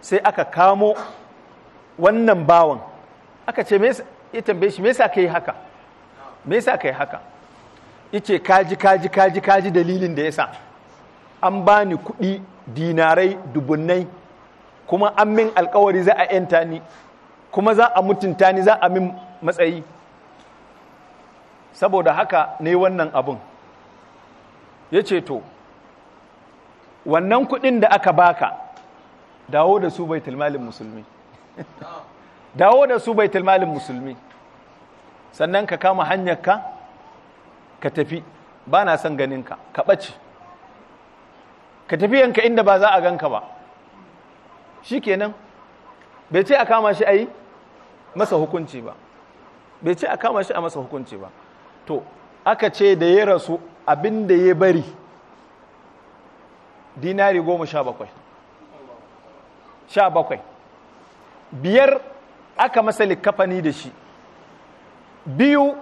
sai aka kamo wannan bawan aka ce ya tambaye shi mesa ka yi haka mesa ka yi haka ice kaji kaji kaji kaji dalilin da ya sa an ba ni kuɗi dinarai dubunnai kuma an min alkawari za a ‘yanta ni kuma za a mutunta ni za a min matsayi saboda haka ne wannan abin ya ce to wannan kudin da aka baka dawo da su bai tilmalin musulmi [LAUGHS] dawo da su bai tilmalin musulmi sannan ka kama hanyarka ka tafi ba na son ganinka ka ɓace ka tafi yanka inda ba za a ganka ba shi kenan bai ce a kama shi a yi masa hukunci ba bai ce a kama shi a masa hukunci ba to aka ce da ya rasu abin da ya bari dinari goma sha bakwai sha bakwai biyar aka masa likafani da shi biyu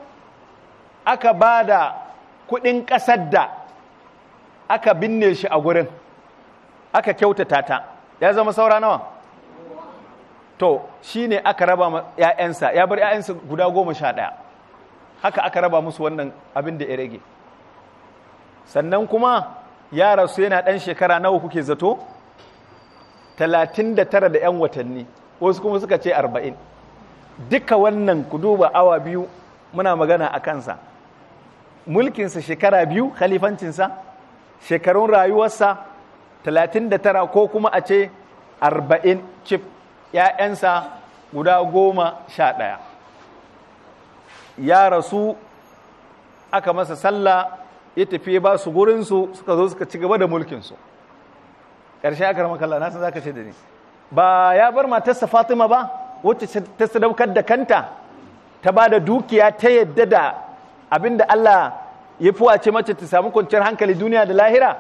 aka ba da kudin kasar da aka binne shi a gurin aka kyautata ta ya zama saura nawa to shi ne aka raba 'ya'yansa ya bar 'ya'yansa guda goma sha ɗaya haka aka raba musu wannan abin da ya rage sannan kuma ya rasu yana ɗan shekara nawa kuke zato talatin da tara da 'yan watanni wasu kuma suka ce arba'in duka wannan ku duba awa biyu muna magana a kansa mulkinsa shekara biyu khalifancinsa shekarun rayuwarsa talatin da tara ko kuma a ce arba'in cif ‘ya'yansa guda goma sha ɗaya ya rasu aka masa sallah ya tafi ba su gurinsu suka zo suka ci gaba da mulkinsu ƙarshe aka rama kalla san za ka ce da ni ba ya bar matarsa fatima ba wacce ta sadaukar da kanta ta ba da dukiya ta yadda da abin da allah ya fi wace mace ta samu kwanciyar hankali duniya da lahira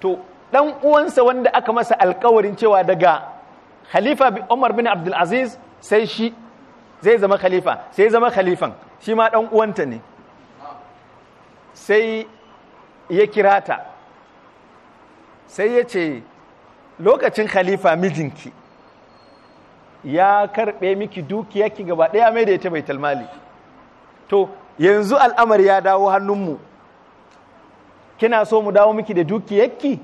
to ɗan uwansa wanda aka masa alkawarin cewa daga khalifa Umar bin Abdul Aziz sai shi zai zama khalifa sai zama khalifan shi ma dan uwanta ne sai ya kira ta sai ya ce lokacin khalifa mijinki ya karbe miki dukiyarki gaba daya mai da ita baitul mali to yanzu al'amari ya dawo hannunmu kina so mu dawo miki da dukiyarki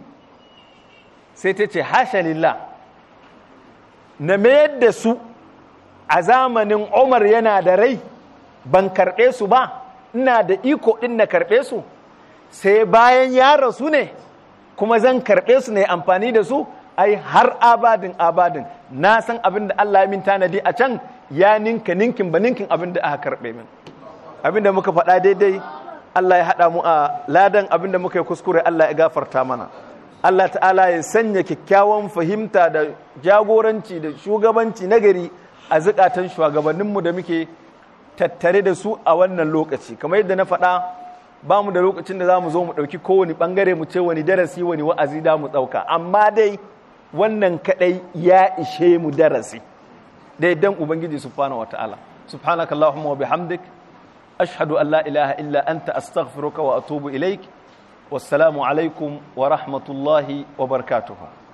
sai ta ce hasha lillah na mayar da su a zamanin Umar yana da rai ban karɓe su ba ina da iko ɗin na karɓe su sai bayan ya rasu ne kuma zan karɓe su ne amfani da su ai har abadin abadin na san abin da Allah ya min tanadi a can ya ninka ninkin ba ninkin abin da aka karɓe min abin da muka faɗa daidai Allah ya haɗa mu a ladan abin da muka yi kuskure Allah ya gafarta mana Allah ta'ala ya sanya kyakkyawan fahimta da jagoranci da shugabanci nagari a zukatan shugabanninmu da muke tattare da su a wannan lokaci kamar yadda na faɗa ba mu da lokacin da za mu zo mu ɗauki kowane ɓangare mu ce wani darasi wani wa'azi da mu ɗauka amma dai wannan kaɗai ya ishe mu darasi da yadda ubangiji subhanahu wata'ala subhanakallahumma wa bihamdik ashhadu an la ilaha illa anta astaghfiruka wa atubu ilaik والسلام عليكم ورحمة الله وبركاته